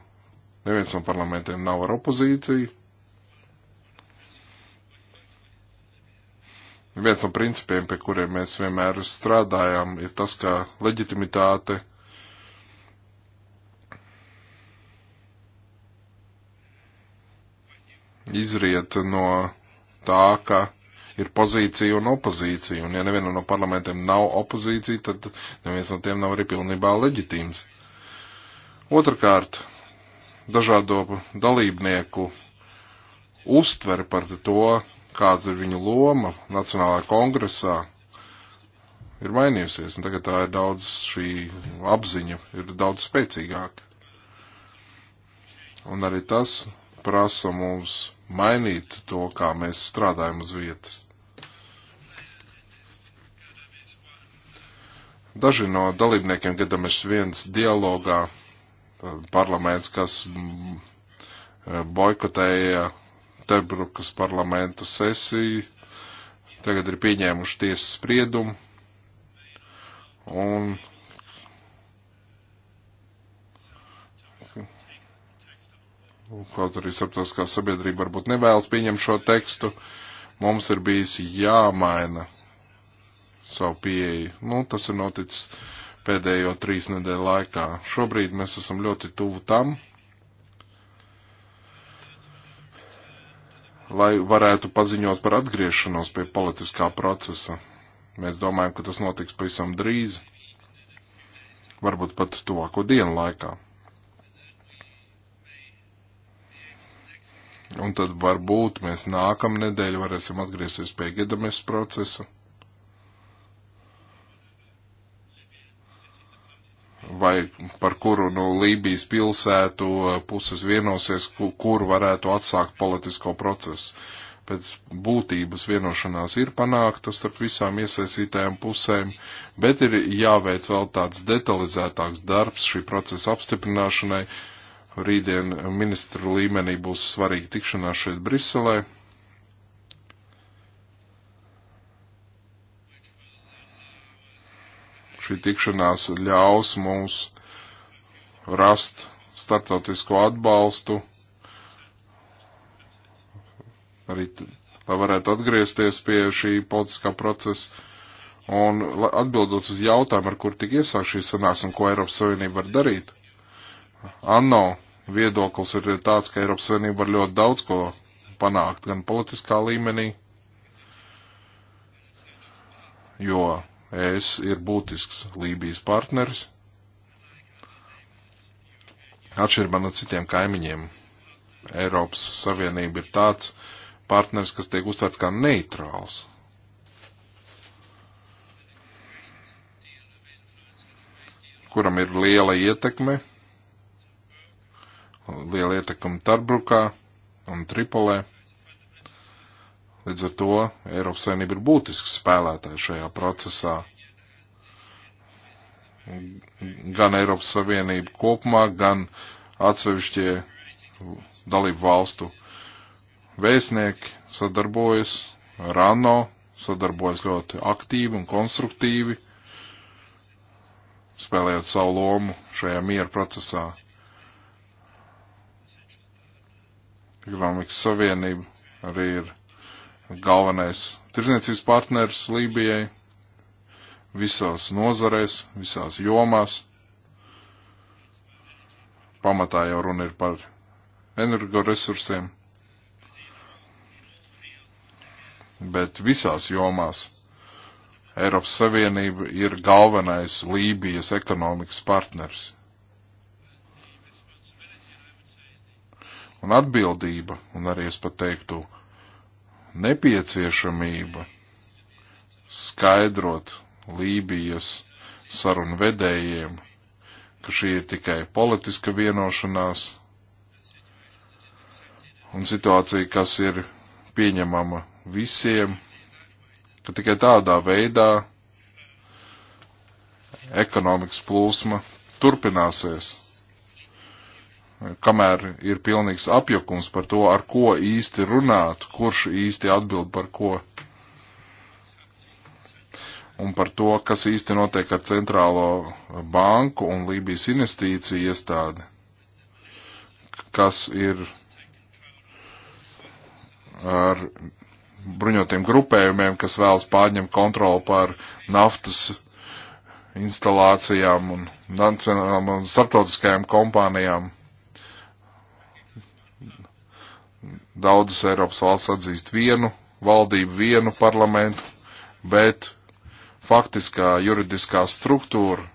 neviens no parlamentiem nav ar opozīciju. viens no principiem, pie kuriem mēs vienmēr strādājam, ir tas, ka leģitimitāte izriet no tā, ka ir pozīcija un opozīcija, un ja nevienam no parlamentiem nav opozīcija, tad neviens no tiem nav arī pilnībā leģitīms. Otrakārt, dažādo dalībnieku uztver par to, kāda ir viņu loma Nacionālajā kongresā, ir mainījusies, un tagad tā ir daudz šī apziņa, ir daudz spēcīgāka. Un arī tas prasa mums mainīt to, kā mēs strādājam uz vietas. Daži no dalībniekiem gadamiešs viens dialogā parlaments, kas mm, boikotēja Tebrukas parlamenta sesiju. Tagad ir pieņēmuši tiesas spriedumu. Un kaut arī starptautiskā sabiedrība varbūt nevēlas pieņemt šo tekstu, mums ir bijis jāmaina savu pieeju. Nu, tas ir noticis pēdējo trīs nedēļu laikā. Šobrīd mēs esam ļoti tuvu tam, lai varētu paziņot par atgriešanos pie politiskā procesa. Mēs domājam, ka tas notiks pavisam drīz, varbūt pat tuvāko dienu laikā. Un tad varbūt mēs nākamnedēļ varēsim atgriezties pie Gedames procesa. vai par kuru no Lībijas pilsētu puses vienosies, kur varētu atsākt politisko procesu. Pēc būtības vienošanās ir panākta starp visām iesaistītajām pusēm, bet ir jāveic vēl tāds detalizētāks darbs šī procesa apstiprināšanai. Rītdien ministru līmenī būs svarīga tikšanās šeit Briselē Šī tikšanās ļaus mums rast starptautisko atbalstu, arī, lai varētu atgriezties pie šī politiskā procesa. Un atbildot uz jautājumu, ar kur tik iesāk šī sanāksme, ko Eiropas Savienība var darīt, ANO viedoklis ir tāds, ka Eiropas Savienība var ļoti daudz ko panākt, gan politiskā līmenī, jo ES ir būtisks Lībijas partneris, atšķirībā no citiem kaimiņiem. Eiropas Savienība ir tāds partners, kas tiek uztvērts kā neitrāls. kuram ir liela ietekme, liela ietekme Tarbrukā un Tripolē. Līdz ar to Eiropas Savienība ir būtisks spēlētājs šajā procesā. Gan Eiropas Savienība kopumā, gan atsevišķie dalību valstu vēstnieki sadarbojas, RANO sadarbojas ļoti aktīvi un konstruktīvi, spēlējot savu lomu šajā miera procesā. Ekonomikas Savienība arī ir galvenais tirdzniecības partners Lībijai visās nozarēs, visās jomās. Pamatā jau runa ir par energoresursiem, bet visās jomās Eiropas Savienība ir galvenais Lībijas ekonomikas partners. Un atbildība, un arī es pat teiktu, nepieciešamība skaidrot Lībijas sarunu vedējiem, ka šī ir tikai politiska vienošanās un situācija, kas ir pieņemama visiem, ka tikai tādā veidā ekonomikas plūsma turpināsies kamēr ir pilnīgs apjukums par to, ar ko īsti runāt, kurš īsti atbild par ko. Un par to, kas īsti notiek ar centrālo banku un Lībijas investīciju iestādi. Kas ir ar bruņotiem grupējumiem, kas vēlas pārņemt kontroli pār naftas instalācijām un nacionālām un starptautiskajām kompānijām Daudzas Eiropas valsts atzīst vienu valdību, vienu parlamentu, bet faktiskā juridiskā struktūra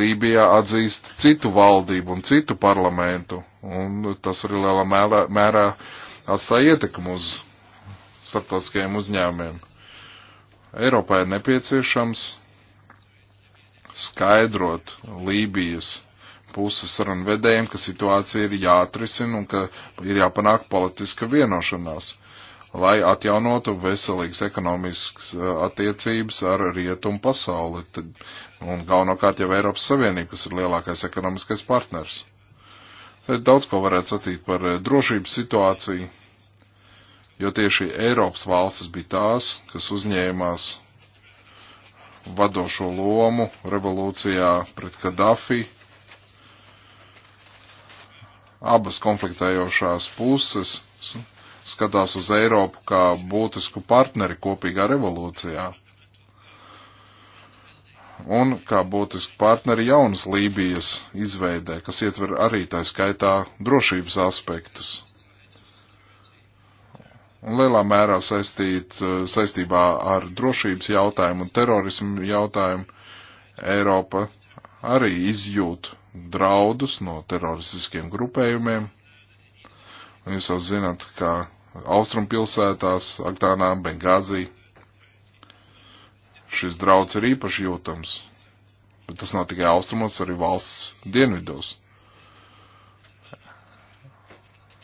Lībijā atzīst citu valdību un citu parlamentu, un tas arī lielā mērā, mērā atstāja ietekmu uz starptautiskajiem uzņēmiem. Eiropā ir nepieciešams skaidrot Lībijas puses sarunu vedējiem, ka situācija ir jāatrisina un ka ir jāpanāk politiska vienošanās, lai atjaunotu veselīgas ekonomiskas eh, attiecības ar rietumu pasauli un galvenokārt jau Eiropas Savienību, kas ir lielākais ekonomiskais partners. Tad daudz ko varētu sacīt par eh, drošības situāciju, jo tieši Eiropas valstis bija tās, kas uzņēmās vadošo lomu revolūcijā pret Kadafi, abas konfliktējošās puses skatās uz Eiropu kā būtisku partneri kopīgā revolūcijā un kā būtisku partneri jaunas Lībijas izveidē, kas ietver arī tā skaitā drošības aspektus. Un lielā mērā saistīt, eh, saistībā ar drošības jautājumu un terorismu jautājumu Eiropa arī izjūt draudus no teroristiskiem grupējumiem. Un jūs jau zināt, ka Austrum pilsētās, Aktānā, Bengāzī, šis drauds ir īpaši jūtams. Bet tas nav tikai austrumos, arī valsts dienvidos.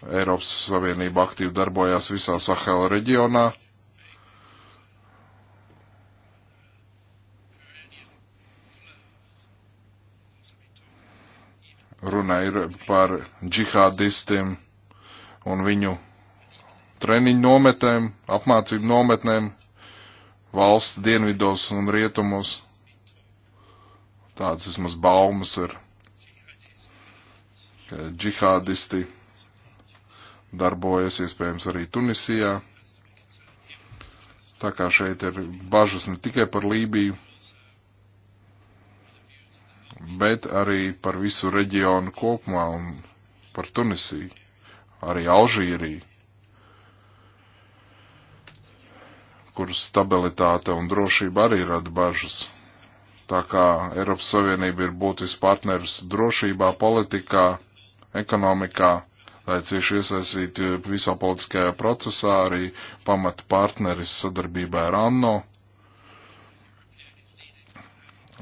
Eiropas Savienība aktīvi darbojās visā Sahela reģionā runa ir par džihādistiem un viņu treniņu nometnēm, apmācību nometnēm valsts dienvidos un rietumos. Tāds vismaz baumas ir, ka džihādisti darbojas iespējams arī Tunisijā. Tā kā šeit ir bažas ne tikai par Lībiju, bet arī par visu reģionu kopumā un par Tunisiju, arī Alžīriju, kur stabilitāte un drošība arī rada bažas. Tā kā Eiropas Savienība ir būtisks partners drošībā, politikā, ekonomikā, lai cieši iesaistītu visā politiskajā procesā, arī pamata partneris sadarbībā ar ANO. Ar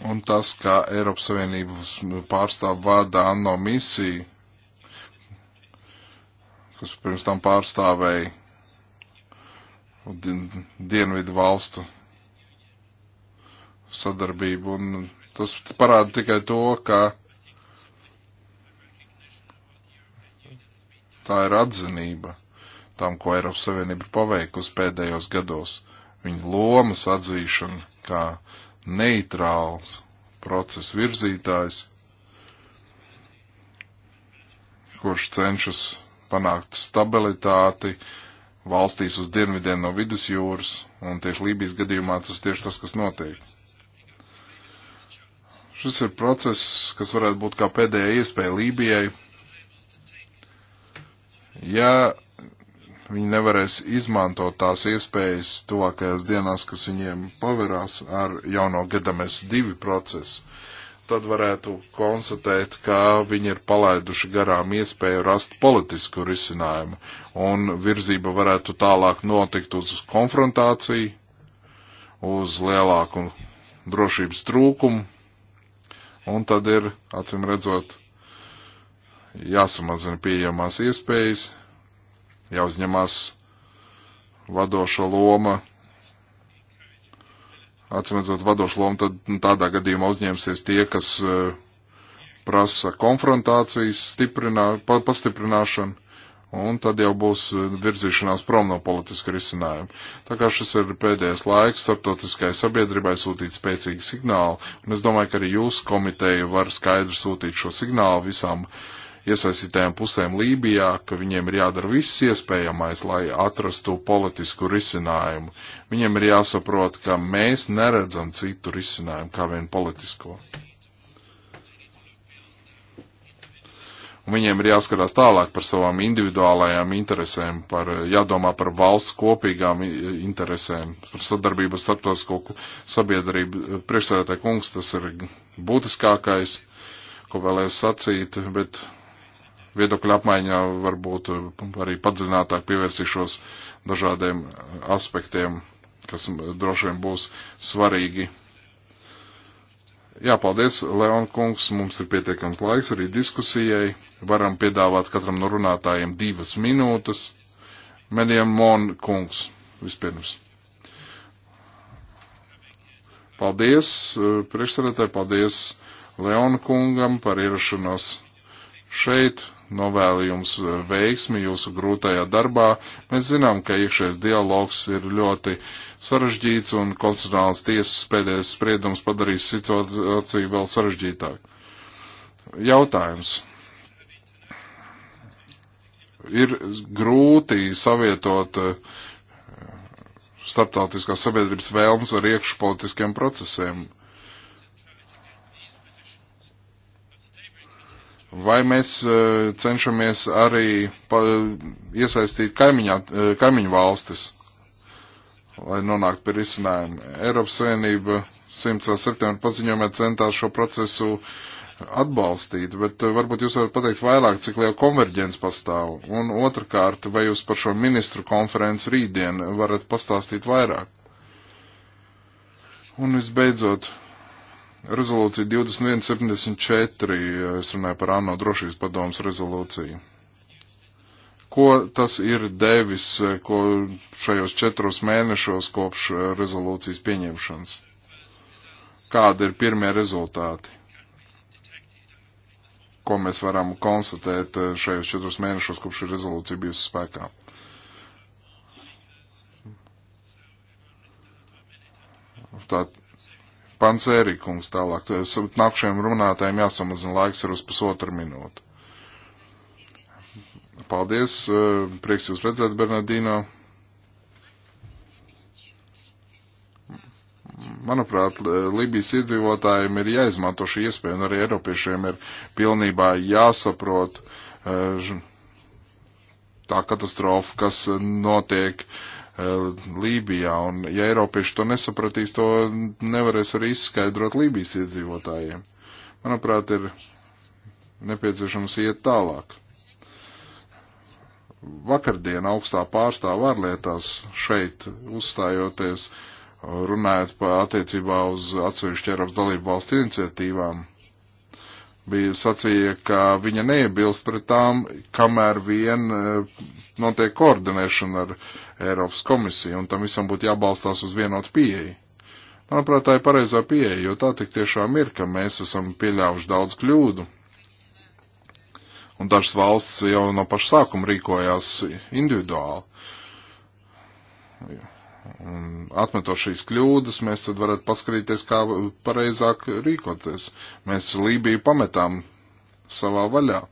Un tas, kā Eiropas Savienības pārstāv vada ANO misiju, kas pirms tam pārstāvēja dienvidu valstu sadarbību. Un tas parāda tikai to, ka tā ir atzinība tam, ko Eiropas Savienība ir paveikusi pēdējos gados. Viņa lomas atzīšana kā neitrāls procesa virzītājs, kurš cenšas panākt stabilitāti valstīs uz dienvidiem no vidusjūras, un tieši Lībijas gadījumā tas tieši tas, kas notiek. Šis ir process, kas varētu būt kā pēdējā iespēja Lībijai. Ja Viņi nevarēs izmantot tās iespējas tuvākajās dienās, kas viņiem paverās ar jauno Gedames divi procesu. Tad varētu konstatēt, ka viņi ir palaiduši garām iespēju rast politisku risinājumu, un virzība varētu tālāk notikt uz konfrontāciju, uz lielāku drošības trūkumu, un tad ir, acim redzot, jāsamazina pieejamās iespējas, jāuzņemās vadošo loma. Atcīmredzot vadošo lomu, tad nu, tādā gadījumā uzņemsies tie, kas eh, prasa konfrontācijas, stiprinā, pastiprināšanu, un tad jau būs eh, virzīšanās prom no politiska risinājuma. Tā kā šis ir pēdējais laiks starptautiskai sabiedrībai sūtīt spēcīgu signālu, un es domāju, ka arī jūs komiteju var skaidri sūtīt šo signālu visām uh, iesaistītajām pusēm Lībijā, ka viņiem ir jādara viss iespējamais, lai atrastu politisku risinājumu. Viņiem ir jāsaprot, ka mēs neredzam citu risinājumu kā vien politisko. Un viņiem ir jāskatās tālāk par savām individuālajām interesēm, par, jādomā par valsts kopīgām interesēm, par sadarbību ar starptautisko sabiedrību. Priekšsēdētāji kungs, tas ir būtiskākais, ko vēlēs sacīt, bet viedokļa apmaiņā varbūt um, arī padziļinātāk pievērsīšos dažādiem uh, aspektiem, kas um, droši vien būs svarīgi. Jā, paldies, Leon kungs, mums ir pietiekams laiks arī diskusijai. Varam piedāvāt katram no runātājiem divas minūtes. Mediem Mon kungs vispirms. Paldies, uh, priekšsēdētāji, paldies Leona kungam par ierašanos šeit novēlu jums e, veiksmi jūsu grūtajā darbā. Mēs zinām, ka iekšējais dialogs ir ļoti sarežģīts un konstitucionāls tiesas pēdējais spriedums padarīs situāciju vēl sarežģītāku. Jautājums. Ir grūti savietot e, starptautiskās sabiedrības vēlmes ar iekšpolitiskiem procesiem. Vai mēs eh, cenšamies arī iesaistīt kaimiņā, eh, kaimiņu valstis, lai nonāktu pie risinājuma? Eiropas Savienība 100. septembra paziņojumā centās šo procesu atbalstīt, bet eh, varbūt jūs varat pateikt vairāk, cik liela konverģence pastāv. Un otrkārt, vai jūs par šo ministru konferenci rītdien varat pastāstīt vairāk? Un visbeidzot, Rezolūcija 2174, es runāju par ANO drošības padomas rezolūciju. Ko tas ir devis, eh, ko šajos četros mēnešos kopš eh, rezolūcijas pieņemšanas? Kāda ir pirmie rezultāti? Ko mēs varam konstatēt eh, šajos četros mēnešos kopš šī rezolūcija bijusi spēkā? Tātad Pansēri kungs tālāk. Nākšajiem runātājiem jāsamazina laiks ar uz pusotru minūtu. Paldies, eh, prieks jūs redzēt, Bernardīno. manuprāt, Libijas iedzīvotājiem ir jāizmanto šī iespēja, un arī Eiropiešiem ir pilnībā jāsaprot eh, tā katastrofa, kas notiek Eh, Lībijā, un ja Eiropieši to nesapratīs, to nevarēs arī izskaidrot Lībijas iedzīvotājiem. Manuprāt, ir nepieciešams iet tālāk. Vakardien augstā pārstāvā ārlietās šeit uzstājoties, runājot par attiecībā uz atsevišķu Eiropas dalību valstu iniciatīvām, bija sacīja, ka viņa neiebilst pret tām, kamēr vien eh, notiek koordinēšana ar Eiropas komisija, un tam visam būtu jābalstās uz vienotu pieeju. Manuprāt, tā ir pareizā pieeja, jo tā tik tiešām ir, ka mēs esam pieļāvuši daudz kļūdu. Un dažas valsts jau no paša sākuma rīkojās individuāli. Un atmetot šīs kļūdas, mēs tad varētu paskatīties, kā pareizāk rīkoties. Mēs Lībiju pametām savā vaļā.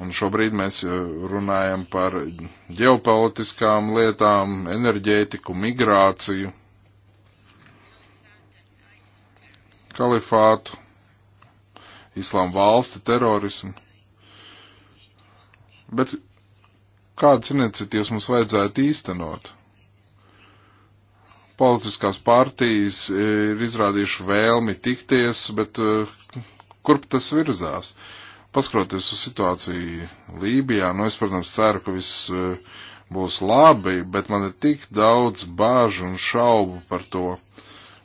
Un šobrīd mēs eh, runājam par ģeopolitiskām lietām, enerģētiku, migrāciju, kalifātu, islām valsti, terorismu. Bet kādas iniciatīvas mums vajadzētu īstenot? Politiskās partijas eh, ir izrādījuši vēlmi tikties, bet eh, kurp tas virzās? Uh, Paskroties uz situāciju Lībijā, nu es, protams, ceru, ka viss e, būs labi, bet man ir tik daudz bāžu un šaubu par to.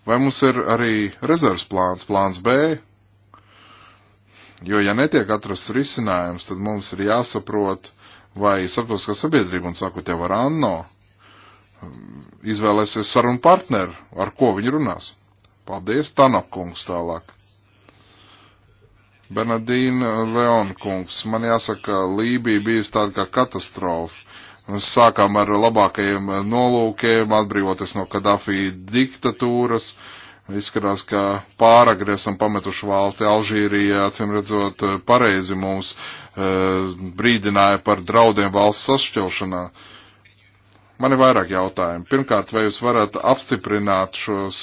Vai mums ir arī rezerves plāns, plāns B? Jo, ja netiek atrasts risinājums, tad mums ir jāsaprot, vai saprotas, ka sabiedrība un sākot jau ar Anno izvēlēsies sarunu partneru, ar ko viņi runās. Paldies, Tanokungs tālāk. Bernardīna Leonkungs, man jāsaka, Lībija bijusi tāda kā katastrofa. Mēs sākām ar labākajiem nolūkiem, atbrīvoties no Kadafī diktatūras. Izskatās, ka pāragri esam pametuši valsti. Alžīrija, acīm redzot, pareizi mūs e, brīdināja par draudiem valsts sašķelšanā. Man ir vairāk jautājumu. Pirmkārt, vai jūs varat apstiprināt šos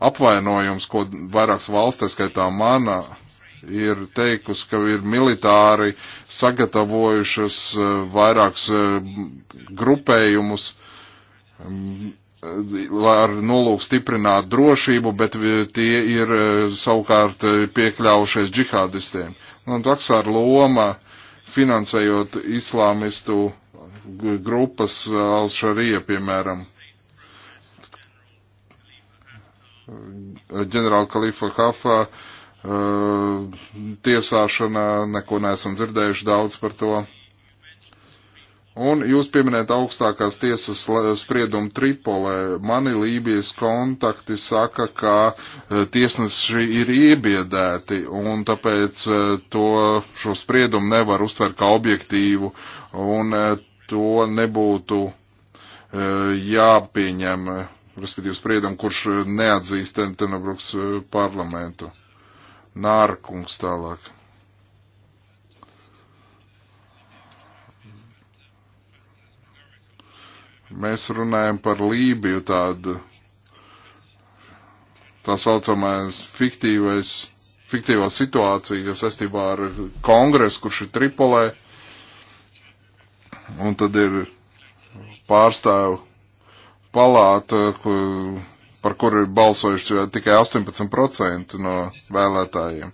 apvainojums, ko vairākas valsts, skaitā mana, ir teikusi, ka ir militāri sagatavojušas e, vairākus e, grupējumus ar nolūku stiprināt drošību, bet e, tie ir savukārt piekļaujušies džihādistiem. Nu, un taksāra loma finansējot islāmistu grupas Alšarija, piemēram. Ģenerāla Kalifa Hafa uh, Eh, tiesāšana, neko neesam dzirdējuši daudz par to. Un jūs pieminējat augstākās tiesas spriedumu Tripolē. Mani Lībijas kontakti saka, ka eh, tiesneši ir iebiedēti un tāpēc eh, to, šo spriedumu nevar uztvert kā objektīvu un to nebūtu jāpieņem, respektīvi spriedumu, kurš neatzīst Tentenabruks parlamentu. Nārkungs tālāk. Mēs runājam par Lībiju tādu tā saucamais fiktīvais, fiktīvā situācija saistībā ar kongresu, kurš ir Tripolē, un tad ir pārstāvu palāta, kur par kuru ir balsojuši tikai 18% no vēlētājiem.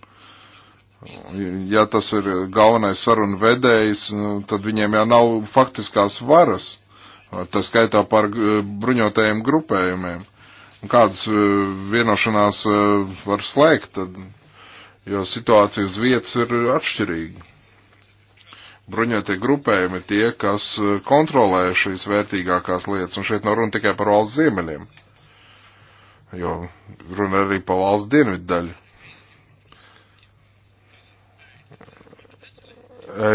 Ja tas ir galvenais sarunu vedējs, nu, tad viņiem jau nav faktiskās varas. Tas skaitā par eh, bruņotajiem grupējumiem. Kādas eh, vienošanās eh, var slēgt, tad, jo situācija uz vietas ir atšķirīga. Bruņotie grupējumi ir tie, kas kontrolē šīs vērtīgākās lietas, un šeit nav runa tikai par valsts ziemeļiem jo runa arī pa valsts dienvidu daļu.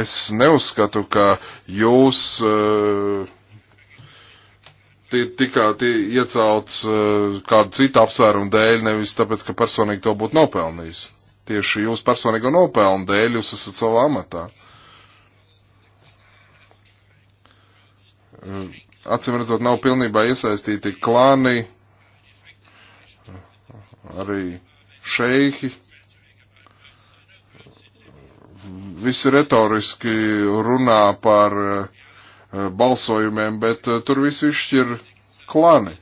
Es neuzskatu, ka jūs eh, tikāt iecelts eh, kādu citu apsvērumu dēļ, nevis tāpēc, ka personīgi to būtu nopelnījis. Tieši jūs personīgo nopelnu dēļ jūs esat savā amatā. Eh, acīm redzot, nav pilnībā iesaistīti klāni, uh, arī šeihi. Visi retoriski runā par eh, balsojumiem, bet eh, tur viss izšķir klani.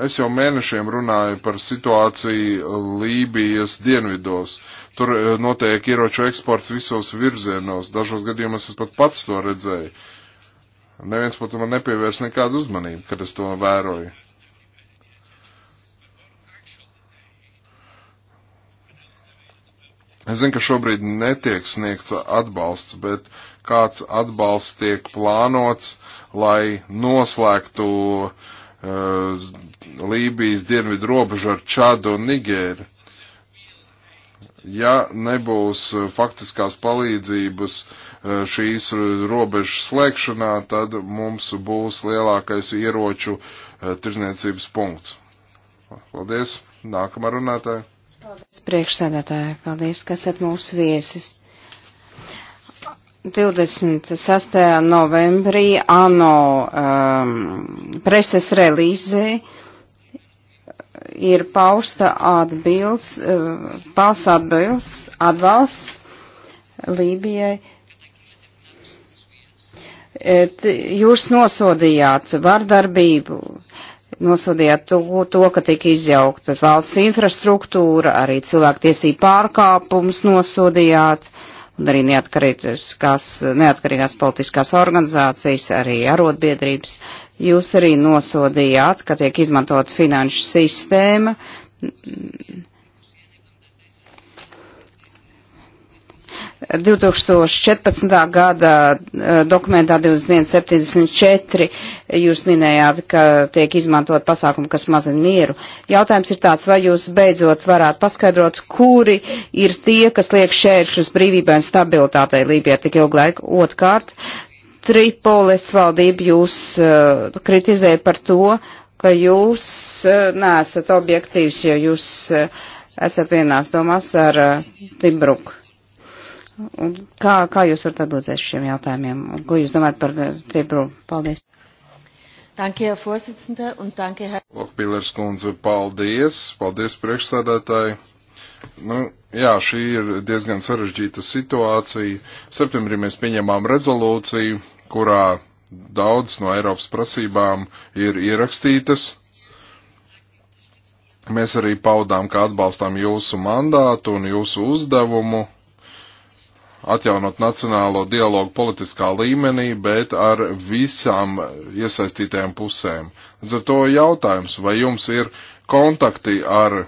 Es jau mēnešiem runāju par situāciju Lībijas dienvidos. Tur eh, notiek ieroču eksports visos virzienos. Dažos gadījumos es pat pats to redzēju. Neviens pat man nepievērs nekādu uzmanību, kad es to vēroju. Es zinu, ka šobrīd netiek sniegts atbalsts, bet kāds atbalsts tiek plānots, lai noslēgtu uh, Lībijas dienvidu robežu ar Čadu un Nigēru. Ja nebūs eh, faktiskās palīdzības eh, šīs robežas slēgšanā, tad mums būs lielākais ieroču tirzniecības punkts. Paldies! Nākamā runātāja! Priekšsēdētāji, paldies, ka esat mūsu viesis. 26. novembrī ANO um, preses relīzē ir pausta atbilds, uh, pausta atbilds, atbalsts Lībijai. Et jūs nosodījāt vardarbību nosodījāt to, to, ka tika izjaukta valsts infrastruktūra, arī cilvēktiesību pārkāpums nosodījāt, un arī neatkarīgās, neatkarīgās politiskās organizācijas, arī arotbiedrības. Jūs arī nosodījāt, ka tiek izmantot finanšu sistēma, 2014. gada eh, dokumentā 2174 jūs minējāt, ka tiek izmantot pasākumi, kas mazina mieru. Jautājums ir tāds, vai jūs beidzot varētu paskaidrot, kuri ir tie, kas liek šēršus brīvībai un stabilitātei Lībijā tik ilgu laiku otkārt. Tripoles valdība jūs uh, kritizē par to, ka jūs uh, neesat objektīvs, jo jūs uh, esat vienās domās ar uh, Timbruku Un kā, kā jūs varat atbildēt šiem jautājumiem? Un ko jūs domājat par Cipru? Eh, paldies. Danke, Herr Vorsitzende, un danke, Herr. Lokpīlers kundze, paldies. Paldies, priekšsēdētāji. Nu, jā, šī ir diezgan sarežģīta situācija. Septembrī mēs pieņemām rezolūciju, kurā daudz no Eiropas prasībām ir ierakstītas. Mēs arī paudām, ka atbalstām jūsu mandātu un jūsu uzdevumu atjaunot nacionālo dialogu politiskā līmenī, bet ar visām iesaistītajām pusēm. Līdz ar to jautājums, vai jums ir kontakti ar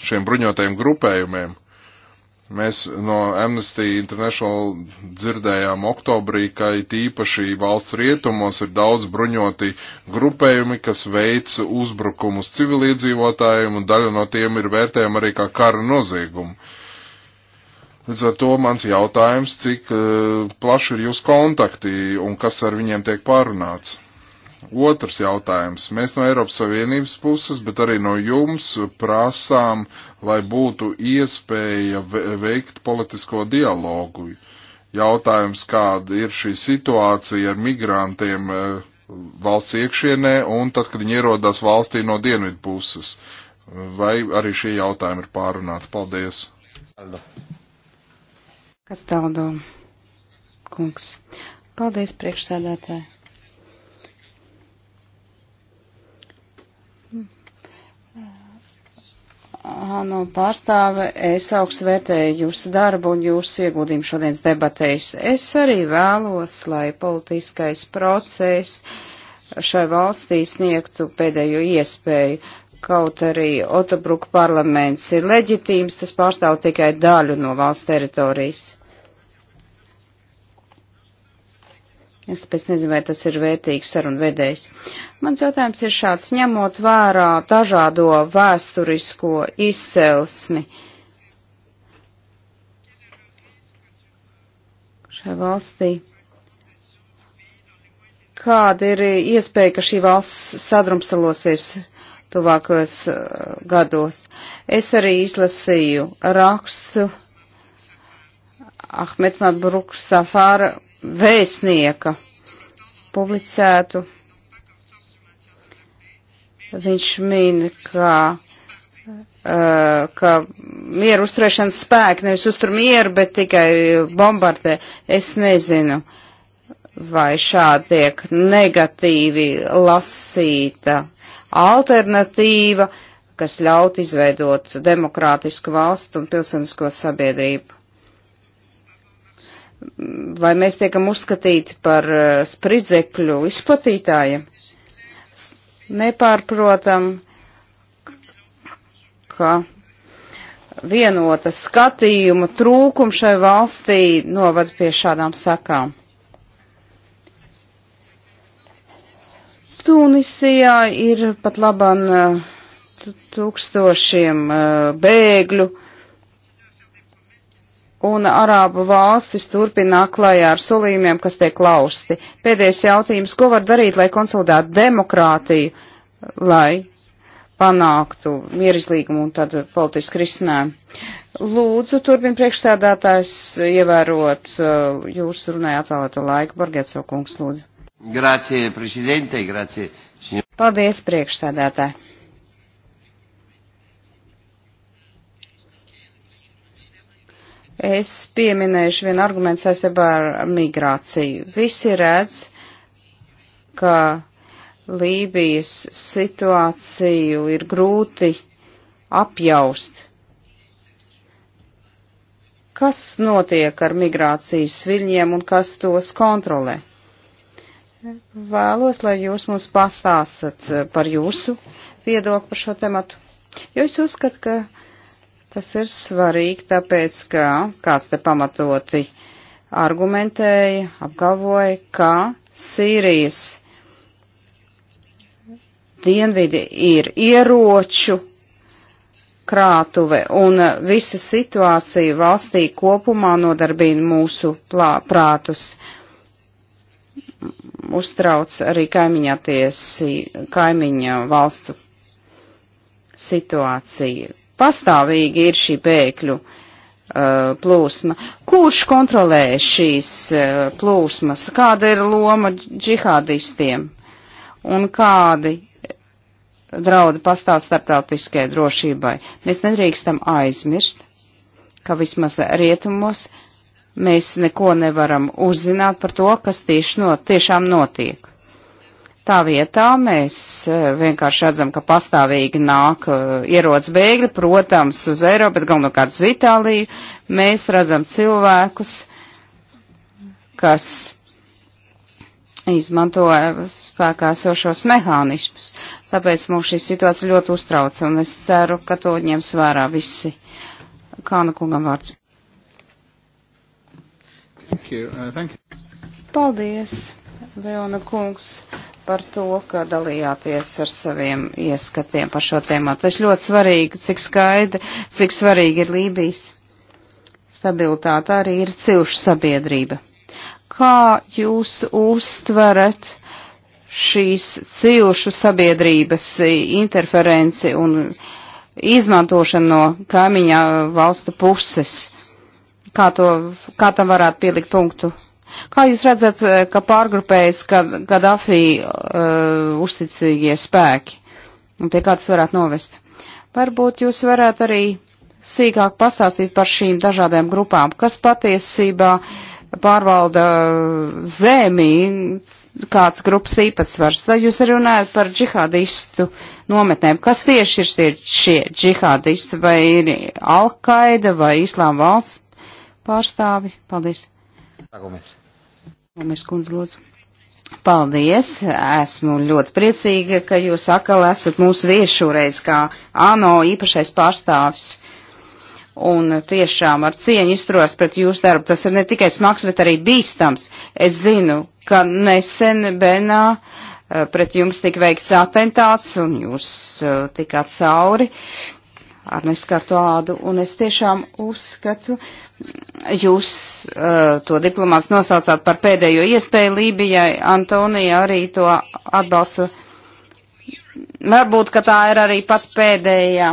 šiem bruņotajiem grupējumiem? Mēs no Amnesty International dzirdējām oktobrī, ka tīpaši valsts rietumos ir daudz bruņoti grupējumi, kas veic uzbrukumus civiliedzīvotājiem, un daļa no tiem ir vērtējama arī kā kara noziegumu. Uh, Līdz ar to mans jautājums, cik uh, plaši ir jūsu kontakti un kas ar viņiem tiek pārunāts. Otrs jautājums. Mēs no Eiropas Savienības puses, bet arī no jums prasām, lai būtu iespēja veikt politisko dialogu. Jautājums, kāda ir šī situācija ar migrantiem eh, valsts iekšienē un tad, kad viņi ierodas valstī no dienvidu puses. Vai arī šie jautājumi ir pārunāti? Paldies! Aldo. Kas taldo, kungs? Paldies, priekšsēdētāji. ANO pārstāve, es augstu vērtēju jūsu darbu un jūsu ieguldījumu šodienas debatēs. Es arī vēlos, lai politiskais process šai valstī sniegtu pēdējo iespēju Kaut arī Otobruka parlaments ir leģitīms, tas pārstāv tikai daļu no valsts teritorijas. Es pēc nezinu, vai tas ir vērtīgs sarunvedējs. Mans jautājums ir šāds, ņemot vērā dažādo vēsturisko izcelsmi šai valstī. Kāda ir iespēja, ka šī valsts sadrumstalosies tuvākajos eh, gados. Es arī izlasīju rakstu Ahmet Madbruk Safāra vēstnieka publicētu. Viņš min, ka, uh, ka mieru uzturēšanas spēki nevis uztur mieru, bet tikai bombardē. Es nezinu, vai šādi tiek negatīvi lasīta alternatīva, kas ļaut izveidot demokrātisku valstu un pilsonisko sabiedrību. Vai mēs tiekam uzskatīti par eh, spridzekļu izplatītājiem? Nepārprotam, ka vienota skatījuma trūkums šai valstī novad pie šādām sakām. Tunisijā ir pat laban tūkstošiem bēgļu, un Arābu valstis turpina klajā ar solījumiem, kas tiek lausti. Pēdējais jautājums, ko var darīt, lai konsolidētu demokrātiju, lai panāktu mierizlīgumu un tad politisku risinājumu? Lūdzu, turpina priekšstādātājs, ievērot jūsu runai atvēlēto laiku. Bargetso kungs, lūdzu. Grācie, prezidente, grācie. Paldies, priekšsādātāji. Es pieminēšu vienu argumentu saistībā ar migrāciju. Visi redz, ka Lībijas situāciju ir grūti apjaust. Kas notiek ar migrācijas viļņiem un kas tos kontrolē? Vēlos, lai jūs mums pastāstat eh, par jūsu viedokli par šo tematu. Jo es uzskatu, ka tas ir svarīgi, tāpēc, ka kāds te pamatoti argumentēja, apgalvoja, ka Sīrijas dienvidi ir ieroču krātuve, un visa situācija valstī kopumā nodarbina mūsu plā, prātus. Uh, uztrauc arī kaimiņa tiesi, kaimiņa valstu situācija. Pastāvīgi ir šī bēgļu uh, plūsma. Kurš kontrolē šīs uh, plūsmas? Kāda ir loma džihādistiem? Un kādi draudi pastāv starptautiskajai drošībai? Mēs nedrīkstam aizmirst, ka vismaz rietumos uh, Mēs neko nevaram uzzināt par to, kas tieši no, tiešām notiek. Tā vietā mēs e, vienkārši redzam, ka pastāvīgi nāk e, ierodas bēgļi, protams, uz Eiropu, bet galvenokārt uz Itāliju. Mēs redzam cilvēkus, kas izmanto spēkā esošos mehānismus. Tāpēc mums šī situācija ļoti uztrauc, un es ceru, ka to ņems vērā visi. Kāna kungam vārds. Thank you. Uh, thank you. Paldies, Leona kungs, par to, ka dalījāties ar saviem ieskatiem par šo tēmu. Tas ļoti svarīgi, cik skaidri, cik svarīgi ir Lībijas stabilitāte, arī ir cilšu sabiedrība. Kā jūs uztverat šīs cilšu sabiedrības interferenci un izmantošanu no kaimiņa valsta puses? kā, to, kā tam varētu pielikt punktu. Kā jūs redzat, eh, ka pārgrupējas Gaddafi uh, uzticīgie spēki un pie kā tas varētu novest? Varbūt jūs varētu arī sīkāk pastāstīt par šīm dažādajām grupām, kas patiesībā pārvalda zemi, kāds grupas īpatsvars. Tad jūs arī runājat par džihadistu nometnēm. Kas tieši ir šie, šie džihadisti? Vai ir Alkaida vai Islām valsts pārstāvi. Paldies. Gomes kundze, lūdzu. Paldies! Esmu ļoti priecīga, ka jūs atkal esat mūsu viesi šoreiz kā ANO īpašais pārstāvis. Un tiešām ar cieņu izturās pret jūsu darbu. Tas ir ne tikai smags, bet arī bīstams. Es zinu, ka nesen Benā eh, pret jums tika veikts atentāts un jūs eh, tikāt cauri ar neskartu ādu. Un es tiešām uzskatu, uh, Jūs uh, to diplomāts nosaucāt par pēdējo iespēju Lībijai. Antonija arī to atbalsta. Varbūt, ka tā ir arī pat pēdējā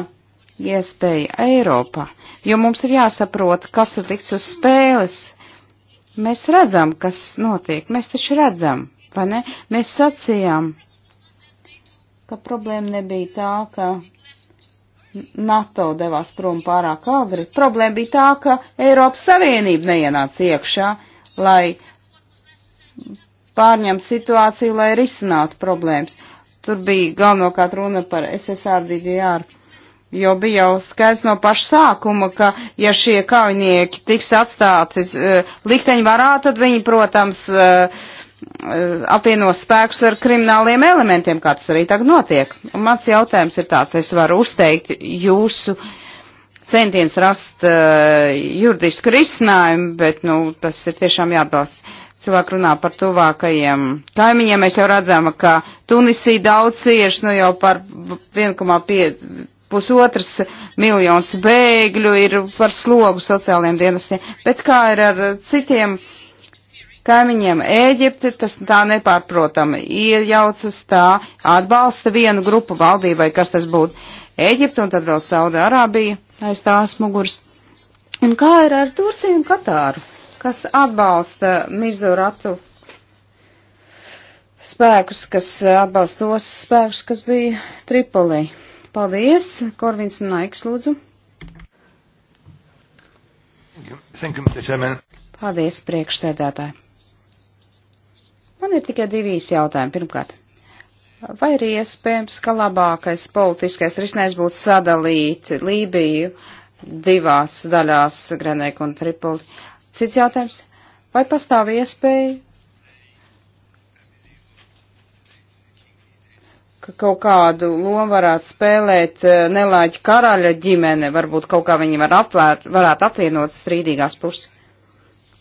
iespēja Eiropā, jo mums ir jāsaprot, kas ir likts uz spēles. Mēs redzam, kas notiek, mēs taču redzam, vai ne? Mēs sacījām, ka problēma nebija tā, ka NATO devās prom pārāk agri. Problēma bija tā, ka Eiropas Savienība neienāca iekšā, lai pārņemtu situāciju, lai risinātu problēmas. Tur bija galvenokārt runa par SSR DDR, jo bija jau skaidrs no paša sākuma, ka ja šie kaujinieki tiks atstāti uh, likteņvarā, tad viņi, protams, uh, Eh, apvienos spēkus ar krimināliem elementiem, kā tas arī tagad notiek. Un mans jautājums ir tāds, es varu uzteikt jūsu centiens rast uh, juridisku risinājumu, bet, nu, tas ir tiešām jāatbalsta. Cilvēki runā par tuvākajiem kaimiņiem, mēs jau redzam, ka Tunisī daudz cieši, nu, jau par 1,5 pusotras miljons bēgļu ir par slogu sociālajiem dienestiem, bet kā ir ar citiem uh, Kaimiņiem Ēģipte tas tā nepārprotami iejaucas, tā atbalsta vienu grupu valdībai, kas tas būtu Ēģipte un tad vēl Sauda Arābija aiz tās muguras. Un kā ir ar Turciju un Katāru, kas atbalsta Mizuratu spēkus, kas atbalsta tos spēkus, kas bija Tripolī? Paldies, Korvins un Naiks, lūdzu. Thank you, Mr. Chairman. Paldies, priekšsēdētāji. Man ir tikai divi īsi jautājumi. Pirmkārt, vai ir iespējams, ka labākais politiskais risinājums būtu sadalīt Lībiju divās daļās, Grenēku un Tripoli? Cits jautājums, vai pastāv iespēja, ka kaut kādu lomu varētu spēlēt eh, nelāķi karaļa ģimene, varbūt kaut kā viņi var apvēr, varētu apvienot strīdīgās puses?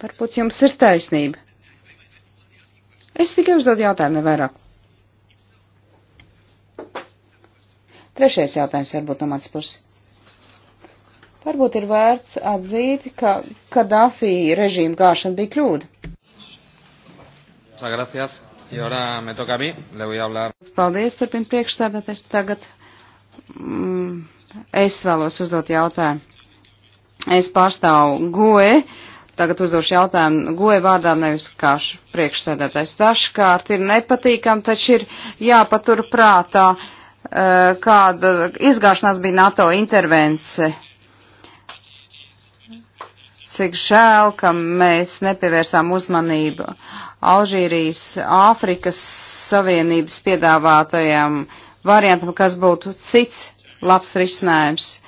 Varbūt jums ir taisnība. Es tikai uzdodu jautājumu, nevairāk. Trešais jautājums varbūt no mans puses. Varbūt ir vērts atzīt, ka Kadafī režīmu gāšana bija kļūda. Gracias. Y ahora me toca a mí, le voy a hablar. Paldies, turpin priekšsēdētājs. Tagad mm, es vēlos uzdot jautājumu. Es pārstāvu GOE tagad uzdošu jautājumu goja vārdā, nevis kā priekšsēdētājs. Dažkārt ir nepatīkam, taču ir jāpatur prātā, e, kāda izgāšanās bija NATO intervence. Cik žēl, ka mēs nepievērsām uzmanību Alžīrijas Āfrikas Savienības piedāvātajam variantam, kas būtu cits labs risinājums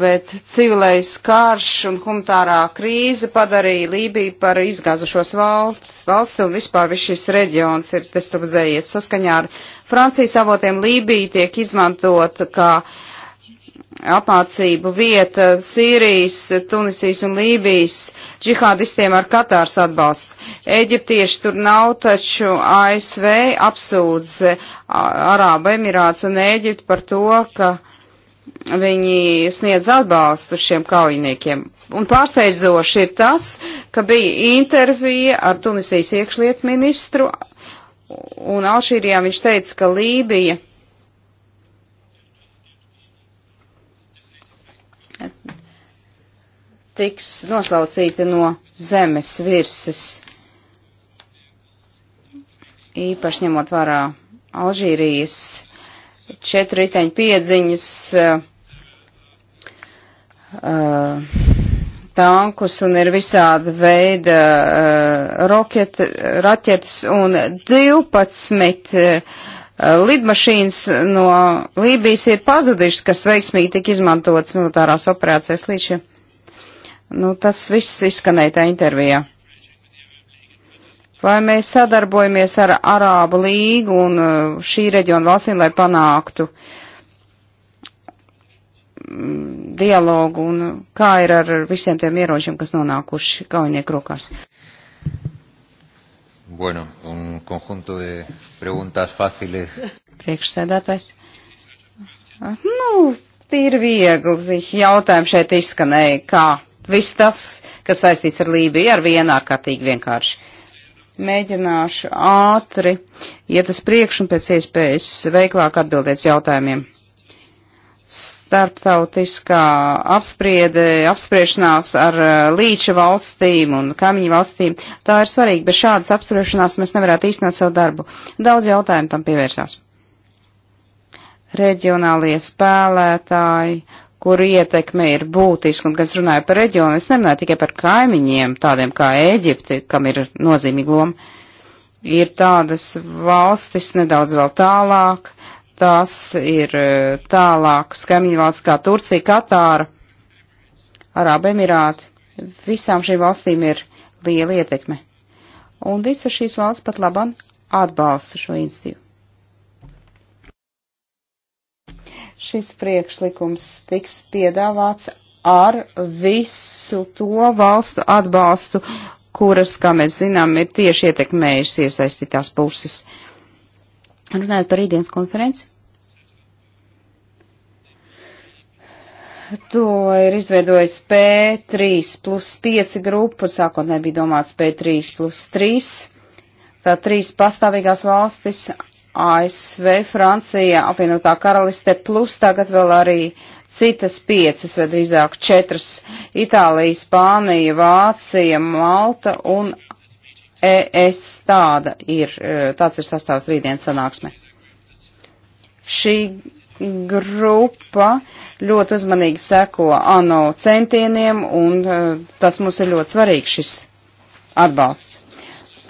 bet civilais karš un humanitārā krīze padarīja Lībiju par izgāzušos valsts, valsts un vispār viss šis reģions ir destabilizējies saskaņā ar Francijas avotiem. Lībija tiek izmantot kā apmācību vieta Sīrijas, Tunisijas un Lībijas džihādistiem ar Katārs atbalstu. Eģiptieši tur nav, taču ASV apsūdz Arāba Emirāts un Eģiptu par to, ka viņi sniedz atbalstu šiem kaujiniekiem. Un pārsteidzoši ir tas, ka bija intervija ar Tunisijas iekšlietu ministru, un Alšīrijā viņš teica, ka Lībija tiks noslaucīta no zemes virses, īpaši ņemot vērā Alžīrijas četri riteņu piedziņas, uh, tankus un ir visāda veida uh, roket, raķetes un 12 uh, lidmašīnas no Lībijas ir pazudušas, kas veiksmīgi tika izmantotas militārās operācijas līdz šim. Nu, tas viss izskanēja tajā intervijā. Vai mēs sadarbojamies ar Arābu līgu un uh, šī reģiona valstīm, lai panāktu mm, dialogu un kā ir ar visiem tiem ieročiem, kas nonākuši kaujinieku rokās? Bueno, un conjunto de preguntas fáciles. Priekšsēdētājs. Nu, ir viegli jautājumi šeit izskanēja, kā viss tas, kas saistīts ar Lībiju, ar vienā kārtīgi vienkārši mēģināšu ātri iet uz priekšu un pēc iespējas veiklāk atbildēt jautājumiem. Starptautiskā apspriede, apspriešanās ar eh, līča valstīm un kamiņu valstīm, tā ir svarīga, bez šādas apspriešanās mēs nevarētu īstenot savu darbu. Daudz jautājumu tam pievērsās. Reģionālie spēlētāji kuru ietekme ir būtiska, un, kad es runāju par reģionu, es nerunāju tikai par kaimiņiem, tādiem kā Ēģipti, kam ir nozīmīga loma. Ir tādas valstis nedaudz vēl tālāk, tās ir e, tālāk, skaimiņu valsts kā Turcija, Katāra, Arāba Emirāti. Visām šīm valstīm ir liela ietekme. Un visas šīs valsts pat labam atbalsta šo institūciju. šis priekšlikums tiks piedāvāts ar visu to valstu atbalstu, kuras, kā mēs zinām, ir tieši ietekmējušas iesaistītās puses. Runājot par rītdienas konferenci. To ir izveidojis P3 plus 5 grupu, sākotnēji bija domāts P3 plus 3. Tā trīs pastāvīgās valstis ASV, Francija, apvienotā karaliste, plus tagad vēl arī citas piecas, vai drīzāk četras - Itālija, Spānija, Vācija, Malta un ES tāda ir, e, tāds ir sastāvs rītdienas sanāksme. Šī grupa ļoti uzmanīgi seko ANO centieniem, un e, tas mums ir ļoti svarīgs šis atbalsts.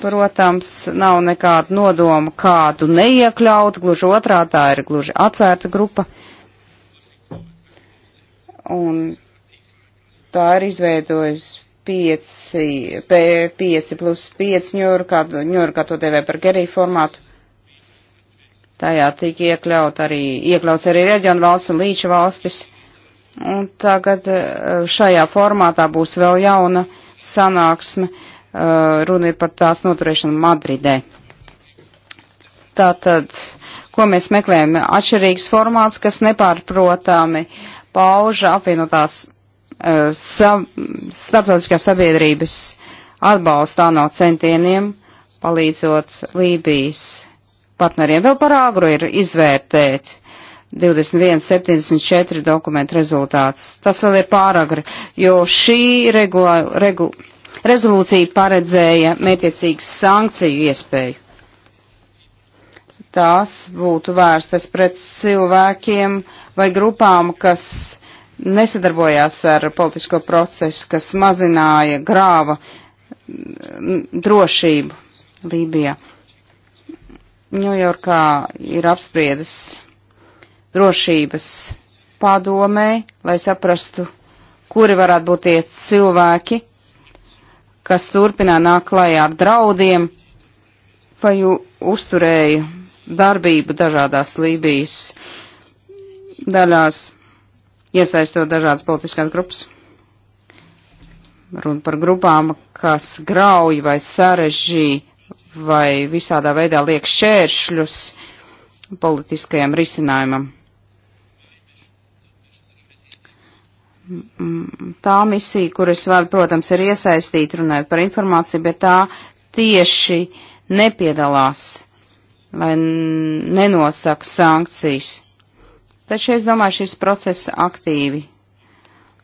Protams, nav nekāda nodoma kādu neiekļaut, gluži otrā tā ir gluži atvērta grupa. Un tā ir izveidojusi 5, 5 plus 5 ņurkā, ņurkā to devē par gerīju formātu. Tajā tika iekļaut arī, iekļauts arī reģionu valsts un līča valstis. Un tagad eh, šajā formātā būs vēl jauna sanāksme. Uh, Eh, runa ir par tās noturēšanu Madridē. Tātad, ko mēs meklējam? Atšķirīgs formāts, kas nepārprotami pauž apvienotās uh, eh, sa, starptautiskās sabiedrības atbalstā no centieniem, palīdzot Lībijas partneriem. Vēl par āgru ir izvērtēt 21.74 dokumentu rezultāts. Tas vēl ir pāragri, jo šī regula, regula rezolūcija paredzēja mērķiecīgas sankciju iespēju. Tās būtu vērstas pret cilvēkiem vai grupām, kas nesadarbojās ar politisko procesu, kas mazināja grāva drošību Lībijā. Ņujorkā ir apspriedas drošības padomē, lai saprastu, kuri varētu būt tie cilvēki, kas turpināja nāk klajā ar draudiem vai uzturēja darbību dažādās Lībijas daļās, iesaistot dažādas politiskās grupas. Runa par grupām, kas grauj vai sarežģī vai visādā veidā liek šēršļus politiskajam risinājumam. Mm, tā misija, kuras vēl, protams, ir iesaistīta runājot par informāciju, bet tā tieši nepiedalās vai nenosaka sankcijas. Taču es domāju, šis process aktīvi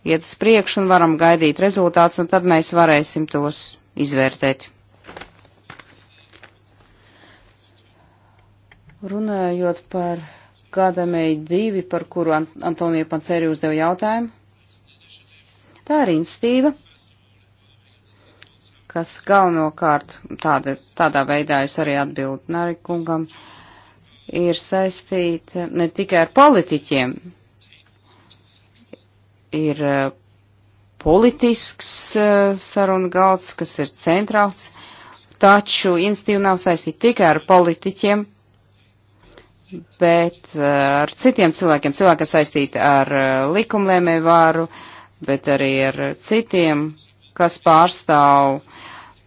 iet uz priekšu un varam gaidīt rezultāts, un tad mēs varēsim tos izvērtēt. Runājot par gadamēji divi, par kuru Ant Antonija Panceri uzdeva jautājumu. Tā ir instīva, kas galvenokārt tāda, tādā veidā es arī atbildu Narikungam, ir saistīta ne tikai ar politiķiem, ir eh, politisks eh, sarunu galds, kas ir centrāls, taču institīva nav saistīta tikai ar politiķiem, bet eh, ar citiem cilvēkiem, cilvēki, kas saistīti ar likumlēmē vāru, uh, bet arī ar citiem, kas pārstāv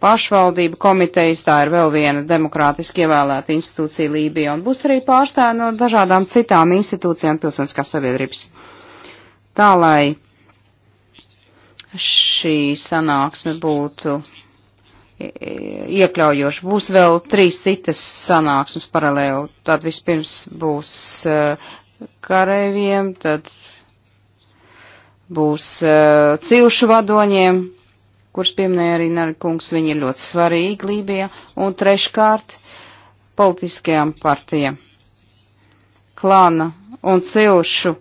pašvaldību komitejas, tā ir vēl viena demokrātiski ievēlēta institūcija Lībija, un būs arī pārstāvi no dažādām citām institūcijām pilsoniskās sabiedrības. Tā, lai šī sanāksme būtu iekļaujoši. Būs vēl trīs citas sanāksmes paralēli. Tad vispirms būs eh, karavīriem, tad būs uh, cilšu vadoņiem, kurus pieminēja arī Narikungs, viņi ir ļoti svarīgi Lībijā, un treškārt politiskajām partijām. Klāna un cilšu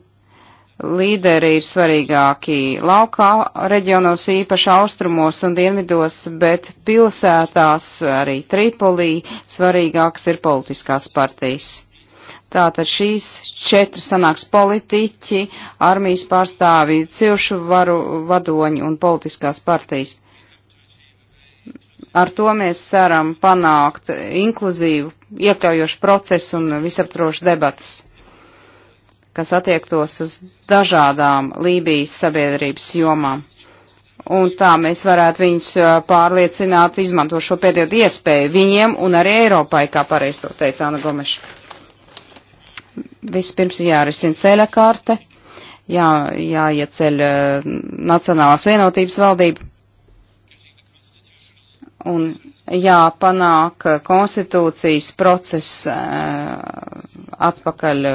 līderi ir svarīgāki laukā reģionos, īpaši austrumos un dienvidos, bet pilsētās, arī Tripolī, svarīgāks ir politiskās partijas. Tātad šīs četri sanāks politiķi, armijas pārstāvji, cilšu varu vadoņi un politiskās partijas. Ar to mēs ceram panākt inkluzīvu, iekļaujošu procesu un visaptrošu debatas, kas attiektos uz dažādām Lībijas sabiedrības jomām. Un tā mēs varētu viņus pārliecināt, izmanto šo pēdējo iespēju viņiem un arī Eiropai, kā pareiz to teica Ana Gomeša vispirms ir jārisina ceļa kārte, jā, jāieceļ eh, Nacionālās vienotības valdība un jāpanāk konstitūcijas process eh, atpakaļ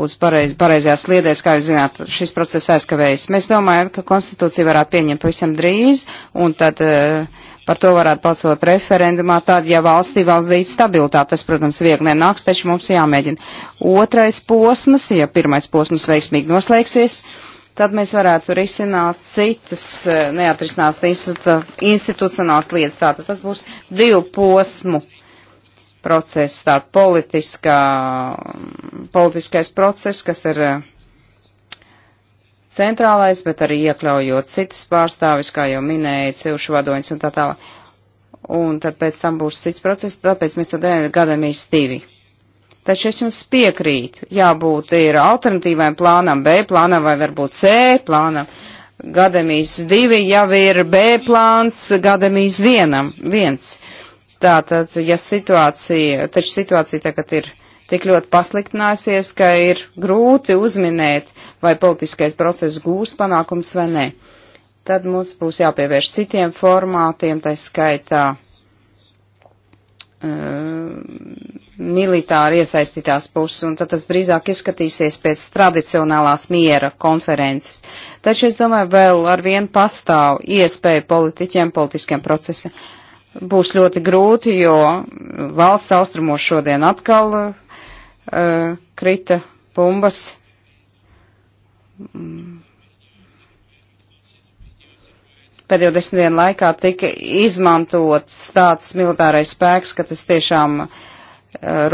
uz pareiz, pareizajās sliedēs, kā jūs zināt, šis process aizkavējas. Mēs domājam, ka konstitūcija varētu pieņemt pavisam drīz, un tad uh, par to varētu balsot referendumā, tad, ja valstī valsts stabilitāte, tas, protams, viegli nenāks, taču mums jāmēģina. Otrais posms, ja pirmais posms veiksmīgi noslēgsies, tad mēs varētu risināt citas eh, neatrisinātas institucionālas lietas. Tātad tas būs divu posmu process, tā politiskā, politiskais process, kas ir eh, centrālais, bet arī iekļaujot citus pārstāvis, kā jau minēja, cilšu vadoņus un tā tālāk. Un tad pēc tam būs cits process, tāpēc mēs to dēļ gadamies divi. Taču es jums piekrītu, jābūt ir alternatīvai plānam, B plānam vai varbūt C plānam. Gadamīs divi jau ir B plāns, gadamīs vienam, viens. Tātad, ja situācija, taču situācija tagad ir tik ļoti pasliktinājusies, ka ir grūti uzminēt, vai politiskais process gūs panākums vai nē. Tad mums būs jāpievērš citiem formātiem, tā skaitā uh, militāri iesaistītās puses, un tad tas drīzāk izskatīsies pēc tradicionālās miera konferences. Taču es domāju, vēl ar vienu pastāv iespēju politiķiem, politiskiem procesiem. Būs ļoti grūti, jo valsts austrumos šodien atkal Eh, krita bumbas. Mm. Pēdējo desmit dienu laikā tika izmantots tāds militārais spēks, ka tas tiešām eh,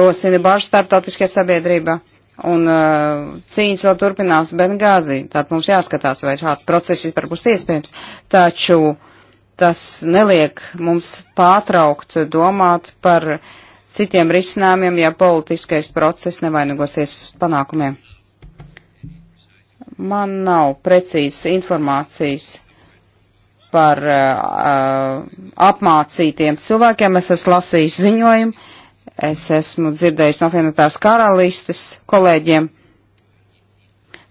rosina bažas starptautiskajā sabiedrībā. Un uh, cīņas vēl turpinās Bengāzī, tātad mums jāskatās, vai šāds process vispār būs iespējams. Taču tas neliek mums pārtraukt domāt par uh, citiem risinājumiem, ja politiskais process nevainagosies panākumiem. Man nav precīzas informācijas par uh, uh apmācītiem cilvēkiem. Es esmu lasījis ziņojumu, es esmu dzirdējis no vienotās karalistes kolēģiem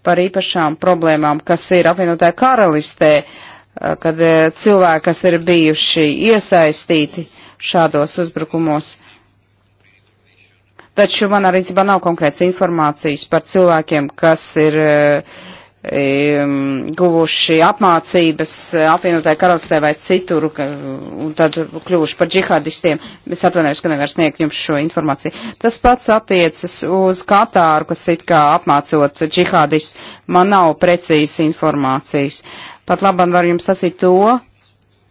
par īpašām problēmām, kas ir apvienotā karalistē, uh, kad uh, cilvēki, kas ir bijuši iesaistīti šādos uzbrukumos, Taču man arī cībā nav konkrēts informācijas par cilvēkiem, kas ir um, guvuši apmācības eh, apvienotāju karalistē vai citur un tad kļuvuši par džihadistiem. Es atvainojos, ka nevar sniegt jums šo informāciju. Tas pats attiecas uz Katāru, kas it kā apmācot džihadistus. Man nav precīzas informācijas. Pat labam var jums sacīt to,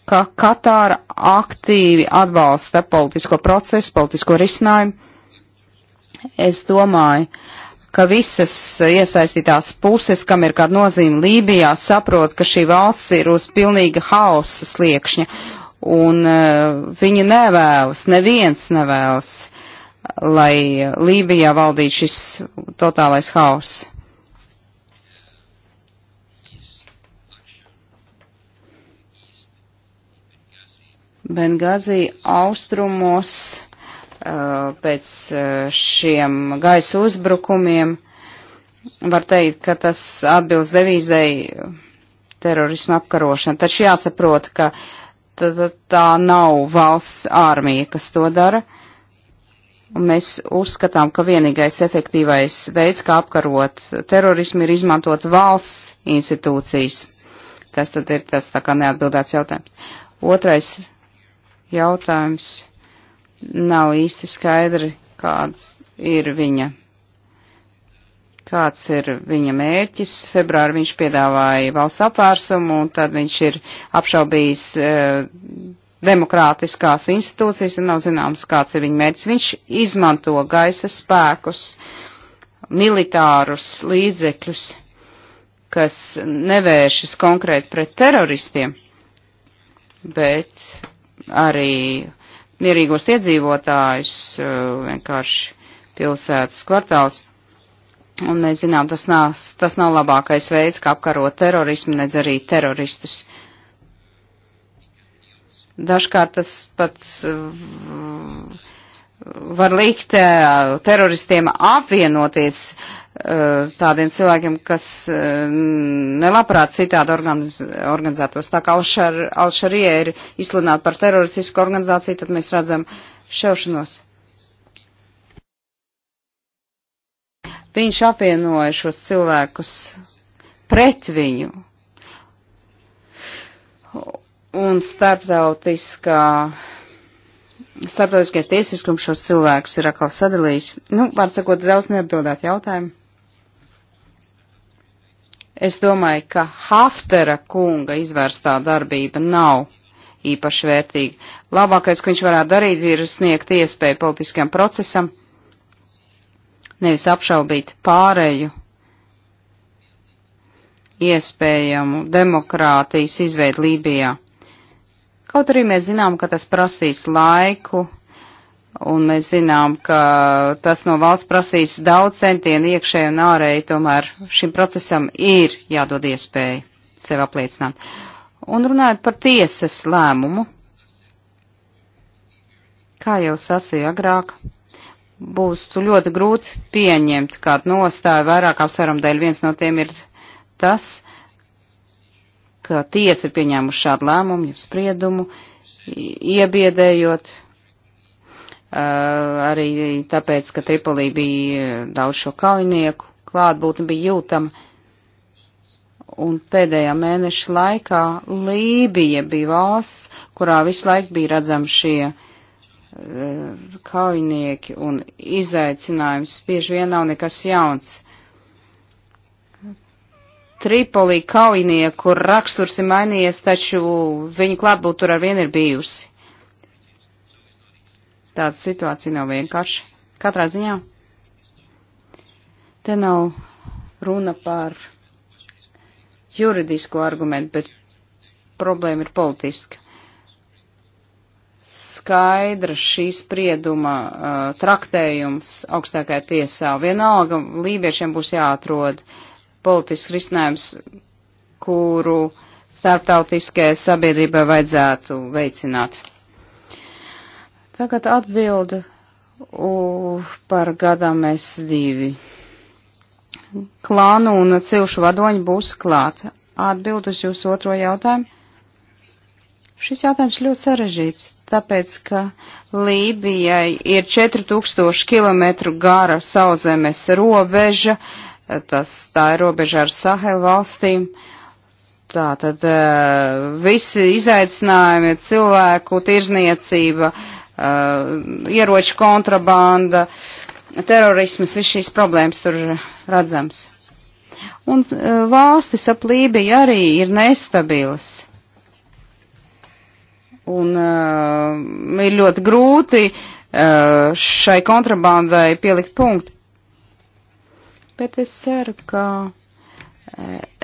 ka Katāra aktīvi atbalsta politisko procesu, politisko risinājumu Es domāju, ka visas iesaistītās puses, kam ir kāda nozīme Lībijā, saprot, ka šī valsts ir uz pilnīga hausa sliekšņa, un uh, viņi nevēlas, neviens nevēlas, lai Lībijā valdītu šis totālais hauss. Bengāzī austrumos Eh, pēc eh, šiem gaisa uzbrukumiem. Var teikt, ka tas atbilst devīzei terorismu apkarošana, taču jāsaprot, ka tā nav valsts ārmija, kas to dara. Un mēs uzskatām, ka vienīgais efektīvais veids, kā apkarot terorismu, ir izmantot valsts institūcijas. Tas tad ir tas tā kā neatbildēts jautājums. Otrais jautājums nav īsti skaidri, kāds ir viņa, kāds ir viņa mērķis. Februāri viņš piedāvāja valsts apvērsumu, un tad viņš ir apšaubījis e, demokrātiskās institūcijas, un nav zināms, kāds ir viņa mērķis. Viņš izmanto gaisa spēkus, militārus līdzekļus, kas nevēršas konkrēti pret teroristiem, bet arī uh, mierīgos iedzīvotājus, uh, vienkārši pilsētas kvartāls. Un mēs zinām, tas nav, tas nav labākais veids, kā apkarot terorismu, nedz arī teroristus. Dažkārt tas pat uh, var likt uh, teroristiem apvienoties Eh, tādiem cilvēkiem, kas eh, nelabprāt citādi organiz, organizētos. Tā kā Alšarie ir izsludināta par teroristisku organizāciju, tad mēs redzam šaušanos. Viņš apvienoja šos cilvēkus pret viņu. Un starptautiskā starptautiskais tiesiskums šos cilvēkus ir atkal sadalījis. Nu, var sakot, daudz neatbildēt jautājumu. Es domāju, ka Haftera kunga izvērstā darbība nav īpaši vērtīga. Labākais, ko viņš varētu darīt, ir sniegt iespēju politiskajam procesam, nevis apšaubīt pārēju iespējamu demokrātijas izveidu Lībijā. Kaut arī mēs zinām, ka tas prasīs laiku Un mēs zinām, ka tas no valsts prasīs daudz centienu iekšēji un ārēji, tomēr šim procesam ir jādod iespēja sev apliecināt. Un runājot par tiesas lēmumu, kā jau sacīju agrāk, būs ļoti grūti pieņemt kādu nostāju vairāk apsvērumu dēļ. Viens no tiem ir tas, ka tiesa ir pieņēmuši šādu lēmumu, jau spriedumu, iebiedējot Eh, arī tāpēc, ka Tripolī bija eh, daudz šo kaujinieku, klātbūtne bija jūtama. Un pēdējā mēneša laikā Lībija bija valsts, kurā visu laiku bija redzami šie uh, kaujinieki un izaicinājums. Bieži vien nav nekas jauns. Tripolī kaujinieku raksturs ir mainījies, taču viņa klātbūt tur ar vienu ir bijusi. Tāda situācija nav vienkārši. Katrā ziņā te nav runa par juridisko argumentu, bet problēma ir politiska. Skaidra šī sprieduma uh, traktējums augstākajā tiesā. Vienalga lībiešiem būs jāatrod politisks risinājums, kuru starptautiskajai sabiedrībai vajadzētu veicināt. Tagad atbildu par gadam es divi. Klānu un cilšu vadoņi būs klāt. Atbild uz jūsu otro jautājumu. Šis jautājums ļoti sarežģīts, tāpēc, ka Lībijai ir 4000 km gara sauzemes robeža, tas tā ir robeža ar Sahel valstīm. Tātad eh, visi izaicinājumi, cilvēku tirzniecība, uh, Uh, ieroču kontrabanda, terorismas, viss šīs problēmas tur redzams. Un uh, valstis ap Lībiju arī ir nestabilas. Un uh, ir ļoti grūti uh, šai kontrabandai pielikt punktu. Bet es ceru, ka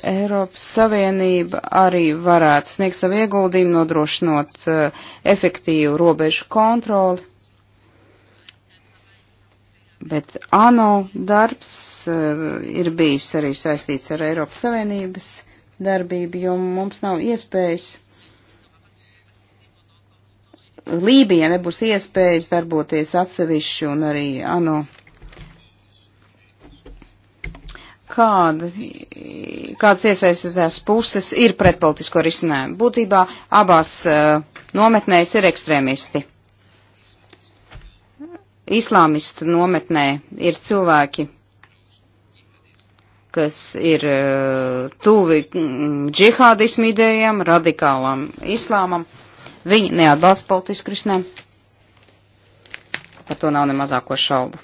Eiropas Savienība arī varētu sniegt savu ieguldījumu, nodrošinot uh, efektīvu robežu kontroli. Bet ANO darbs uh, ir bijis arī saistīts ar Eiropas Savienības darbību, jo mums nav iespējas. Lībija nebūs iespējas darboties atsevišķi un arī ANO. Uh, kāda, kādas iesaistītās puses ir pret politisko risinājumu. Būtībā abās uh, nometnēs ir ekstrēmisti. Islāmistu nometnē ir cilvēki, kas ir uh, tuvi mm, džihādismu idejām, radikālam islāmam. Viņi neatbalsta politisku risinājumu. Par to nav ne mazāko šaubu.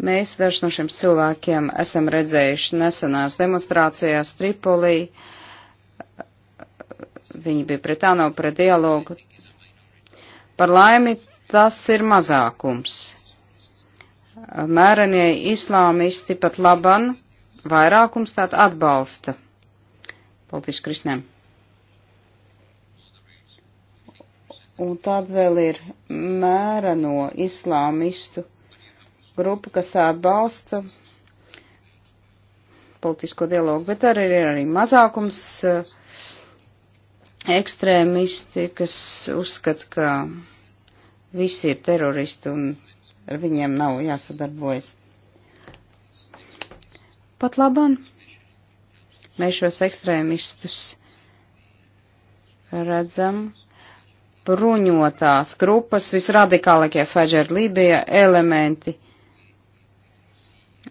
Mēs dažs no šiem cilvēkiem esam redzējuši nesenās demonstrācijās Tripolī. Viņi bija pret ANO, pret dialogu. Par laimi tas ir mazākums. Mērenie islāmisti pat laban vairākums tāt atbalsta politisku krisnēm. Un tad vēl ir mēreno islāmistu grupa, kas atbalsta politisko dialogu, bet arī ir arī mazākums eh, ekstrēmisti, kas uzskata, ka visi ir teroristi un ar viņiem nav jāsadarbojas. Pat labam mēs šos ekstrēmistus redzam bruņotās grupas, visradikālākie Fajr Libija elementi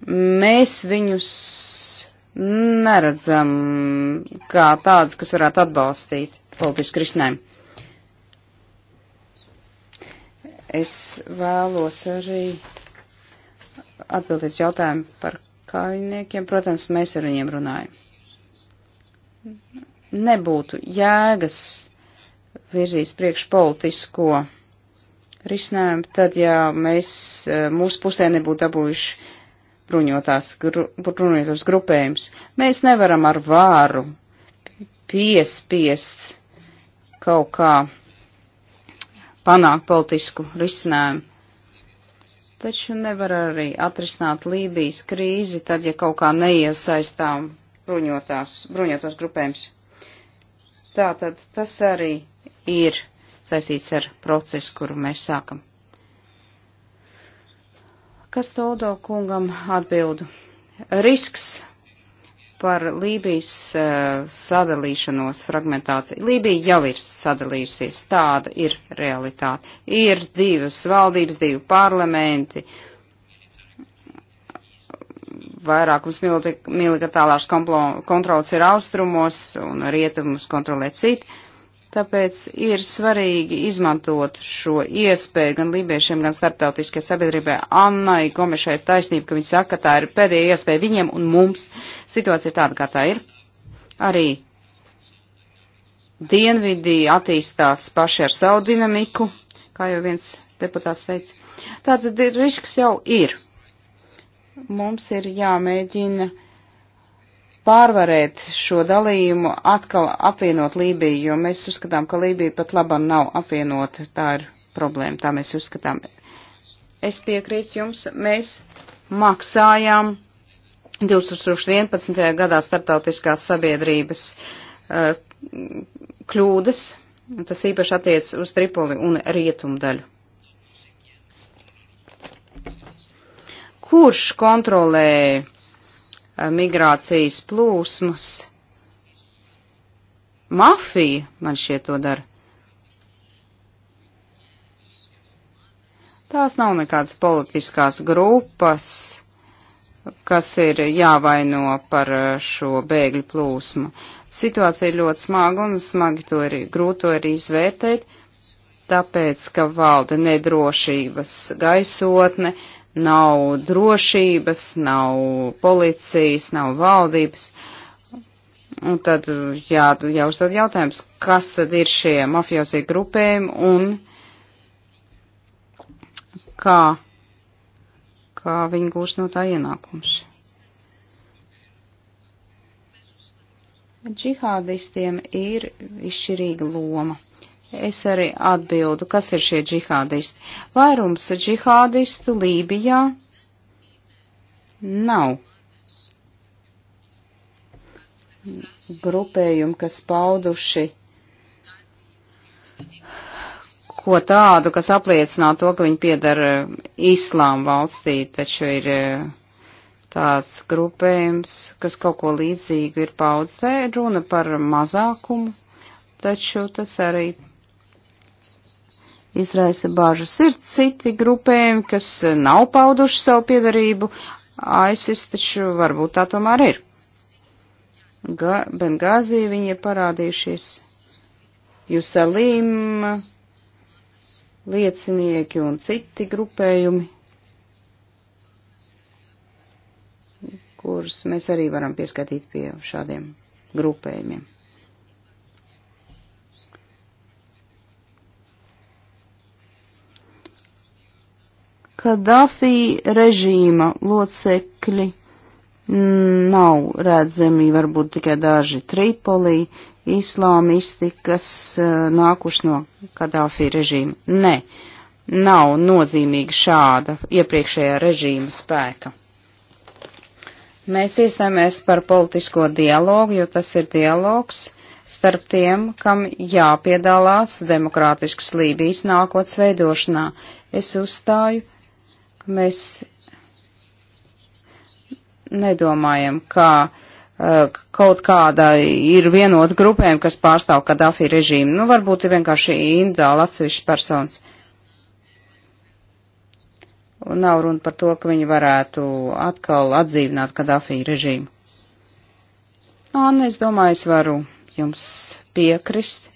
mēs viņus neredzam kā tādus, kas varētu atbalstīt politisku risinājumu. Es vēlos arī atbildēt jautājumu par kājniekiem. Protams, mēs ar viņiem runājam. Nebūtu jēgas virzīs priekš politisko risinājumu, tad, ja mēs eh, mūsu pusē nebūtu dabūjuši bruņotās, gru, bruņotos grupējums. Mēs nevaram ar vāru piespiest kaut kā panākt politisku risinājumu. Taču nevar arī atrisināt Lībijas krīzi, tad, ja kaut kā neiesaistām bruņotās, bruņotos grupējums. Tātad tas arī ir saistīts ar procesu, kuru mēs sākam. Kas Toldo kungam atbildu? Risks par Lībijas uh, sadalīšanos, fragmentāciju. Lībija jau ir sadalījusies, tāda ir realitāte. Ir divas valdības, divi parlamenti, vairākums militālās kontrols ir austrumos un rietumus kontrolē citi. Tāpēc ir svarīgi izmantot šo iespēju gan lībiešiem, gan starptautiskajai sabiedrībai. Annai Gomešai ir taisnība, ka viņa saka, ka tā ir pēdējā iespēja viņiem un mums. Situācija ir tāda, kā tā ir. Arī dienvidī attīstās paši ar savu dinamiku, kā jau viens deputāts teica. Tātad risks jau ir. Mums ir jāmēģina pārvarēt šo dalījumu, atkal apvienot Lībiju, jo mēs uzskatām, ka Lībija pat labam nav apvienota. Tā ir problēma, tā mēs uzskatām. Es piekrītu jums, mēs maksājām 2011. gadā starptautiskās sabiedrības uh, kļūdas, tas īpaši attiec uz Tripoli un rietumu daļu. Kurš kontrolē uh, Eh, migrācijas plūsmas. Mafija man šie to dara. Tās nav nekādas politiskās grupas, kas ir jāvaino par eh, šo bēgļu plūsmu. Situācija ir ļoti smaga un smagi to ir grūti to arī izvērtēt, tāpēc, ka valda nedrošības gaisotne, uh, nav drošības, nav policijas, nav valdības. Un tad jā, jāuzdod jautājums, kas tad ir šie mafiozie grupējumi un kā, kā viņi gūs no tā ienākums. Džihādistiem ir izšķirīga loma es arī atbildu, kas ir šie džihādisti. Vairums džihādistu Lībijā nav grupējumi, kas pauduši ko tādu, kas apliecinātu to, ka viņi piedara eh, islām valstī, taču ir eh, tāds grupējums, kas kaut ko līdzīgu ir paudzē, runa par mazākumu, taču tas arī izraisa bāžas. Ir citi grupējumi, kas nav pauduši savu piedarību, ASIS taču varbūt tā tomēr ir. Ga, Bengāzī viņi ir parādījušies. Jusalīm liecinieki un citi grupējumi, kurus mēs arī varam pieskatīt pie šādiem grupējumiem. Kadafī režīma locekļi nav redzami, varbūt tikai daži Tripolī, islāmisti, kas e, nākuši no Kadafī režīma. Nē, nav nozīmīga šāda iepriekšējā režīma spēka. Mēs iestāmies par politisko dialogu, jo tas ir dialogs starp tiem, kam jāpiedalās demokrātiskas Lībijas nākotnes veidošanā. Es uzstāju Mēs nedomājam, ka eh, kaut kāda ir vienota grupēm, kas pārstāv Kadafi režīmu. Nu, varbūt ir vienkārši individuāli atsevišķi personas. Un nav runa par to, ka viņi varētu atkal atdzīvināt Kadafi režīmu. Un nu, es domāju, es varu jums piekrist.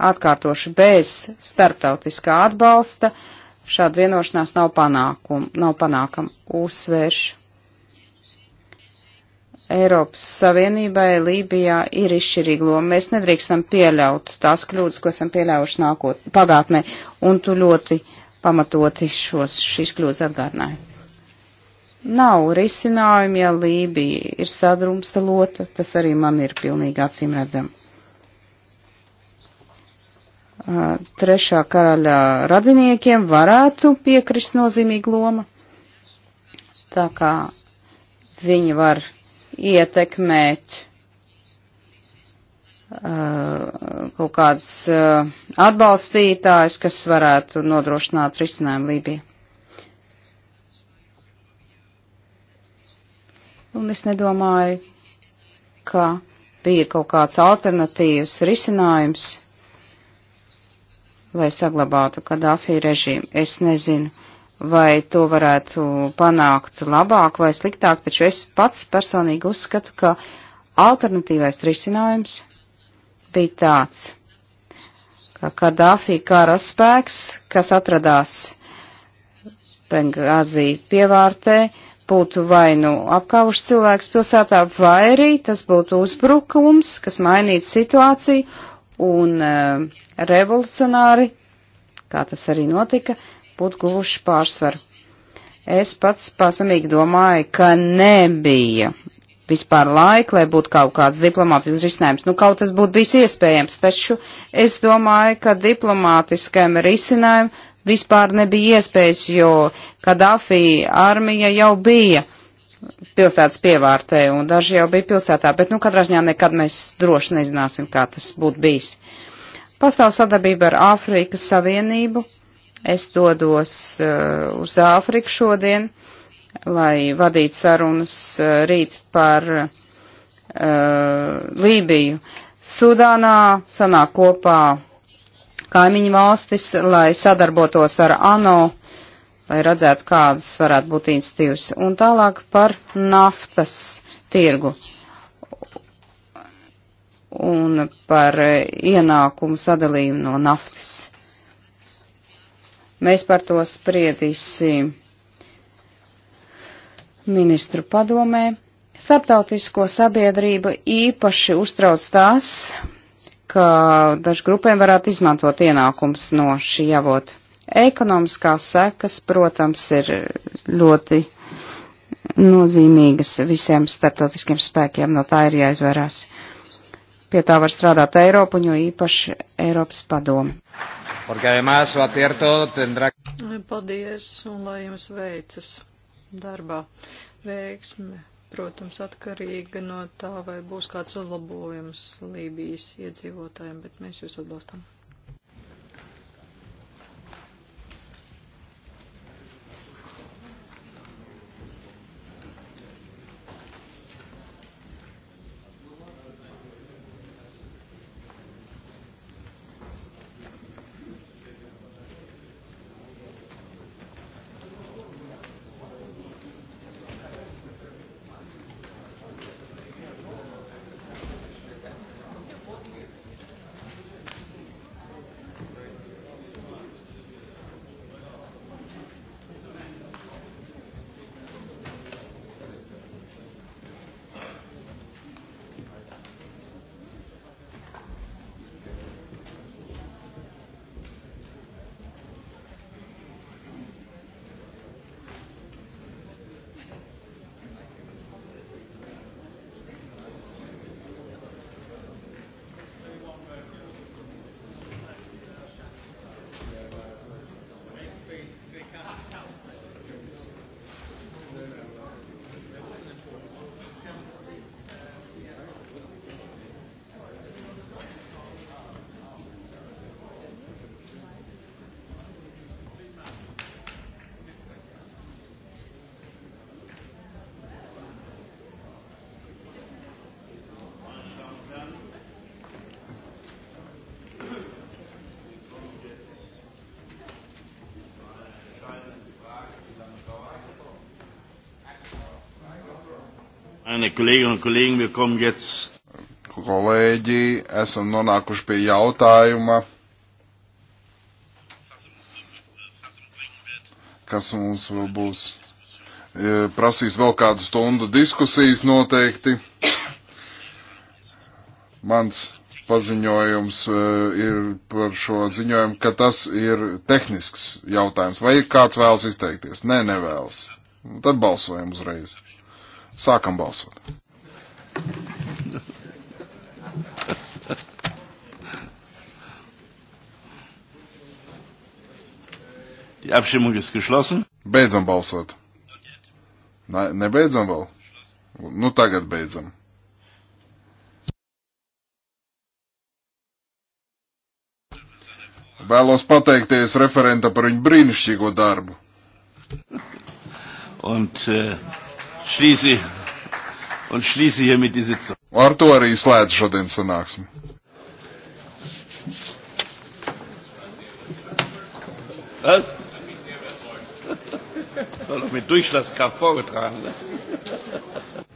Atkārtoši bez starptautiskā atbalsta. Uh, šāda vienošanās nav, panākum, nav panākama. Uzsvērš. Eiropas Savienībai Lībijā ir izšķirīga loma. Mēs nedrīkstam pieļaut tās kļūdas, ko esam pieļāvuši nākot, pagātnē, un tu ļoti pamatoti šos, šīs kļūdas atgādināji. Nav risinājumi, ja Lībija ir sadrumstalota, tas arī man ir pilnīgi acīm redzams trešā karaļa radiniekiem varētu piekrist nozīmīga loma, tā kā viņi var ietekmēt uh, kaut kāds uh, atbalstītājs, kas varētu nodrošināt risinājumu Lībijai. Un es nedomāju, ka bija kaut kāds alternatīvs risinājums lai saglabātu Kadāfī režīmu. Es nezinu, vai to varētu panākt labāk vai sliktāk, taču es pats personīgi uzskatu, ka alternatīvais risinājums bija tāds, ka Kadāfī karaspēks, kas atradās Bengāzī pievārtē, būtu vai nu apkaužs cilvēks pilsētā, vai arī tas būtu uzbrukums, kas mainītu situāciju un eh, revolucionāri, kā tas arī notika, būtu guvuši pārsvaru. Es pats pasamīgi domāju, ka nebija vispār laika, lai būtu kaut kāds diplomātisks risinājums. Nu, kaut tas būtu bijis iespējams, taču es domāju, ka diplomātiskajam risinājumam vispār nebija iespējas, jo Kadafī armija jau bija pilsētas pievārtē, un daži jau bija pilsētā, bet, nu, katrā ziņā nekad mēs droši nezināsim, kā tas būtu bijis. Pastāv sadarbība ar Āfrikas Savienību. Es dodos uh, uz Āfriku šodien, lai vadītu sarunas uh, rīt par uh, Lībiju. Sudānā sanāk kopā kaimiņu valstis, lai sadarbotos ar ANO lai redzētu, kādas varētu būt institīvas. Un tālāk par naftas tirgu un par ienākumu sadalījumu no naftas. Mēs par to spriedīsim ministru padomē. Starptautisko sabiedrība īpaši uztrauc tās, ka dažu grupēm varētu izmantot ienākums no šī avota. Ekonomiskās sekas, protams, ir ļoti nozīmīgas visiem starptautiskiem spēkiem, no tā ir jāizvērās. Pie tā var strādāt Eiropa un jo īpaši Eiropas padomu. Paldies un lai jums veicas darbā. Veiksme, protams, atkarīga no tā, vai būs kāds uzlabojums Lībijas iedzīvotājiem, bet mēs jūs atbalstam. Meine Kolleginnen und Kollegen, wir kommen jetzt. Kolēģi, esam nonākuši pie jautājuma, kas mums vēl būs. E, prasīs vēl kādu stundu diskusijas noteikti. Mans paziņojums e, ir par šo ziņojumu, ka tas ir tehnisks jautājums. Vai kāds vēlas izteikties? Nē, nevēlas. Tad balsojam uzreiz. Sākam balsot. Die Abstimmung ist geschlossen. Beidzam balsot. Ne, nebeidzam vēl? Nu tagad beidzam. Vēlos pateikties referenta par viņu brīnišķīgo darbu. Und, uh... Eh, schließe und schließe hiermit die Sitzung. Ar to arī slēdz šodien sanāksmi. Was? Das war doch mit Durchschlagskraft vorgetragen. Ne?